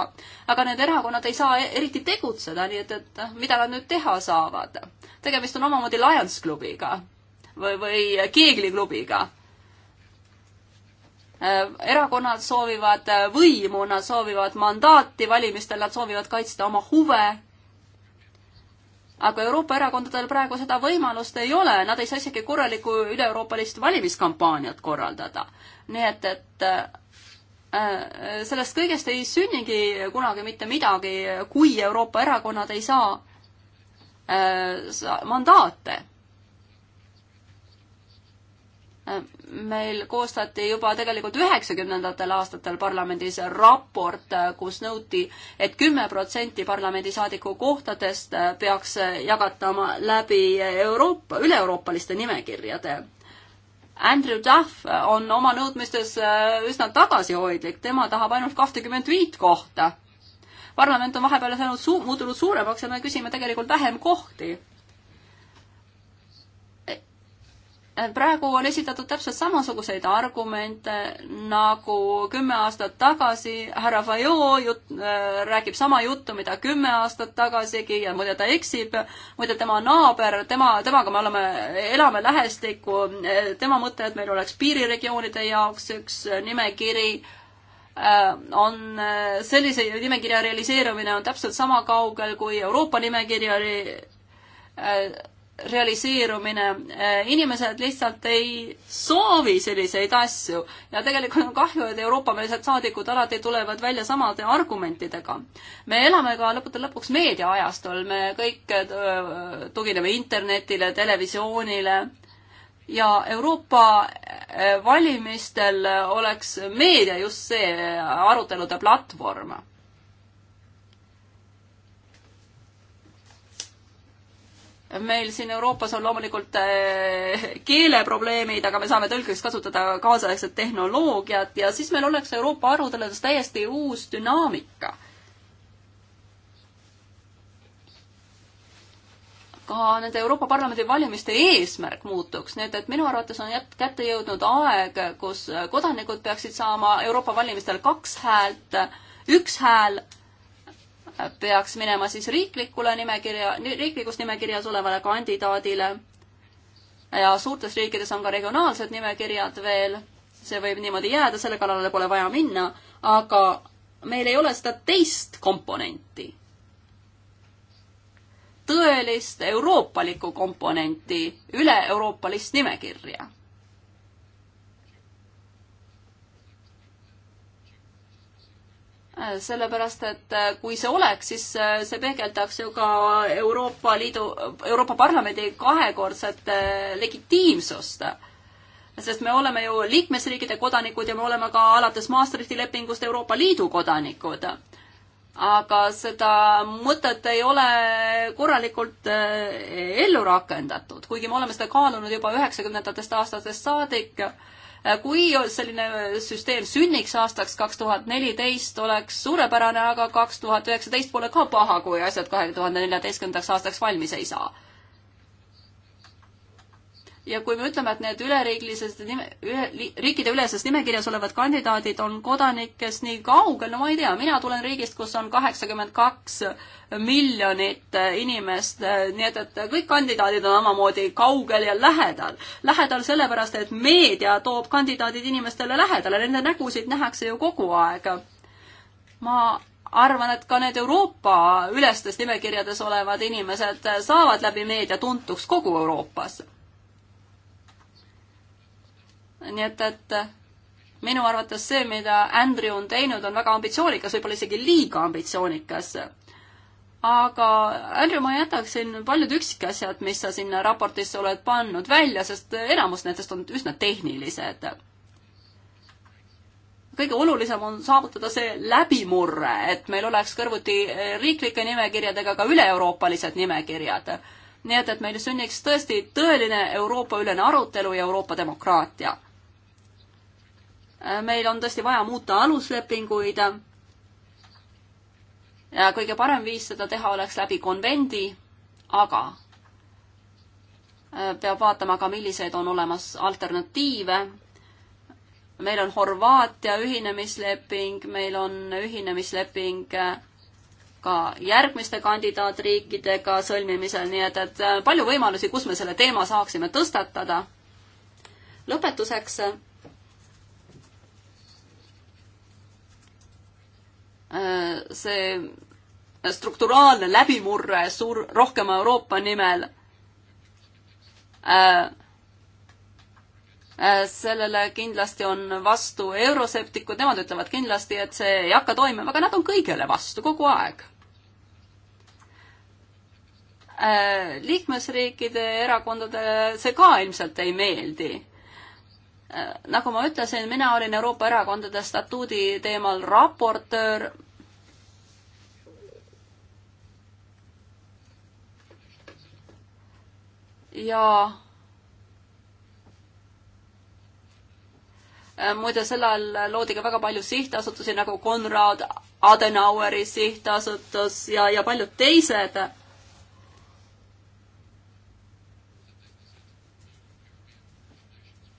aga need erakonnad ei saa e-, eriti tegutseda, nii et, et mida nad nüüd teha saavad? tegemist on omamoodi Lions klubiga või, või keegliklubiga. Äh, erakonnad soovivad äh, võimu, nad soovivad mandaati valimistel, nad soovivad kaitsta oma huve. aga Euroopa erakondadel praegu seda võimalust ei ole, nad ei saa isegi korralikku üle-euroopalist valimiskampaaniat korraldada. nii et, et äh, sellest kõigest ei sünnigi kunagi mitte midagi, kui Euroopa erakonnad ei saa mandaate meil koostati juba tegelikult üheksakümnendatel aastatel parlamendis raport, kus nõuti et, et kümme protsenti parlamendisaadiku kohtadest peaks jagatama läbi Euroopa, üle-euroopaliste nimekirjade. Andrew Duff on oma nõudmistes äh, üsna tagasihoidlik, tema tahab ainult kahtekümmet viit kohta. parlament on vahepeal saanud suu-, muutunud suuremaks ja me küsime tegelikult vähem kohti praegu on esitatud täpselt samasuguseid argumente nagu kümme aastat tagasi, härra Fayot jut-, äh, räägib sama juttu, mida kümme aastat tagasigi ja muide ta eksib, muide tema naaber, tema, temaga me oleme, elame lähestikku, tema mõte, et meil oleks piiriregioonide jaoks üks nimekiri, äh, on äh, sellise nimekirja realiseerumine on täpselt sama kaugel kui Euroopa nimekirja realiseerumine, äh, inimesed lihtsalt ei soovi selliseid asju ja tegelikult on kahju, et euroopameelsed saadikud alati tulevad välja samade argumentidega. me elame ka lõppude lõpuks meediaajastul, me kõik äh, tugineme internetile, televisioonile ja Euroopa äh, valimistel oleks meedia just see arutelude platvorm meil siin Euroopas on loomulikult äh, keeleprobleemid, aga me saame tõlkeks kasutada kaasaegset tehnoloogiat ja siis meil oleks Euroopa aruteludes täiesti uus dünaamika. ka nende Euroopa Parlamendi valimiste eesmärk muutuks, nii et, et minu arvates on jät-, kätte jõudnud aeg, kus kodanikud peaksid saama Euroopa valimistel kaks häält, üks hääl peaks minema siis riiklikule nimekirja, riiklikus nimekirjas olevale kandidaadile. ja suurtes riikides on ka regionaalsed nimekirjad veel, see võib niimoodi jääda, selle kallale pole vaja minna, aga meil ei ole seda teist komponenti. tõelist euroopalikku komponenti üle-euroopalist nimekirja sellepärast et äh, kui see oleks, siis äh, see peegeldaks ju ka Euroopa Liidu, Euroopa Parlamendi kahekordset äh, legitiimsust. sest me oleme ju liikmesriikide kodanikud ja me oleme ka alates Maastrichti lepingust Euroopa Liidu kodanikud. aga seda mõtet ei ole korralikult ellu rakendatud, kuigi me oleme seda kaalunud juba üheksakümnendatest aastatest saadik Äh, kui selline süsteem sünniks aastaks kaks tuhat neliteist, oleks suurepärane, aga kaks tuhat üheksateist pole ka paha, kui asjad kahe tuhande neljateistkümnendaks aastaks valmis ei saa ja kui me ütleme, et need üleriiglises nime, üle, riikide üleses nimekirjas olevad kandidaadid on kodanikest nii kaugel, no ma ei tea, mina tulen riigist, kus on kaheksakümmend kaks miljonit äh, inimest, äh, nii et, et äh, kõik kandidaadid on omamoodi kaugel ja lähedal. lähedal sellepärast, et meedia toob kandidaadid inimestele lähedale, nende nägusid nähakse ju kogu aeg. ma arvan, et ka need Euroopa ülestes nimekirjades olevad inimesed saavad läbi meedia tuntuks kogu Euroopas nii et, et äh, minu arvates see, mida Andrew on teinud, on väga ambitsioonikas, võib-olla isegi liiga ambitsioonikas. aga Andrew, ma jätaksin paljud üksikasjad, mis sa sinna raportisse oled pannud välja, sest enamus nendest on üsna tehnilised kõige olulisem on saavutada see läbimurre, et meil oleks kõrvuti riiklike nimekirjadega ka üle-euroopalised nimekirjad. nii et, et meil sünniks tõesti tõeline Euroopa-ülene arutelu ja Euroopa demokraatia meil on tõesti vaja muuta aluslepinguid. ja kõige parem viis seda teha oleks läbi konvendi, aga äh, peab vaatama ka, millised on olemas alternatiive. meil on Horvaatia ühinemisleping, meil on ühinemisleping äh, ka järgmiste kandidaatriikidega sõlmimisel, nii et, et äh, palju võimalusi, kus me selle teema saaksime tõstatada. lõpetuseks Äh, see strukturaalne läbimurre suur, rohkema Euroopa nimel äh, äh, sellele kindlasti on vastu euroseptikud, nemad ütlevad kindlasti, et see ei hakka toimima, aga nad on kõigele vastu kogu aeg. Äh, liikmesriikide erakondadele see ka ilmselt ei meeldi. Äh, nagu ma ütlesin, mina olin Euroopa erakondade statuudi teemal raportöör. ja äh, muide, sel ajal loodi ka väga palju sihtasutusi nagu Konrad Adenaueri sihtasutus ja, ja paljud teised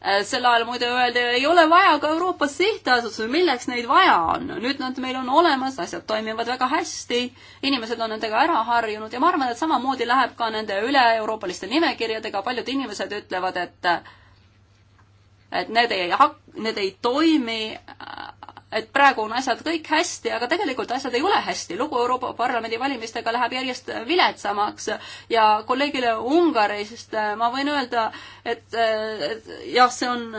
Äh, sel ajal muide öeldi, ei ole vaja ka Euroopa sihtasutusi, milleks neid vaja on. nüüd nad meil on olemas, asjad toimivad väga hästi, inimesed on nendega ära harjunud ja ma arvan, et samamoodi läheb ka nende üle-euroopaliste nimekirjadega, paljud inimesed ütlevad, et et need ei hak-, need ei toimi, et praegu on asjad kõik hästi, aga tegelikult asjad ei ole hästi. lugu Euroopa Parlamendi valimistega läheb järjest viletsamaks ja kolleegile Ungarist äh, ma võin öelda, et, äh, et jah, see on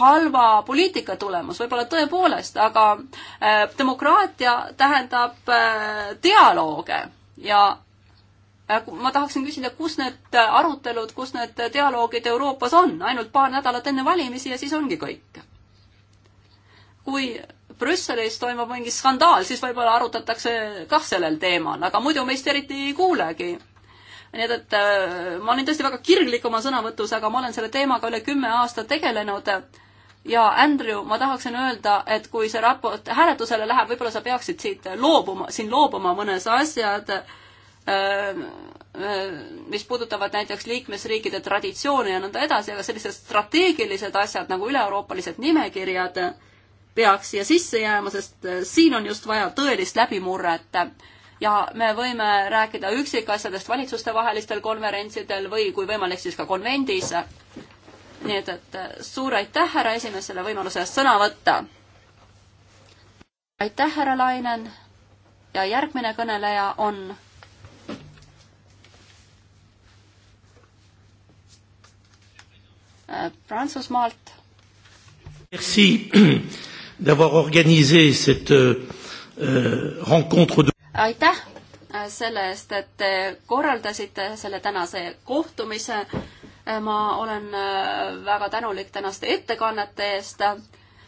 halva poliitika tulemus, võib-olla tõepoolest, aga äh, demokraatia tähendab äh, dialoog ja äh, ma tahaksin küsida, kus need arutelud, kus need dialoogid Euroopas on, ainult paar nädalat enne valimisi ja siis ongi kõik. kui Brüsselis toimub mingi skandaal, siis võib-olla arutatakse kah sellel teemal, aga muidu meist eriti ei kuulegi. nii et, et äh, ma olin tõesti väga kirglik oma sõnavõtus, aga ma olen selle teemaga üle kümme aasta tegelenud ja Andrew, ma tahaksin öelda, et kui see raport hääletusele läheb, võib-olla sa peaksid siit loobuma, siin loobuma mõnes asjad, äh, äh, mis puudutavad näiteks liikmesriikide traditsioone ja nõnda edasi, aga sellised strateegilised asjad nagu üle-euroopalised nimekirjad, peaks siia sisse jääma, sest äh, siin on just vaja tõelist läbimurret. ja me võime rääkida üksikasjadest valitsustevahelistel konverentsidel või kui võimalik, siis ka konvendis. nii et, et äh, suur aitäh, härra esimees, selle võimaluse eest sõna võtta. aitäh, härra Lainen. ja järgmine kõneleja on Prantsusmaalt. Merci d'avoir organisé cette euh, euh rencontre de aitäh äh, selle eest, et te korraldasite selle tänase kohtumise. Äh, ma olen äh, väga tänulik tänaste ettekannete eest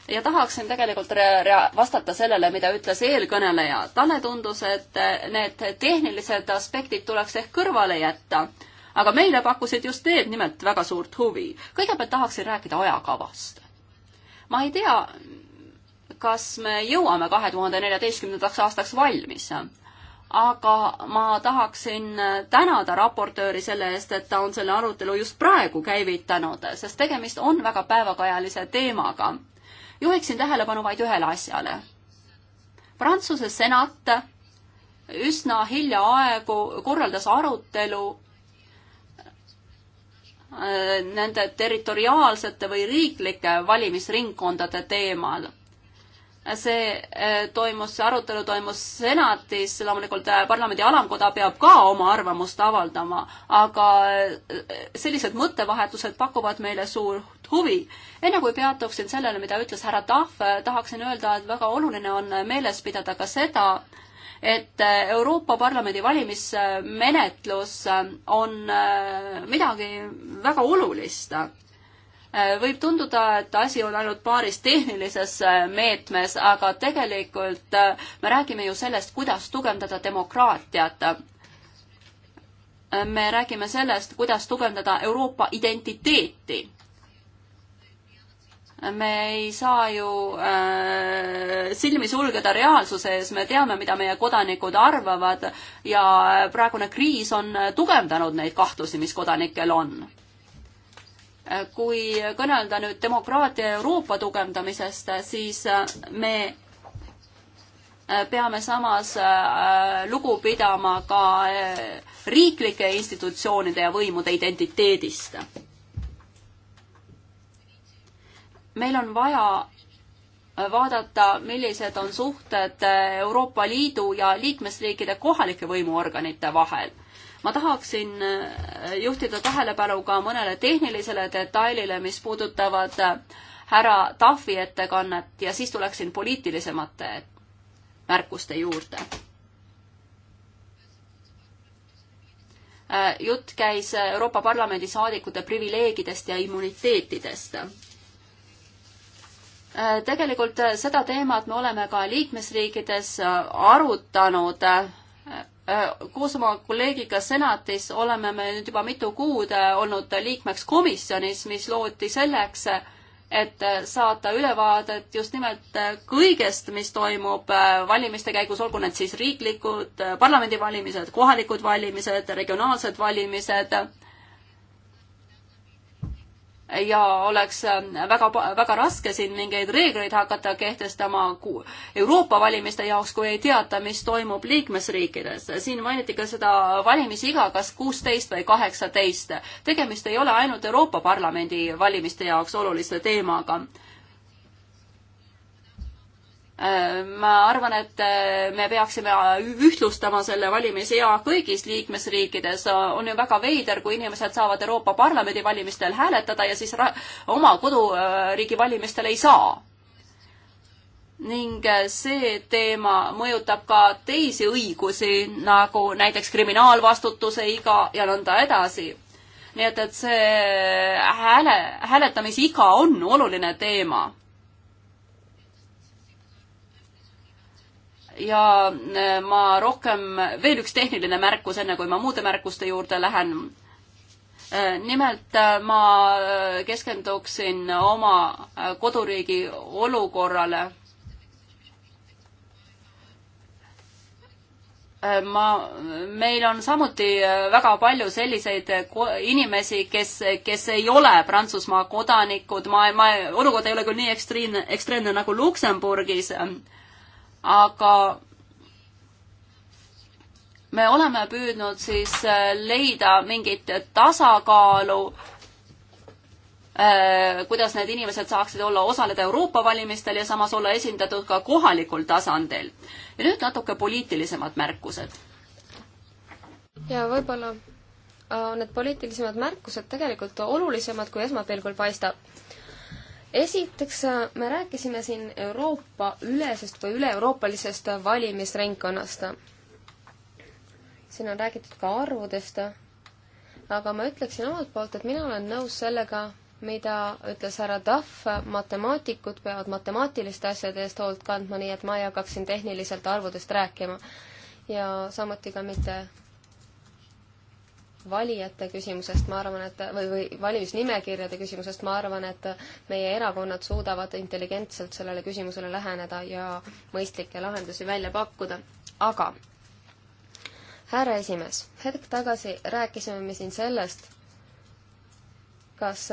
ja tahaksin tegelikult re-, re-, vastata sellele, mida ütles eelkõneleja. talle tundus, et need tehnilised aspektid tuleks ehk kõrvale jätta, aga meile pakkusid just need nimelt väga suurt huvi. kõigepealt tahaksin rääkida ajakavast. ma ei tea, kas me jõuame kahe tuhande neljateistkümnendaks aastaks valmis. aga ma tahaksin tänada raportööri selle eest, et ta on selle arutelu just praegu käivitanud, sest tegemist on väga päevakajalise teemaga. juhiksin tähelepanu vaid ühele asjale. Prantsuse senat üsna hiljaaegu korraldas arutelu äh, nende territoriaalsete või riiklike valimisringkondade teemal see eh, toimus, see arutelu toimus senatis, loomulikult eh, parlamendi alamkoda peab ka oma arvamust avaldama, aga eh, sellised mõttevahetused pakuvad meile suurt huvi. enne kui peatuksin sellele, mida ütles härra Tahv, tahaksin öelda, et väga oluline on meeles pidada ka seda, et Euroopa Parlamendi valimismenetlus on midagi väga olulist Äh, võib tunduda, et asi on ainult paaris tehnilises äh, meetmes, aga tegelikult äh, me räägime ju sellest, kuidas tugevdada demokraatiat. me räägime sellest, kuidas tugevdada Euroopa identiteeti me ei saa ju äh, silmi sulgeda reaalsuse ees, me teame, mida meie kodanikud arvavad ja praegune kriis on tugevdanud neid kahtlusi, mis kodanikel on kui kõnelda nüüd demokraatia Euroopa tugevdamisest, siis me peame samas äh, lugu pidama ka äh, riiklike institutsioonide ja võimude identiteedist. meil on vaja äh, vaadata, millised on suhted Euroopa Liidu ja liikmesriikide kohalike võimuorganite vahel ma tahaksin äh, juhtida tähelepanu ka mõnele tehnilisele detailile, mis puudutavad äh, härra Tahvi ettekannet ja siis tuleksin poliitilisemate märkuste juurde. Äh, jutt käis Euroopa Parlamendi saadikute privileegidest ja immuniteetidest tegelikult seda teemat me oleme ka liikmesriikides arutanud Äh, koos oma kolleegiga senatis oleme me nüüd juba mitu kuud äh, olnud liikmeks komisjonis, mis loodi selleks, et äh, saada ülevaadet just nimelt kõigest, mis toimub valimiste käigus, olgu need siis riiklikud parlamendivalimised, kohalikud valimised, regionaalsed valimised ja oleks äh, väga, väga raske siin mingeid reegleid hakata kehtestama Euroopa valimiste jaoks, kui ei teata, mis toimub liikmesriikides. siin mainiti ka seda valimisiga, kas kuusteist või kaheksateist. tegemist ei ole ainult Euroopa Parlamendi valimiste jaoks olulise teemaga Äh, ma arvan, et äh, me peaksime äh, ühtlustama selle valimisea kõigis liikmesriikides. on ju väga veider, kui inimesed saavad Euroopa Parlamendi valimistel hääletada ja siis oma koduriigi valimistel ei saa. ning see teema mõjutab ka teisi õigusi, nagu näiteks kriminaalvastutuse iga ja nõnda edasi. nii et, et see hääle, hääletamisiga on oluline teema ja äh, ma rohkem, veel üks tehniline märkus, enne kui ma muude märkuste juurde lähen. Äh, nimelt äh, ma keskenduksin oma koduriigi olukorrale ma, meil on samuti väga palju selliseid inimesi, kes, kes ei ole Prantsusmaa kodanikud, ma, ma, olukord ei ole küll nii ekstreemne, ekstreemne nagu Luksemburgis äh,, aga me oleme püüdnud siis äh, leida mingit tasakaalu, äh, kuidas need inimesed saaksid olla, osaleda Euroopa valimistel ja samas olla esindatud ka kohalikul tasandil. ja nüüd natuke poliitilisemad märkused. ja võib-olla on äh, need poliitilisemad märkused tegelikult olulisemad, kui esmapilgul paistab esiteks äh, me rääkisime siin Euroopa ülesest või üle-euroopalisest äh, valimisringkonnast. siin on räägitud ka arvudest, äh, aga ma ütleksin omalt poolt, et mina olen nõus sellega, mida ütles härra Tahv, matemaatikud peavad matemaatiliste asjade eest hoolt kandma, nii et ma ei hakkaks siin tehniliselt arvudest rääkima. ja samuti ka mitte valijate küsimusest, ma arvan, et või, või valimisnimekirjade küsimusest, ma arvan, et meie erakonnad suudavad intelligentselt sellele küsimusele läheneda ja mõistlikke lahendusi välja pakkuda. aga härra esimees, hetk tagasi rääkisime me siin sellest, kas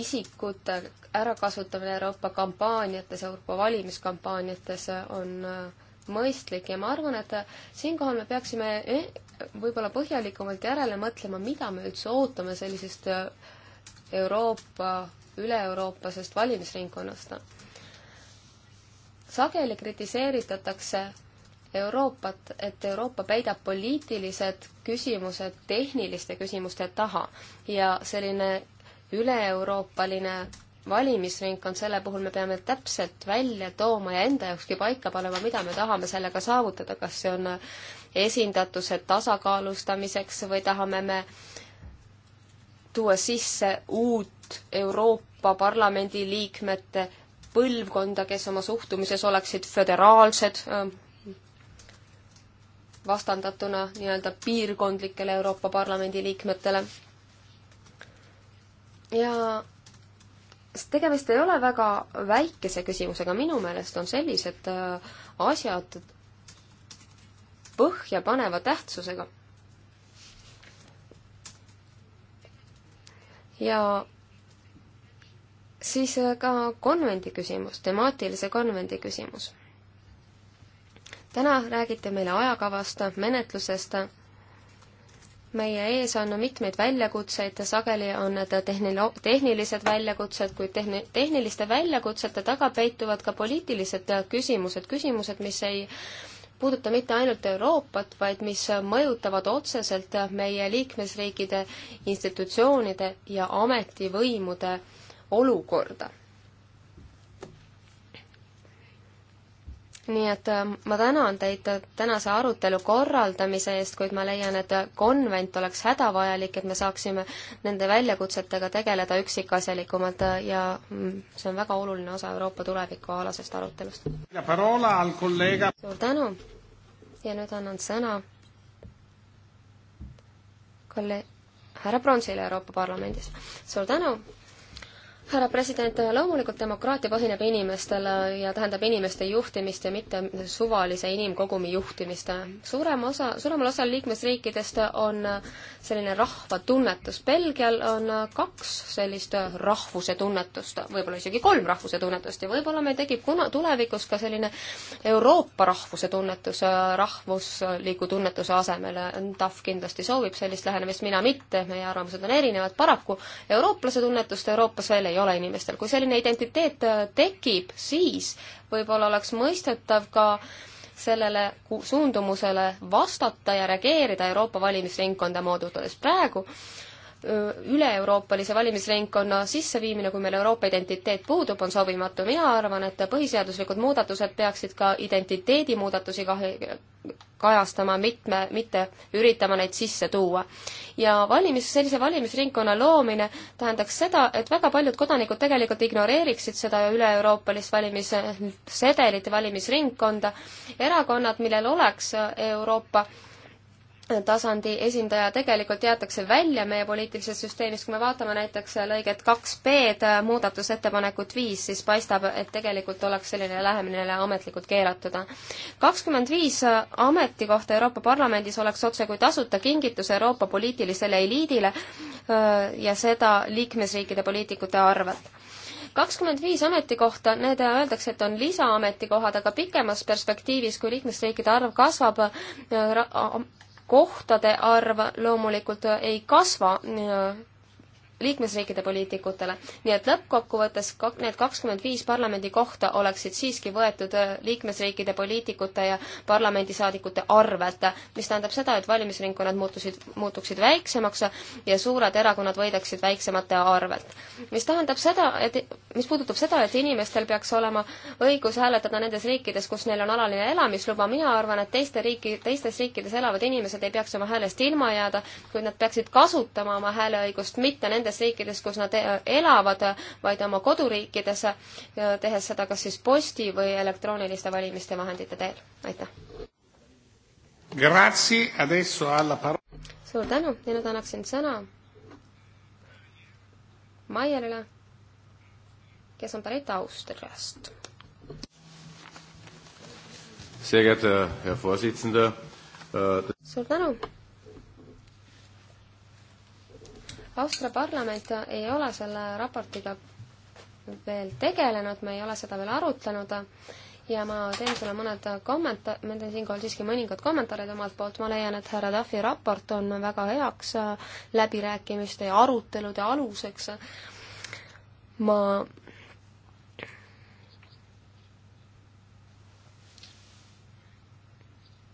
isikute ärakasutamine Euroopa kampaaniates, Euroopa valimiskampaaniates on mõistlik ja ma arvan, et siinkohal me peaksime eh, võib-olla põhjalikumalt järele mõtlema, mida me üldse ootame sellisest eh, Euroopa, üle-euroopasest valimisringkonnast. sageli kritiseeritatakse Euroopat, et Euroopa peidab poliitilised küsimused tehniliste küsimuste taha ja selline üle-euroopaline valimisringkond, selle puhul me peame täpselt välja tooma ja enda jaokski paika panema, mida me tahame sellega saavutada, kas see on esindatuse tasakaalustamiseks või tahame me tuua sisse uut Euroopa Parlamendi liikmete põlvkonda, kes oma suhtumises oleksid föderaalsed, äh, vastandatuna nii-öelda piirkondlikele Euroopa Parlamendi liikmetele. ja tegemist ei ole väga väikese küsimusega, minu meelest on sellised äh, asjad põhjapaneva tähtsusega. ja siis äh, ka konvendi küsimus, temaatilise konvendi küsimus. täna räägite meile ajakavast, menetlusest meie ees on mitmeid väljakutseid, sageli on need tehnil-, tehnilised väljakutsed, kuid tehni-, tehniliste väljakutsete taga peituvad ka poliitilised küsimused, küsimused, mis ei puuduta mitte ainult Euroopat, vaid mis mõjutavad otseselt meie liikmesriikide institutsioonide ja ametivõimude olukorda nii et äh, ma tänan teid tänase arutelu korraldamise eest, kuid ma leian, et konvent oleks hädavajalik, et me saaksime nende väljakutsetega tegeleda üksikasjalikumalt äh, ja mm, see on väga oluline osa Euroopa tuleviku alasest arutelust. suur tänu ja nüüd annan sõna kolle-, härra Bronsile Euroopa Parlamendis. suur tänu! härra president, loomulikult demokraatia põhineb inimestel ja tähendab inimeste juhtimist ja mitte suvalise inimkogumi juhtimist. suurem osa, suuremal osal liikmesriikidest on selline rahvatunnetus. Belgial on kaks sellist rahvuse tunnetust, võib-olla isegi kolm rahvuse tunnetust ja võib-olla meil tekib kuna, tulevikus ka selline Euroopa rahvuse tunnetus rahvusliku tunnetuse asemel. TAF kindlasti soovib sellist lähenemist, mina mitte, meie arvamused on erinevad. paraku eurooplase tunnetust Euroopas veel ei ole ole inimestel. kui selline identiteet äh, tekib, siis võib-olla oleks mõistetav ka sellele suundumusele vastata ja reageerida Euroopa valimisringkonda moodustades. praegu äh, üle-euroopalise valimisringkonna sisseviimine, kui meil Euroopa identiteet puudub, on sobimatu. mina arvan, et põhiseaduslikud muudatused peaksid ka identiteedimuudatusi kajastama, mitme, mitte üritama neid sisse tuua. ja valimis, sellise valimisringkonna loomine tähendaks seda, et väga paljud kodanikud tegelikult ignoreeriksid seda üle-euroopalist valimissedelit ja valimisringkonda. erakonnad, millel oleks Euroopa tasandi esindaja tegelikult jäetakse välja meie poliitilisest süsteemist, kui me vaatame näiteks lõiget kaks B-d, muudatusettepanekut viis, siis paistab, et tegelikult oleks selline lähenemine ametlikult keelatud. kakskümmend viis ametikohta Euroopa Parlamendis oleks otsekui tasuta kingitus Euroopa poliitilisele eliidile ja seda liikmesriikide poliitikute arvelt kakskümmend viis ametikohta, need öeldakse, et on lisaametikohad, aga pikemas perspektiivis, kui liikmesriikide arv kasvab, kohtade arv loomulikult ei kasva liikmesriikide poliitikutele. nii et lõppkokkuvõttes need kakskümmend viis parlamendikohta oleksid siiski võetud äh, liikmesriikide poliitikute ja parlamendisaadikute arvelt, mis tähendab seda, et valimisringkonnad muutusid, muutuksid väiksemaks ja suured erakonnad võidaksid väiksemate arvelt. mis tähendab seda, et, mis puudutab seda, et inimestel peaks olema õigus hääletada nendes riikides, kus neil on alaline elamisluba, mina arvan, et teiste riiki, teistes riikides elavad inimesed ei peaks oma häälest ilma jääda, kuid nad peaksid kasutama oma hääleõigust, mitte nendes nendes riikides, kus nad e-, elavad, vaid oma koduriikides, tehes seda kas siis posti või elektrooniliste valimiste vahendite teel. aitäh! Grazie, adesso alla parola. suur tänu ja nüüd annaksin sõna Maierile, kes on pärit Austriast. Äh, suur tänu, Austria parlament ei ole selle raportiga veel tegelenud, me ei ole seda veel arutanud ja ma teen sulle mõned kommenta-, ma teen siinkohal siiski mõningad kommentaarid omalt poolt, ma leian, et härra Tafi raport on väga heaks läbirääkimiste ja arutelude aluseks. ma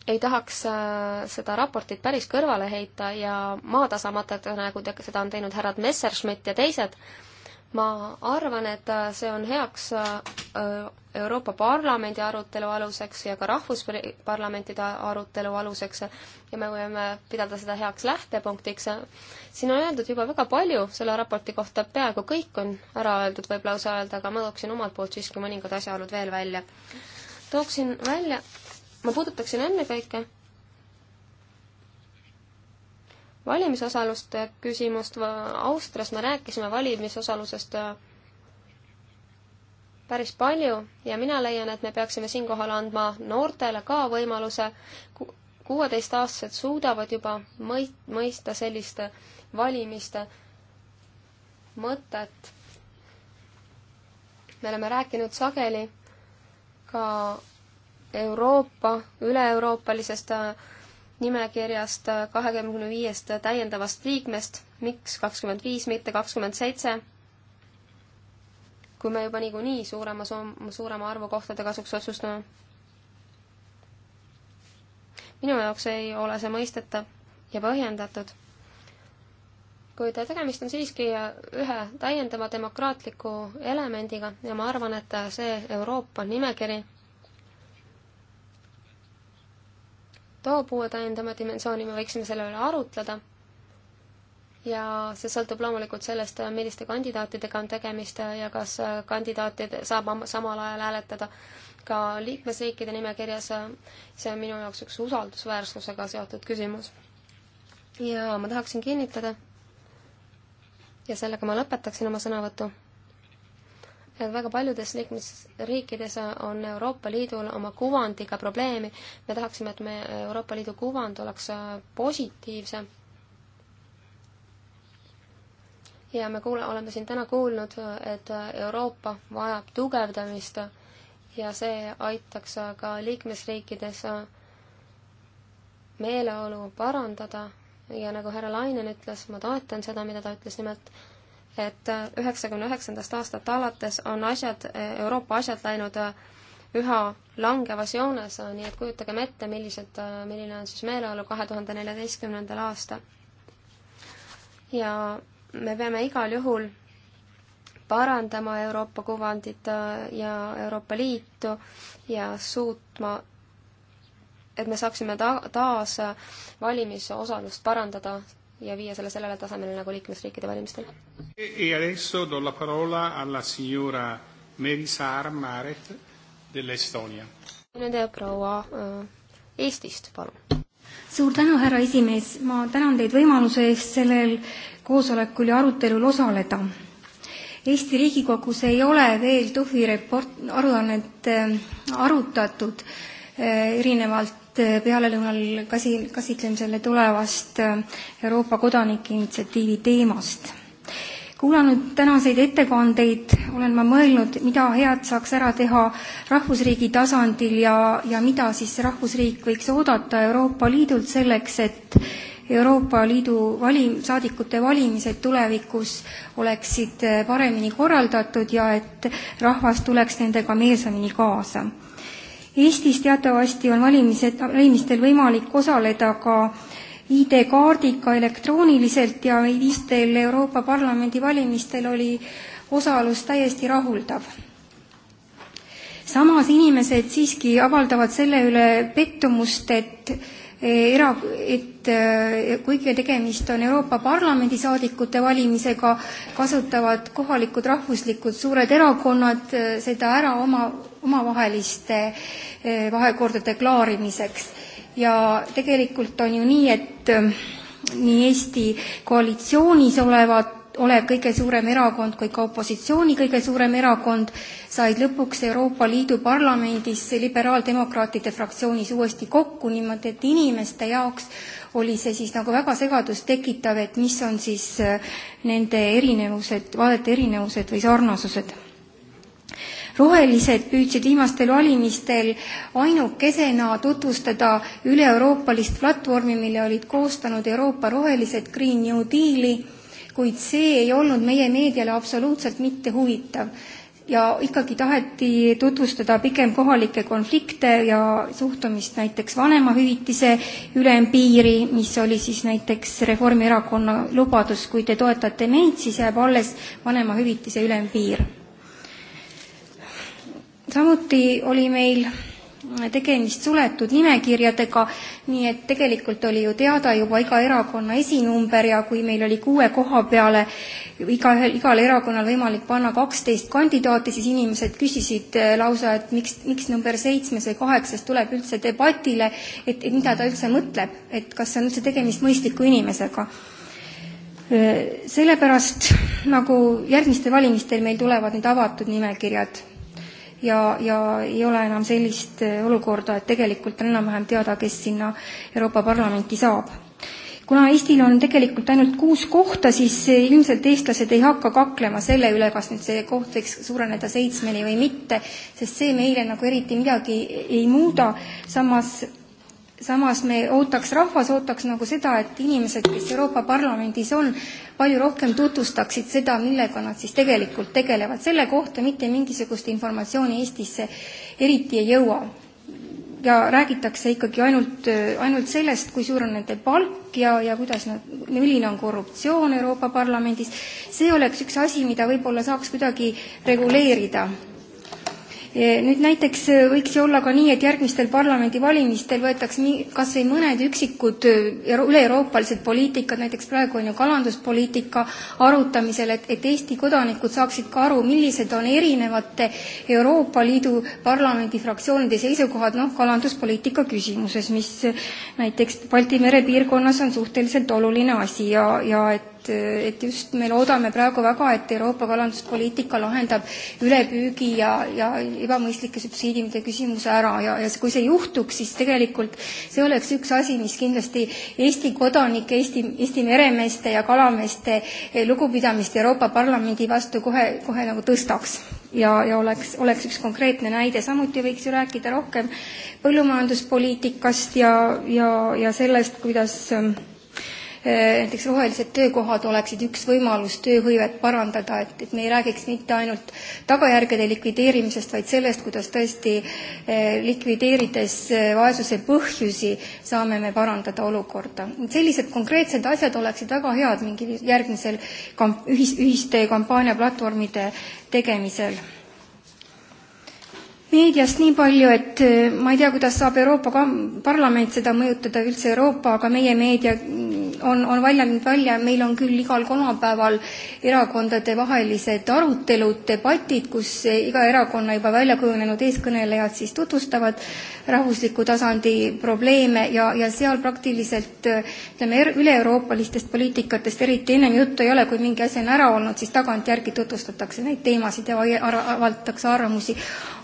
ei tahaks äh, seda raportit päris kõrvale heita ja maatasamatena, nagu te seda on teinud härrad Messerschmidt ja teised, ma arvan, et äh, see on heaks äh, Euroopa Parlamendi arutelu aluseks ja ka rahvusparlamentide arutelu aluseks ja me võime pidada seda heaks lähtepunktiks. siin on öeldud juba väga palju selle raporti kohta, peaaegu kõik on ära öeldud, võib lausa öelda, aga ma tooksin omalt poolt siiski mõningad asjaolud veel välja. tooksin välja ma puudutaksin ennekõike valimisosaluste küsimust. Austrias me rääkisime valimisosalusest äh, päris palju ja mina leian, et me peaksime siinkohal andma noortele ka võimaluse, kuueteistaastased suudavad juba mõista selliste valimiste mõtet. me oleme rääkinud sageli ka Euroopa, üle-euroopalisest äh, nimekirjast, äh, kahekümne viiest äh, täiendavast liikmest, miks kakskümmend viis, mitte kakskümmend seitse? kui me juba niikuinii suurema, suurema arvu kohtade kasuks otsustame. minu jaoks ei ole see mõistetav ja põhjendatud. kuid tegemist on siiski ühe täiendava demokraatliku elemendiga ja ma arvan, et see Euroopa nimekiri toob uue täiendava dimensiooni, me võiksime selle üle arutleda. ja see sõltub loomulikult sellest, milliste kandidaatidega on tegemist ja kas kandidaatid saab samal ajal hääletada ka liikmesriikide nimekirjas. see on minu jaoks üks usaldusväärsusega seotud küsimus. ja ma tahaksin kinnitada ja sellega ma lõpetaksin oma sõnavõtu väga paljudes liikmesriikides on Euroopa Liidul oma kuvandiga probleemi. me tahaksime, et me Euroopa Liidu kuvand oleks positiivsem. ja me kuule, oleme siin täna kuulnud, et Euroopa vajab tugevdamist ja see aitaks ka liikmesriikides meeleolu parandada ja nagu härra Lainen ütles, ma toetan seda, mida ta ütles nimelt, et üheksakümne üheksandast aastat alates on asjad, Euroopa asjad läinud äh, üha langevas joones, äh, nii et kujutagem ette, millised, äh, milline on siis meeleolu kahe tuhande neljateistkümnendal aastal. ja me peame igal juhul parandama Euroopa kuvandit ja Euroopa Liitu ja suutma, et me saaksime ta-, taas valimisosalust parandada ja viia selle sellele tasemele nagu liikmesriikide valimistel. E adesso do la parola alla signora Merisaar Maaret dell'Estonia. Nüüd eh, proua eh, Eestist, palun. suur tänu, härra esimees, ma tänan teid võimaluse eest sellel koosolekul ja arutelul osaleda. Eesti Riigikogus ei ole veel Tuhvi report, aruannet eh, arutatud erinevalt Äh, pealelõunal kasi-, käsitlen selle tulevast äh, Euroopa kodanike initsiatiivi teemast. kuulanud tänaseid ettekandeid, olen ma mõelnud, mida head saaks ära teha rahvusriigi tasandil ja, ja mida siis rahvusriik võiks oodata Euroopa Liidult selleks, et Euroopa Liidu valim-, saadikute valimised tulevikus oleksid äh, paremini korraldatud ja et rahvas tuleks nendega meelsamini kaasa Eestis teatavasti on valimised, valimistel võimalik osaleda ka ID-kaardiga elektrooniliselt ja viimistel Euroopa Parlamendi valimistel oli osalus täiesti rahuldav. samas inimesed siiski avaldavad selle üle pettumust, et eh, era-, et eh, kuigi tegemist on Euroopa Parlamendi saadikute valimisega, kasutavad kohalikud rahvuslikud suured erakonnad eh, seda ära oma omavaheliste eh, vahekordade klaarimiseks. ja tegelikult on ju nii, et eh, nii Eesti koalitsioonis olevad olev kõige suurem erakond kui ka opositsiooni kõige suurem erakond said lõpuks Euroopa Liidu Parlamendis liberaaldemokraatide fraktsioonis uuesti kokku, niimoodi et inimeste jaoks oli see siis nagu väga segadust tekitav, et mis on siis eh, nende erinevused, vaadete erinevused või sarnasused rohelised püüdsid viimastel valimistel ainukesena tutvustada üle-euroopalist platvormi, mille olid koostanud Euroopa rohelised Green New Deali, kuid see ei olnud meie meediale absoluutselt mitte huvitav ja ikkagi taheti tutvustada pigem kohalikke konflikte ja suhtumist näiteks vanemahüvitise ülempiiri, mis oli siis näiteks Reformierakonna lubadus, kui te toetate meid, siis jääb alles vanemahüvitise ülempiir samuti oli meil tegemist suletud nimekirjadega, nii et tegelikult oli ju teada juba iga erakonna esinumber ja kui meil oli kuue koha peale igaühel, igal erakonnal võimalik panna kaksteist kandidaati, siis inimesed küsisid eh, lausa, et miks, miks number seitsmes või kaheksas tuleb üldse debatile, et, et mida ta üldse mõtleb, et kas on üldse tegemist mõistliku inimesega eh, sellepärast nagu järgmistel valimistel meil tulevad need avatud nimekirjad ja, ja ei ole enam sellist äh, olukorda, et tegelikult on enam-vähem teada, kes sinna Euroopa Parlamenti saab. kuna Eestil on tegelikult ainult kuus kohta, siis äh, ilmselt eestlased ei hakka kaklema selle üle, kas nüüd see koht võiks suureneda seitsmeni või mitte, sest see meile nagu eriti midagi ei muuda, samas samas me ootaks, rahvas ootaks nagu seda, et inimesed, kes Euroopa Parlamendis on, palju rohkem tutvustaksid seda, millega nad siis tegelikult tegelevad. selle kohta mitte mingisugust informatsiooni Eestisse eriti ei jõua. ja räägitakse ikkagi ainult, ainult sellest, kui suur on nende palk ja, ja kuidas nad, milline on korruptsioon Euroopa Parlamendis. see oleks üks asi, mida võib-olla saaks kuidagi reguleerida Eh, nüüd näiteks eh, võiks ju olla ka nii, et järgmistel parlamendivalimistel võetaks kas või mõned üksikud eh, üle-euroopalised poliitikad, näiteks praegu on ju kalanduspoliitika arutamisel, et, et Eesti kodanikud saaksid ka aru, millised on erinevate Euroopa Liidu parlamendifraktsioonide seisukohad, noh, kalanduspoliitika küsimuses, mis näiteks Balti mere piirkonnas on suhteliselt oluline asi ja, ja et et, et just me loodame praegu väga, et Euroopa kalanduspoliitika lahendab ülepüügi ja, ja ebamõistlike subsiidiumide küsimuse ära ja, ja kui see juhtuks, siis tegelikult see oleks üks asi, mis kindlasti Eesti kodanike, Eesti, Eesti meremeeste ja kalameeste eh, lugupidamist Euroopa Parlamendi vastu kohe, kohe nagu tõstaks ja, ja oleks, oleks üks konkreetne näide, samuti võiks ju rääkida rohkem põllumajanduspoliitikast ja, ja, ja sellest, kuidas ähm, Äh, näiteks rohelised töökohad oleksid üks võimalus tööhõivet parandada, et, et me ei räägiks mitte ainult tagajärgede likvideerimisest, vaid sellest, kuidas tõesti äh, likvideerides äh, vaesuse põhjusi, saame me parandada olukorda. sellised konkreetsed asjad oleksid väga head mingil järgmisel kamp-, ühis, ühiste kampaaniaplatvormide tegemisel meediast nii palju, et ma ei tea, kuidas saab Euroopa Parlament seda mõjutada, üldse Euroopa, aga meie meedia mm, on, on väljend välja, meil on küll igal kolmapäeval erakondadevahelised arutelud, debatid, kus iga erakonna juba välja kujunenud eeskõnelejad siis tutvustavad rahvusliku tasandi probleeme ja, ja seal praktiliselt ütleme, er-, üle-euroopalistest poliitikatest eriti ennem juttu ei ole, kui mingi asi on ära olnud, siis tagantjärgi tutvustatakse neid teemasid ja avaldatakse arvamusi,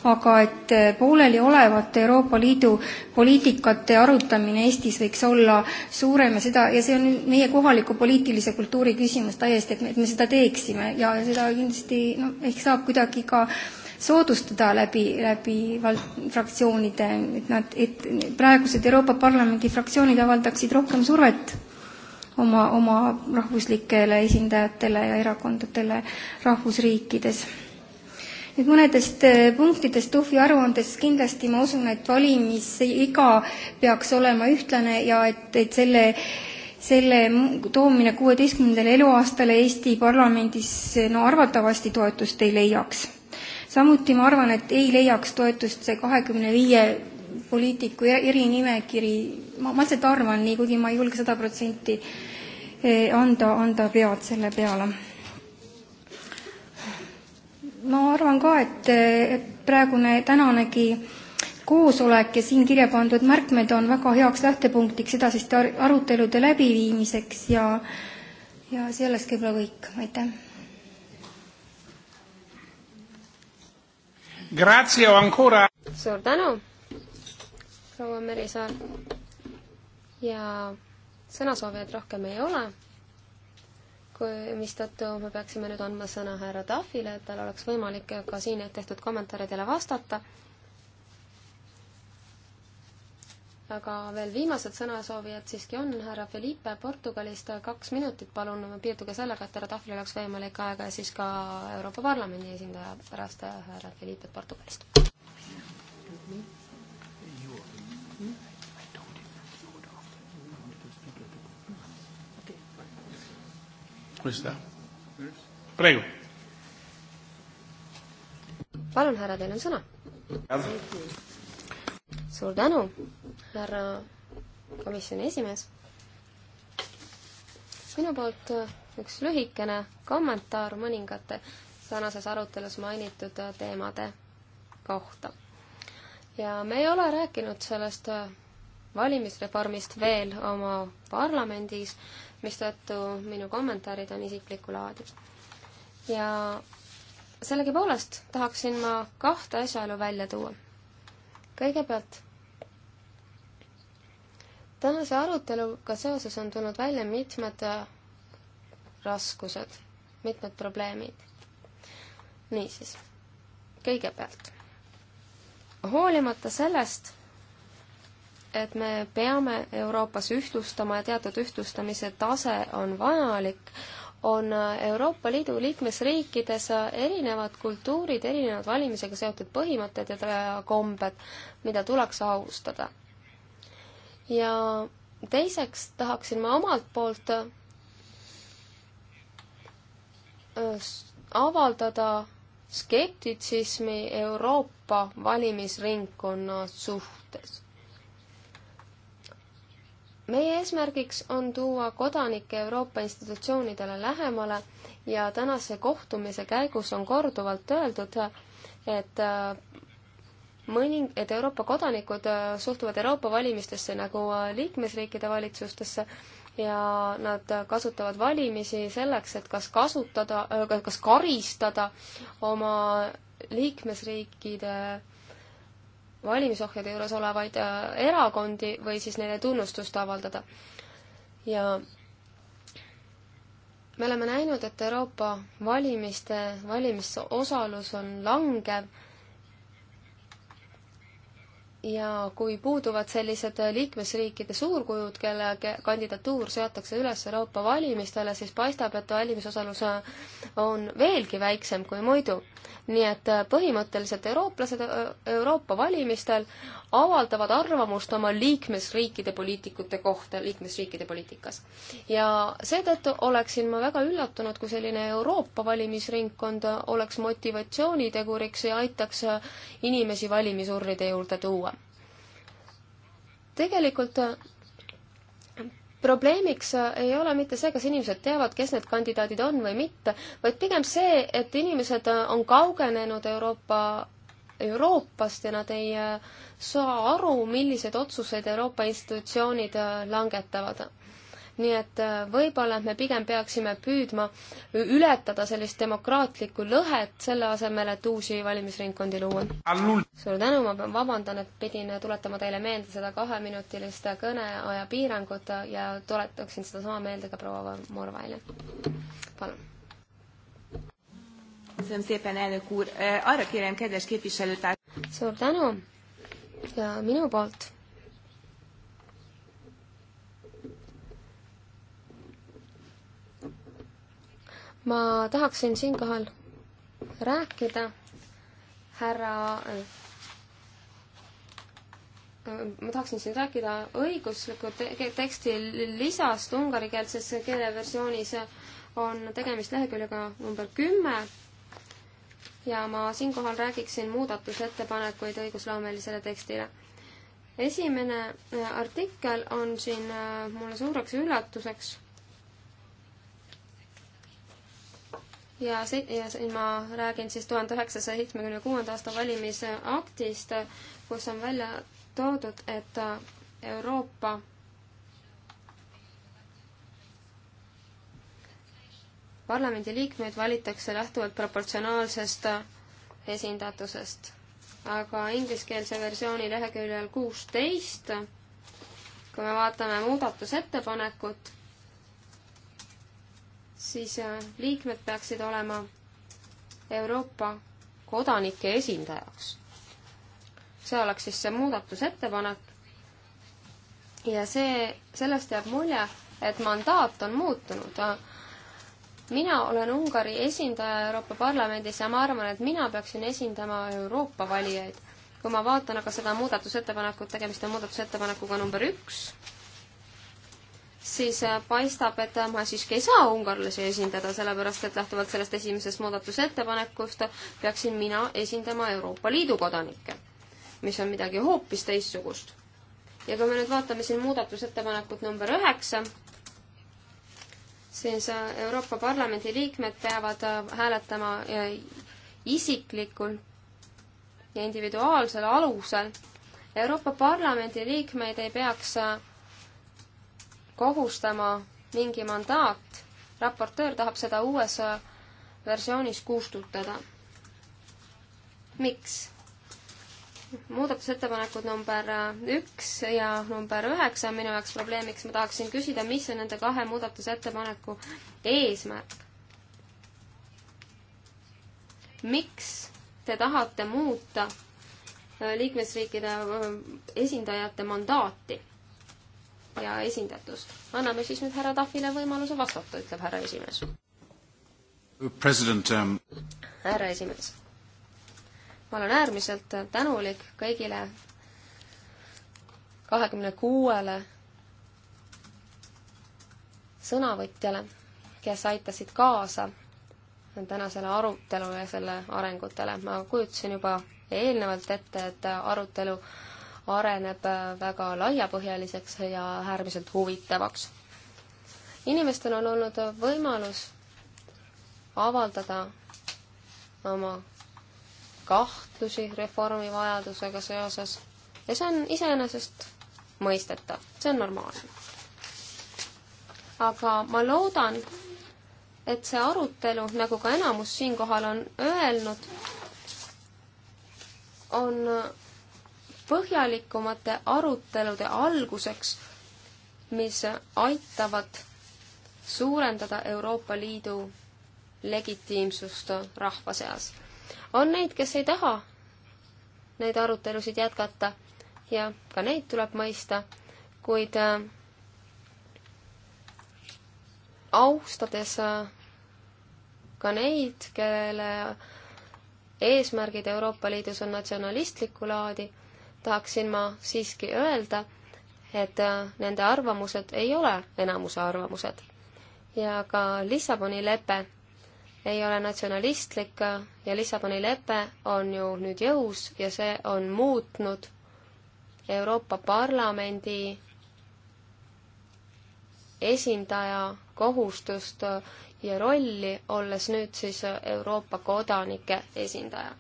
aga et pooleliolevate Euroopa Liidu poliitikate arutamine Eestis võiks olla suurem ja seda, ja see on on meie kohaliku poliitilise kultuuri küsimus täiesti, et me, et me seda teeksime ja seda kindlasti noh, ehk saab kuidagi ka soodustada läbi, läbi vald-, fraktsioonide, et nad, et praegused Euroopa Parlamendi fraktsioonid avaldaksid rohkem survet oma, oma rahvuslikele esindajatele ja erakondadele rahvusriikides nüüd mõnedest äh, punktidest Tuhvi aruandes kindlasti ma usun, et valimisiga peaks olema ühtlane ja et, et selle selle toomine kuueteistkümnendale eluaastale Eesti parlamendis no arvatavasti toetust ei leiaks. samuti ma arvan, et ei leiaks toetust see kahekümne viie poliitiku erinimekiri, ma, ma lihtsalt arvan nii, kuigi ma ei julge sada protsenti eh, anda, anda pead selle peale. ma arvan ka, et, et praegune tänanegi äh, koosolek ja siin kirja pandud märkmed on väga heaks lähtepunktiks edasiste ar arutelude läbiviimiseks ja, ja sellest võib-olla kõik, aitäh. suur tänu, proua Merisaar. ja sõnasoovijaid rohkem ei ole kui, mistõttu me peaksime nüüd andma sõna härra Tahvile, et tal oleks võimalik ka siin tehtud kommentaaridele vastata aga veel viimased sõnasoovijad siiski on, härra Felipe Portugalist, kaks minutit, palun piirduge sellega, et härra Tahvlil oleks võimalik aega ja siis ka Euroopa Parlamendi esindaja pärast härra Felipe Portugalist. praegu. palun, härra, teil on sõna suur tänu, härra komisjoni esimees. minu poolt äh, üks lühikene kommentaar mõningate tänases arutelus mainitud äh, teemade kohta. ja me ei ole rääkinud sellest äh, valimisreformist veel oma parlamendis, mistõttu minu kommentaarid on isiklikku laadi. ja sellegipoolest tahaksin ma kahte asjaolu välja tuua kõigepealt tänase aruteluga seoses on tulnud välja mitmed äh, raskused, mitmed probleemid. niisiis, kõigepealt, hoolimata sellest, et me peame Euroopas ühtlustama ja teatud ühtlustamise tase on vajalik, on Euroopa Liidu liikmesriikides erinevad kultuurid, erinevad valimisega seotud põhimõtted ja kombed, mida tuleks austada. ja teiseks tahaksin ma omalt poolt avaldada skeptitsismi Euroopa valimisringkonna suhtes meie eesmärgiks on tuua kodanikke Euroopa institutsioonidele lähemale ja tänase kohtumise käigus on korduvalt öeldud, et äh, mõning-, et Euroopa kodanikud äh, suhtuvad Euroopa valimistesse nagu äh, liikmesriikide valitsustesse ja nad kasutavad valimisi selleks, et kas kasutada, kas karistada oma liikmesriikide valimisohjade juures olevaid äh, erakondi või siis neile tunnustust avaldada. ja me oleme näinud, et Euroopa valimiste, valimisosalus on langev ja kui puuduvad sellised liikmesriikide suurkujud, kelle kandidatuur seatakse üles Euroopa valimistele, siis paistab, et valimisosalus äh, on veelgi väiksem kui muidu. nii et äh, põhimõtteliselt eurooplased äh, Euroopa valimistel avaldavad arvamust oma liikmesriikide poliitikute kohta liikmesriikide poliitikas. ja seetõttu oleksin ma väga üllatunud, kui selline Euroopa valimisringkond oleks motivatsiooniteguriks ja aitaks inimesi valimisurnide juurde tuua tegelikult äh, probleemiks äh, ei ole mitte see, kas inimesed teavad, kes need kandidaadid on või mitte, vaid pigem see, et inimesed äh, on kaugenenud Euroopa, Euroopast ja nad ei saa aru, milliseid otsuseid Euroopa institutsioonid langetavad nii et äh, võib-olla me pigem peaksime püüdma ületada sellist demokraatlikku lõhet, selle asemel, et uusi valimisringkondi luua. suur tänu, ma pean vabandan, et pidin äh, tuletama teile meelde seda kaheminutilist äh, kõneaja piirangut ja tuletaksin sedasama meelde ka proua Morvaile. palun. Köszönöm szépen, elnök úr. Arra kérem, kedves képviselőtárs... Suur tänu ja minu poolt ma tahaksin siinkohal rääkida härra ma tahaksin siin rääkida õigusliku te teksti lisast ungarikeelses keeleversioonis on tegemist leheküljega number kümme ja ma siinkohal räägiksin muudatusettepanekuid õigusloomelisele tekstile. esimene artikkel on siin äh, mulle suureks üllatuseks ja see, ja siin ma räägin siis tuhande üheksasaja seitsmekümne kuuenda aasta valimisaktist, kus on välja toodud, et Euroopa parlamendi liikmeid valitakse lähtuvalt proportsionaalsest esindatusest. aga ingliskeelse versiooni leheküljel kuusteist, kui me vaatame muudatusettepanekut siis äh, liikmed peaksid olema Euroopa kodanike esindajaks. see oleks siis see muudatusettepanek. ja see, sellest jääb mulje, et mandaat on muutunud. mina olen Ungari esindaja Euroopa Parlamendis ja ma arvan, et mina peaksin esindama Euroopa valijaid. kui ma vaatan aga seda muudatusettepanekut, tegemist on muudatusettepanekuga number üks siis äh, paistab, et äh, ma siiski ei saa ungarlasi esindada, sellepärast et lähtuvalt sellest esimesest muudatusettepanekust peaksin mina esindama Euroopa Liidu kodanikke, mis on midagi hoopis teistsugust. ja kui me nüüd vaatame siin muudatusettepanekut number üheksa, siis äh, Euroopa Parlamendi liikmed peavad hääletama isiklikul ja individuaalsel alusel. Euroopa Parlamendi liikmeid ei peaks kohustama mingi mandaat, raportöör tahab seda uues äh, versioonis kustutada. miks? muudatusettepanekud number äh, üks ja number üheksa on minu jaoks probleemiks, ma tahaksin küsida, mis on nende kahe muudatusettepaneku eesmärk? miks te tahate muuta äh, liikmesriikide esindajate mandaati? ja esindatust. anname siis nüüd härra Tahvile võimaluse vastata, ütleb härra esimees. president um.... härra esimees, ma olen äärmiselt tänulik kõigile kahekümne kuuele sõnavõtjale, kes aitasid kaasa tänasele arutelule ja selle arengutele. ma kujutasin juba eelnevalt ette, et arutelu areneb äh, väga laiapõhjaliseks ja äärmiselt huvitavaks. inimestel on olnud võimalus avaldada oma kahtlusi reformi vajadusega seoses ja see on iseenesest mõistetav, see on normaalne. aga ma loodan, et see arutelu, nagu ka enamus siinkohal on öelnud, on põhjalikumate arutelude alguseks, mis aitavad suurendada Euroopa Liidu legitiimsust rahva seas. on neid, kes ei taha neid arutelusid jätkata ja ka neid tuleb mõista, kuid äh, austades äh, ka neid, kelle eesmärgid Euroopa Liidus on natsionalistlikku laadi tahaksin ma siiski öelda, et äh, nende arvamused ei ole enamuse arvamused. ja ka Lissaboni lepe ei ole natsionalistlik ja Lissaboni lepe on ju nüüd jõus ja see on muutnud Euroopa Parlamendi esindaja kohustust ja rolli, olles nüüd siis Euroopa kodanike esindaja.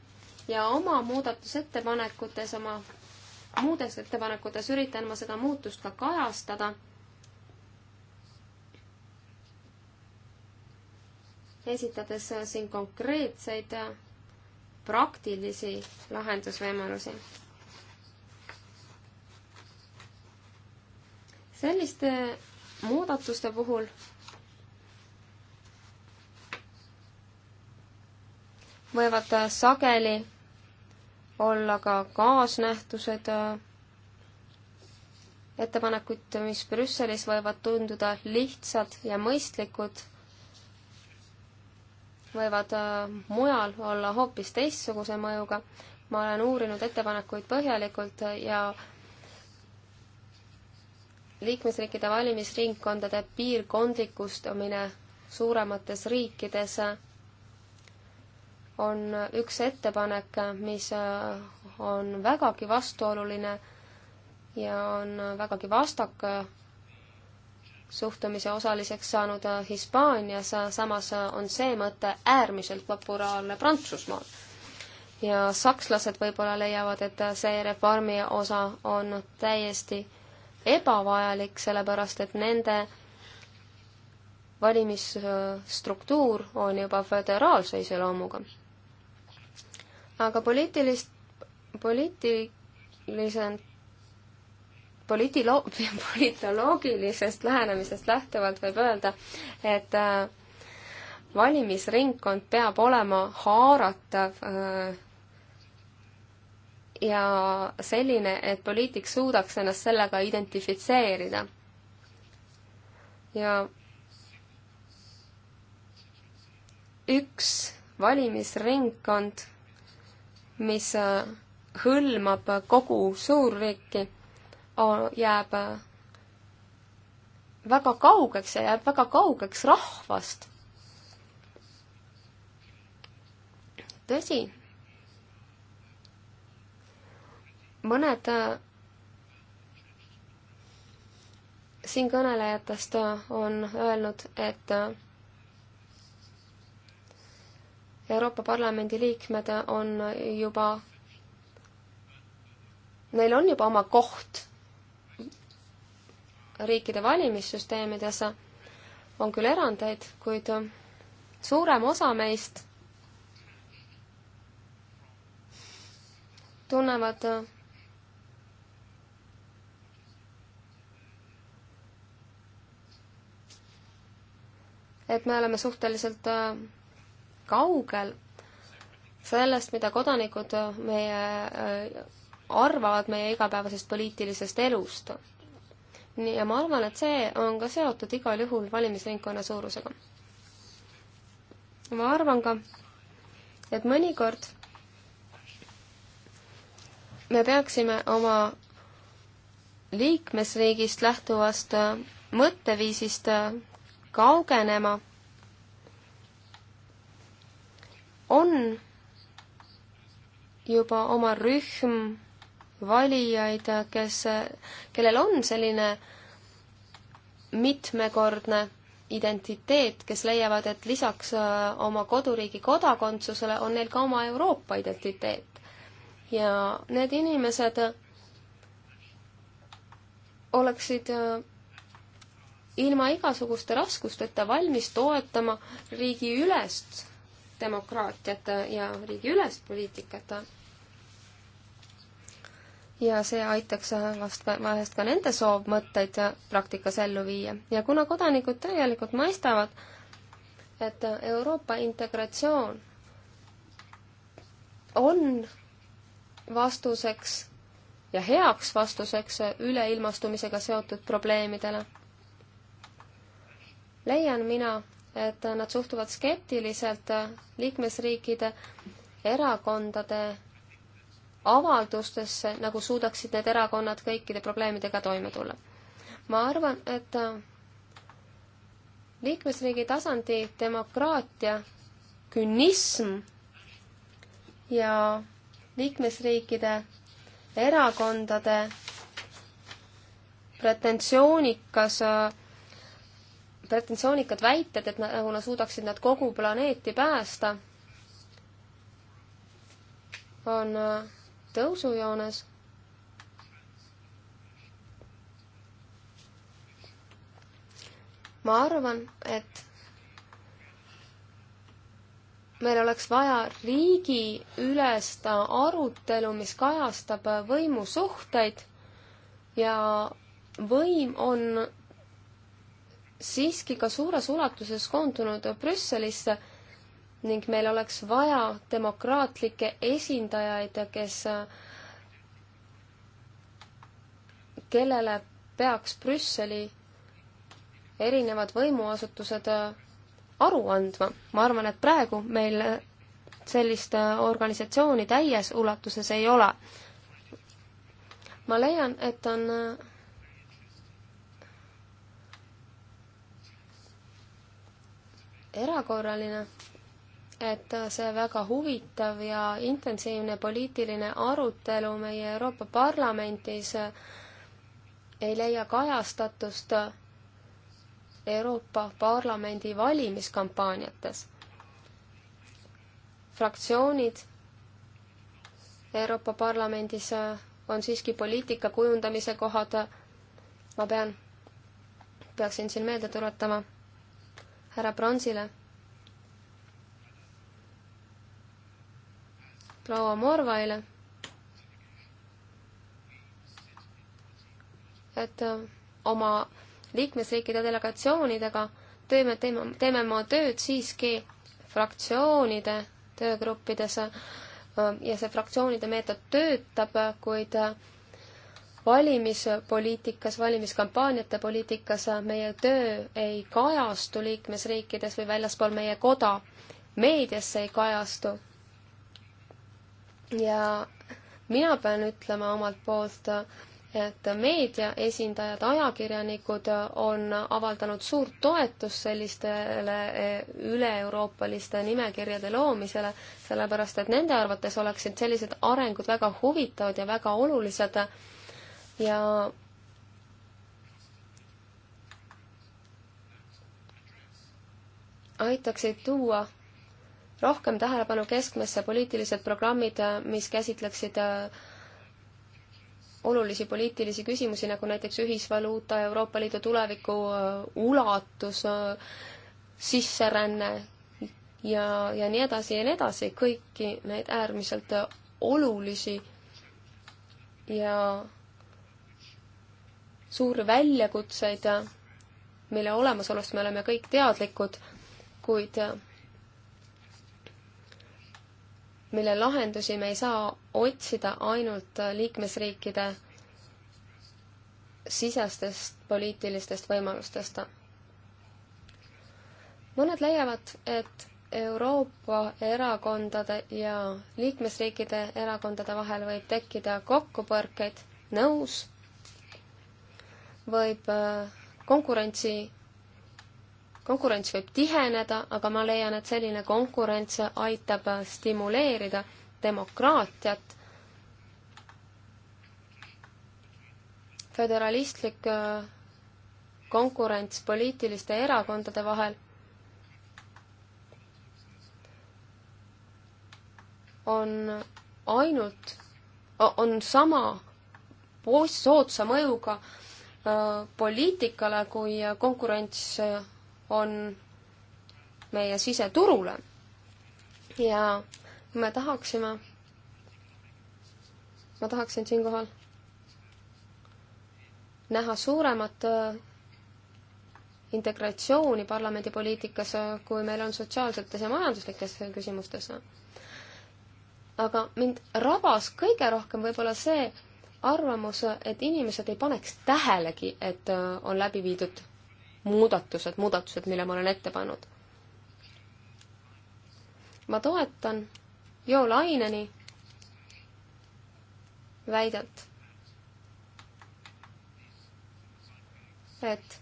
ja oma muudatusettepanekutes, oma muudes ettepanekutes üritan ma seda muutust ka kajastada. esitades siin konkreetseid praktilisi lahendusvõimalusi. selliste muudatuste puhul võivad sageli olla ka kaasnähtused, äh, ettepanekud, mis Brüsselis võivad tunduda lihtsad ja mõistlikud, võivad äh, mujal olla hoopis teistsuguse mõjuga. ma olen uurinud ettepanekuid põhjalikult ja liikmesriikide valimisringkondade piirkondlikustamine suuremates riikides on üks ettepanek, mis äh, on vägagi vastuoluline ja on vägagi vastak äh, suhtumise osaliseks saanud äh, Hispaanias, samas on see mõte äärmiselt populaarne Prantsusmaal. ja sakslased võib-olla leiavad, et see reformi osa on täiesti ebavajalik, sellepärast et nende valimisstruktuur on juba föderaalse iseloomuga aga poliitilist, poliitilise, poliitilo-, politoloogilisest lähenemisest lähtuvalt võib öelda, et äh, valimisringkond peab olema haaratav äh, ja selline, et poliitik suudaks ennast sellega identifitseerida. ja üks valimisringkond mis äh, hõlmab kogu suurriiki, jääb äh, väga kaugeks ja jääb väga kaugeks rahvast. tõsi, mõned äh, siinkõnelejatest on öelnud, et Euroopa Parlamendi liikmed on juba, neil on juba oma koht riikide valimissüsteemides, on küll erandeid, kuid suurem osa meist tunnevad et me oleme suhteliselt äh, kaugel sellest, mida kodanikud meie, äh, arvavad meie igapäevasest poliitilisest elust. nii, ja ma arvan, et see on ka seotud igal juhul valimisringkonna suurusega. ma arvan ka, et mõnikord me peaksime oma liikmesriigist lähtuvast äh, mõtteviisist äh, kaugenema on juba oma rühm valijaid, kes, kellel on selline mitmekordne identiteet, kes leiavad, et lisaks äh, oma koduriigi kodakondsusele on neil ka oma Euroopa identiteet. ja need inimesed oleksid äh, ilma igasuguste raskusteta valmis toetama riigi ülest demokraatiat ja riigi ülest poliitikat. ja see aitaks vast ka, vahest ka nende soovmõtteid praktikas ellu viia ja kuna kodanikud tegelikult mõistavad, et Euroopa integratsioon on vastuseks ja heaks vastuseks üleilmastumisega seotud probleemidele. leian mina, et nad suhtuvad skeptiliselt liikmesriikide erakondade avaldustesse, nagu suudaksid need erakonnad kõikide probleemidega toime tulla. ma arvan, et liikmesriigi tasandi demokraatia künism ja liikmesriikide erakondade pretensioonikas äh, pretensioonikad väited, et nagu nad suudaksid nad kogu planeeti päästa, on äh, tõusujoones. ma arvan, et meil oleks vaja riigiülest arutelu, mis kajastab võimusuhteid ja võim on siiski ka suures ulatuses koondunud Brüsselisse ning meil oleks vaja demokraatlikke esindajaid, kes, kellele peaks Brüsseli erinevad võimuasutused aru andma. ma arvan, et praegu meil sellist organisatsiooni täies ulatuses ei ole. ma leian, et on erakorraline, et see väga huvitav ja intensiivne poliitiline arutelu meie Euroopa Parlamentis ei leia kajastatust Euroopa Parlamendi valimiskampaaniates. fraktsioonid Euroopa Parlamendis on siiski poliitika kujundamise kohad, ma pean, peaksin siin meelde tuletama härra Bronsile. proua Morvaile. et äh, oma liikmesriikide delegatsioonidega teeme, teeme, teeme oma tööd siiski fraktsioonide töögruppides äh, ja see fraktsioonide meetod töötab, kuid äh, valimispoliitikas, valimiskampaaniate poliitikas meie töö ei kajastu liikmesriikides või väljaspool meie koda, meediasse ei kajastu. ja mina pean ütlema omalt poolt, et meedia esindajad, ajakirjanikud on avaldanud suurt toetust sellistele üle-euroopaliste nimekirjade loomisele, sellepärast et nende arvates oleksid sellised arengud väga huvitavad ja väga olulised ja aitaksid tuua rohkem tähelepanu keskmesse poliitilised programmid, mis käsitleksid äh, olulisi poliitilisi küsimusi, nagu näiteks ühisvaluuta, Euroopa Liidu tuleviku äh, ulatus, äh, sisseränne ja, ja nii edasi ja nii edasi, kõiki neid äärmiselt olulisi ja suuri väljakutseid, mille olemasolust me oleme kõik teadlikud, kuid mille lahendusi me ei saa otsida ainult liikmesriikide sisestest poliitilistest võimalustest. mõned leiavad, et Euroopa erakondade ja liikmesriikide erakondade vahel võib tekkida kokkupõrkeid, nõus, võib äh, konkurentsi, konkurents võib tiheneda, aga ma leian, et selline konkurents aitab äh, stimuleerida demokraatiat. föderalistlik äh, konkurents poliitiliste erakondade vahel on ainult, on sama soodsam mõjuga Äh, poliitikale, kui konkurents äh, on meie siseturule. ja me tahaksime, ma tahaksin siinkohal näha suuremat äh, integratsiooni parlamendipoliitikas, kui meil on sotsiaalsetes ja majanduslikes küsimustes. aga mind rabas kõige rohkem võib-olla see, arvamus, et inimesed ei paneks tähelegi, et äh, on läbi viidud muudatused, muudatused, mille ma olen ette pannud. ma toetan Jo Laineni väidet, et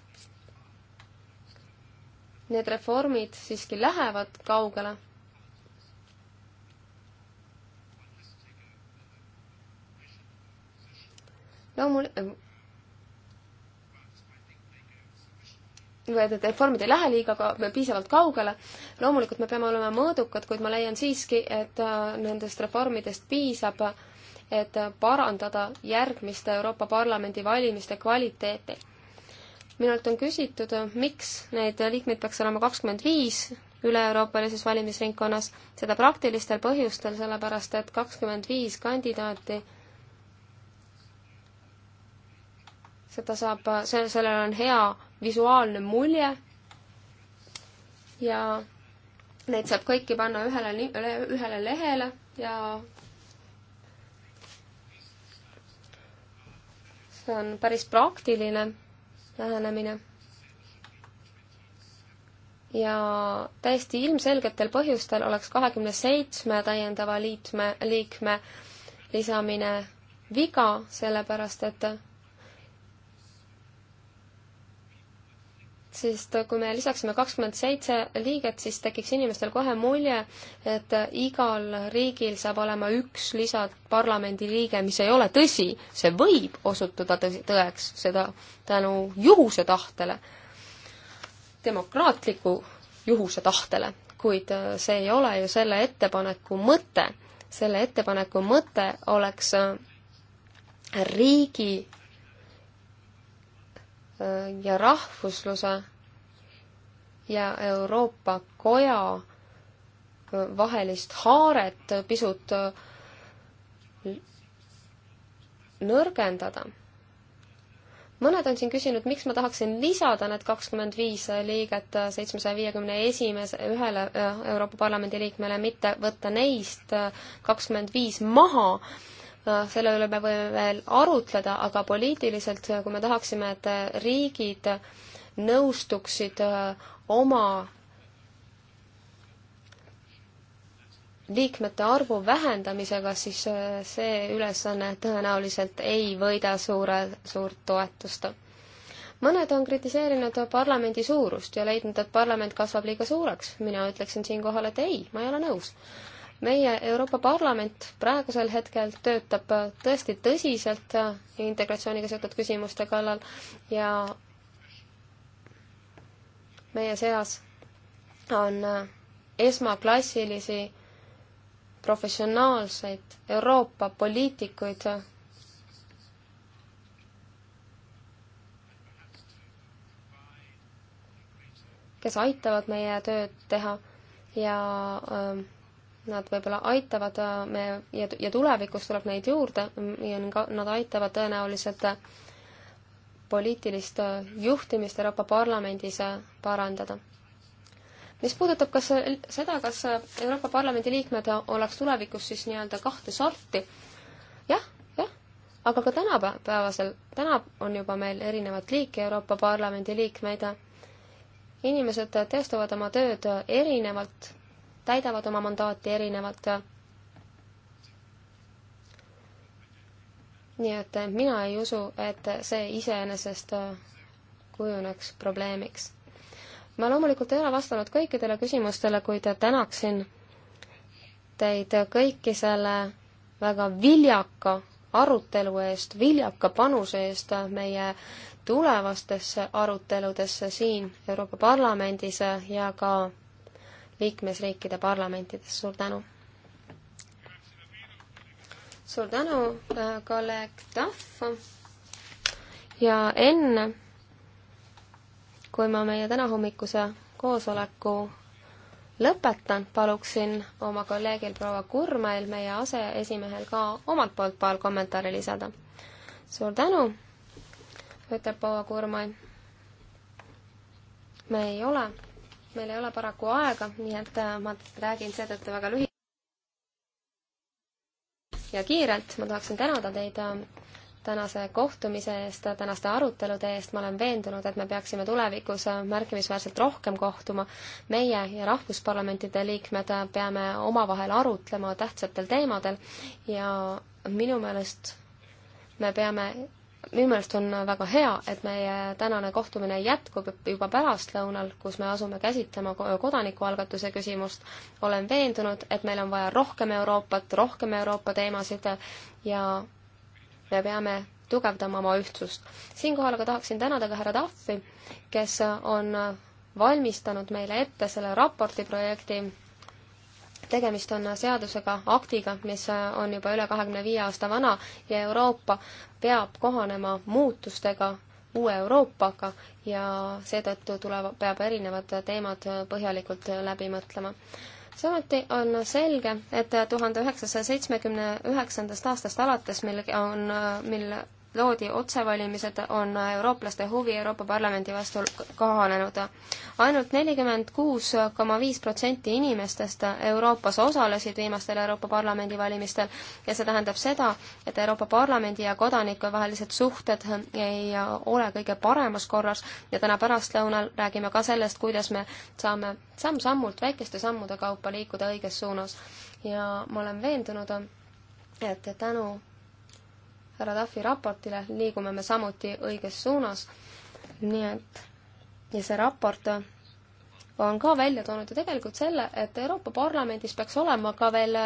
need reformid siiski lähevad kaugele loomul-, äh, või et, et reformid ei lähe liiga ka-, piisavalt kaugele, loomulikult me peame olema mõõdukad, kuid ma leian siiski, et äh, nendest reformidest piisab, et parandada järgmiste Euroopa Parlamendi valimiste kvaliteeti. minult on küsitud, miks neid liikmeid peaks olema kakskümmend viis üle-euroopalises valimisringkonnas, seda praktilistel põhjustel, sellepärast et kakskümmend viis kandidaati seda saab, see, sellel on hea visuaalne mulje ja neid saab kõiki panna ühele, ühele lehele ja see on päris praktiline lähenemine. ja täiesti ilmselgetel põhjustel oleks kahekümne seitsme täiendava liitme, liikme lisamine viga, sellepärast et siis kui me lisaksime kakskümmend seitse liiget, siis tekiks inimestel kohe mulje, et igal riigil saab olema üks lisaparlamendiliige, mis ei ole tõsi. see võib osutuda tõsi, tõeks, seda tänu juhuse tahtele, demokraatliku juhuse tahtele, kuid äh, see ei ole ju selle ettepaneku mõte. selle ettepaneku mõte oleks äh, riigi Äh, ja rahvusluse ja Euroopa koja äh, vahelist haaret pisut äh, nõrgendada. mõned on siin küsinud, miks ma tahaksin lisada need kakskümmend viis liiget seitsmesaja viiekümne esimese, ühele Euroopa Parlamendi liikmele, mitte võtta neist kakskümmend viis maha selle üle me võime veel arutleda, aga poliitiliselt, kui me tahaksime, et riigid nõustuksid äh, oma liikmete arvu vähendamisega, siis äh, see ülesanne tõenäoliselt ei võida suure, suurt toetust. mõned on kritiseerinud parlamendi suurust ja leidnud, et parlament kasvab liiga suureks. mina ütleksin siinkohal, et ei, ma ei ole nõus meie Euroopa Parlament praegusel hetkel töötab äh, tõesti tõsiselt äh, integratsiooniga seotud küsimuste kallal ja meie seas on äh, esmaklassilisi professionaalseid Euroopa poliitikuid, kes aitavad meie tööd teha ja öö, ähm, nad võib-olla aitavad äh, me ja, ja tulevikus tuleb neid juurde mm, ja nad aitavad tõenäoliselt äh, poliitilist äh, juhtimist Euroopa Parlamendis parandada. mis puudutab kas seda, kas Euroopa Parlamendi liikmed oleks tulevikus siis nii-öelda kahte sorti, jah, jah, aga ka tänapäevasel, täna on juba meil erinevat liiki Euroopa Parlamendi liikmeid, inimesed teostavad oma tööd erinevalt täidavad oma mandaati erinevalt. nii et mina ei usu, et see iseenesest kujuneks probleemiks. ma loomulikult ei ole vastanud kõikidele küsimustele, kuid tänaksin teid kõiki selle väga viljaka arutelu eest, viljaka panuse eest meie tulevastesse aruteludesse siin Euroopa Parlamendis ja ka liikmesriikide parlamentides, suur tänu! suur tänu, äh, kolleeg Tahv! ja enne, kui ma meie tänahommikuse koosoleku lõpetan, paluksin oma kolleegil proua Kurmail, meie aseesimehel ka omalt poolt paar kommentaari lisada. suur tänu, ütleb proua Kurmail. me ei ole meil ei ole paraku aega, nii et äh, ma räägin seetõttu väga lühidalt ja kiirelt ma tahaksin tänada teid äh, tänase kohtumise eest, tänaste arutelude eest, ma olen veendunud, et me peaksime tulevikus äh, märkimisväärselt rohkem kohtuma. meie ja rahvusparlamentide liikmed peame omavahel arutlema tähtsatel teemadel ja minu meelest me peame minu meelest on väga hea, et meie tänane kohtumine jätkub juba pärastlõunal, kus me asume käsitlema kodanikualgatuse küsimust. olen veendunud, et meil on vaja rohkem Euroopat, rohkem Euroopa teemasid ja me peame tugevdama oma ühtsust. siinkohal aga tahaksin tänada ka härra Tahvi, kes on valmistanud meile ette selle raporti projekti tegemist on seadusega, aktiga, mis on juba üle kahekümne viie aasta vana ja Euroopa peab kohanema muutustega, uue Euroopaga ja seetõttu tuleb, peab erinevad teemad põhjalikult läbi mõtlema. samuti on selge, et tuhande üheksasaja seitsmekümne üheksandast aastast alates, mil on, mil loodi otsevalimised, on eurooplaste huvi Euroopa Parlamendi vastu kahanenud. ainult nelikümmend kuus koma viis protsenti inimestest Euroopas osalesid viimastel Euroopa Parlamendi valimistel ja see tähendab seda, et Euroopa Parlamendi ja kodanike vahelised suhted ei ole kõige paremas korras ja täna pärastlõunal räägime ka sellest, kuidas me saame samm-sammult, väikeste sammude kaupa liikuda õiges suunas. ja ma olen veendunud, et tänu Radafi raportile liigume me samuti õiges suunas. nii et ja see raport on ka välja toonud ju tegelikult selle, et Euroopa Parlamendis peaks olema ka veel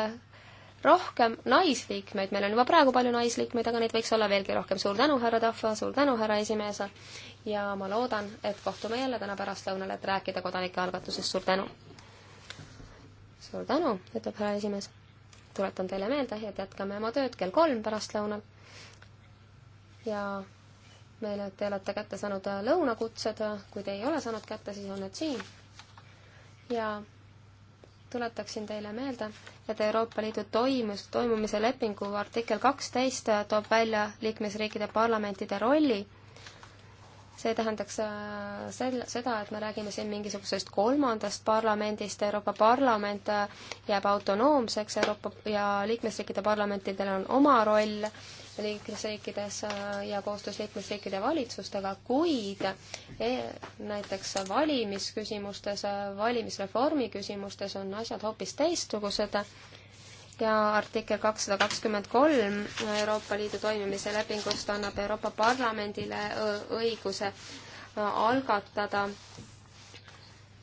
rohkem naisliikmeid, meil on juba praegu palju naisliikmeid, aga neid võiks olla veelgi rohkem. suur tänu, härra Tahva, suur tänu, härra esimees. ja ma loodan, et kohtume jälle täna pärastlõunal, et rääkida kodanikealgatusest. suur tänu. suur tänu, ütleb härra esimees. tuletan teile meelde, et jätkame oma tööd kell kolm pärastlõunal ja meile, te olete kätte saanud äh, lõunakutsed, kui te ei ole saanud kätte, siis on need siin. ja tuletaksin teile meelde, et Euroopa Liidu toimus, toimumise lepingu artikkel kaksteist äh, toob välja liikmesriikide parlamentide rolli. see tähendaks äh, sel-, seda, et me räägime siin mingisugusest kolmandast parlamendist, Euroopa Parlament jääb autonoomseks Euroopa ja liikmesriikide parlamentidel on oma roll liikmesriikides äh, ja koostöös liikmesriikide valitsustega, kuid e, näiteks valimisküsimustes, äh, valimisreformi küsimustes on asjad hoopis teistsugused ja artikkel kakssada kakskümmend kolm Euroopa Liidu toimimise lepingust annab Euroopa Parlamendile õiguse äh, algatada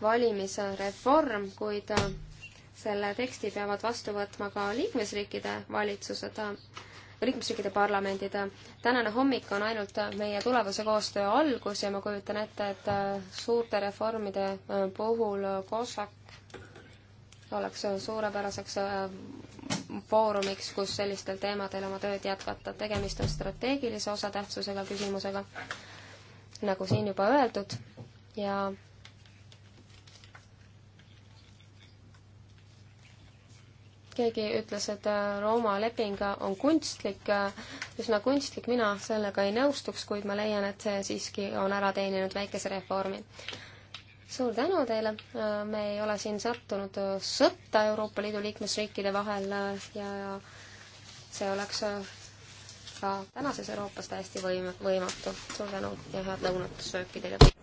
valimisreform, kuid selle teksti peavad vastu võtma ka liikmesriikide valitsused liikmesriikide parlamendid. tänane hommik on ainult meie tulevase koostöö algus ja ma kujutan ette, et äh, suurte reformide äh, puhul COSAC oleks äh, suurepäraseks foorumiks, kus sellistel teemadel oma tööd jätkata. tegemist on strateegilise osatähtsusega küsimusega, nagu siin juba öeldud, ja keegi ütles, et äh, Rooma leping on kunstlik, äh, üsna kunstlik, mina sellega ei nõustuks, kuid ma leian, et see siiski on ära teeninud väikese reformi. suur tänu teile, äh, me ei ole siin sattunud sõtta Euroopa Liidu liikmesriikide vahel ja see oleks ka tänases Euroopas täiesti võim-, võimatu. suur tänu ja head lõunat, sööki teile!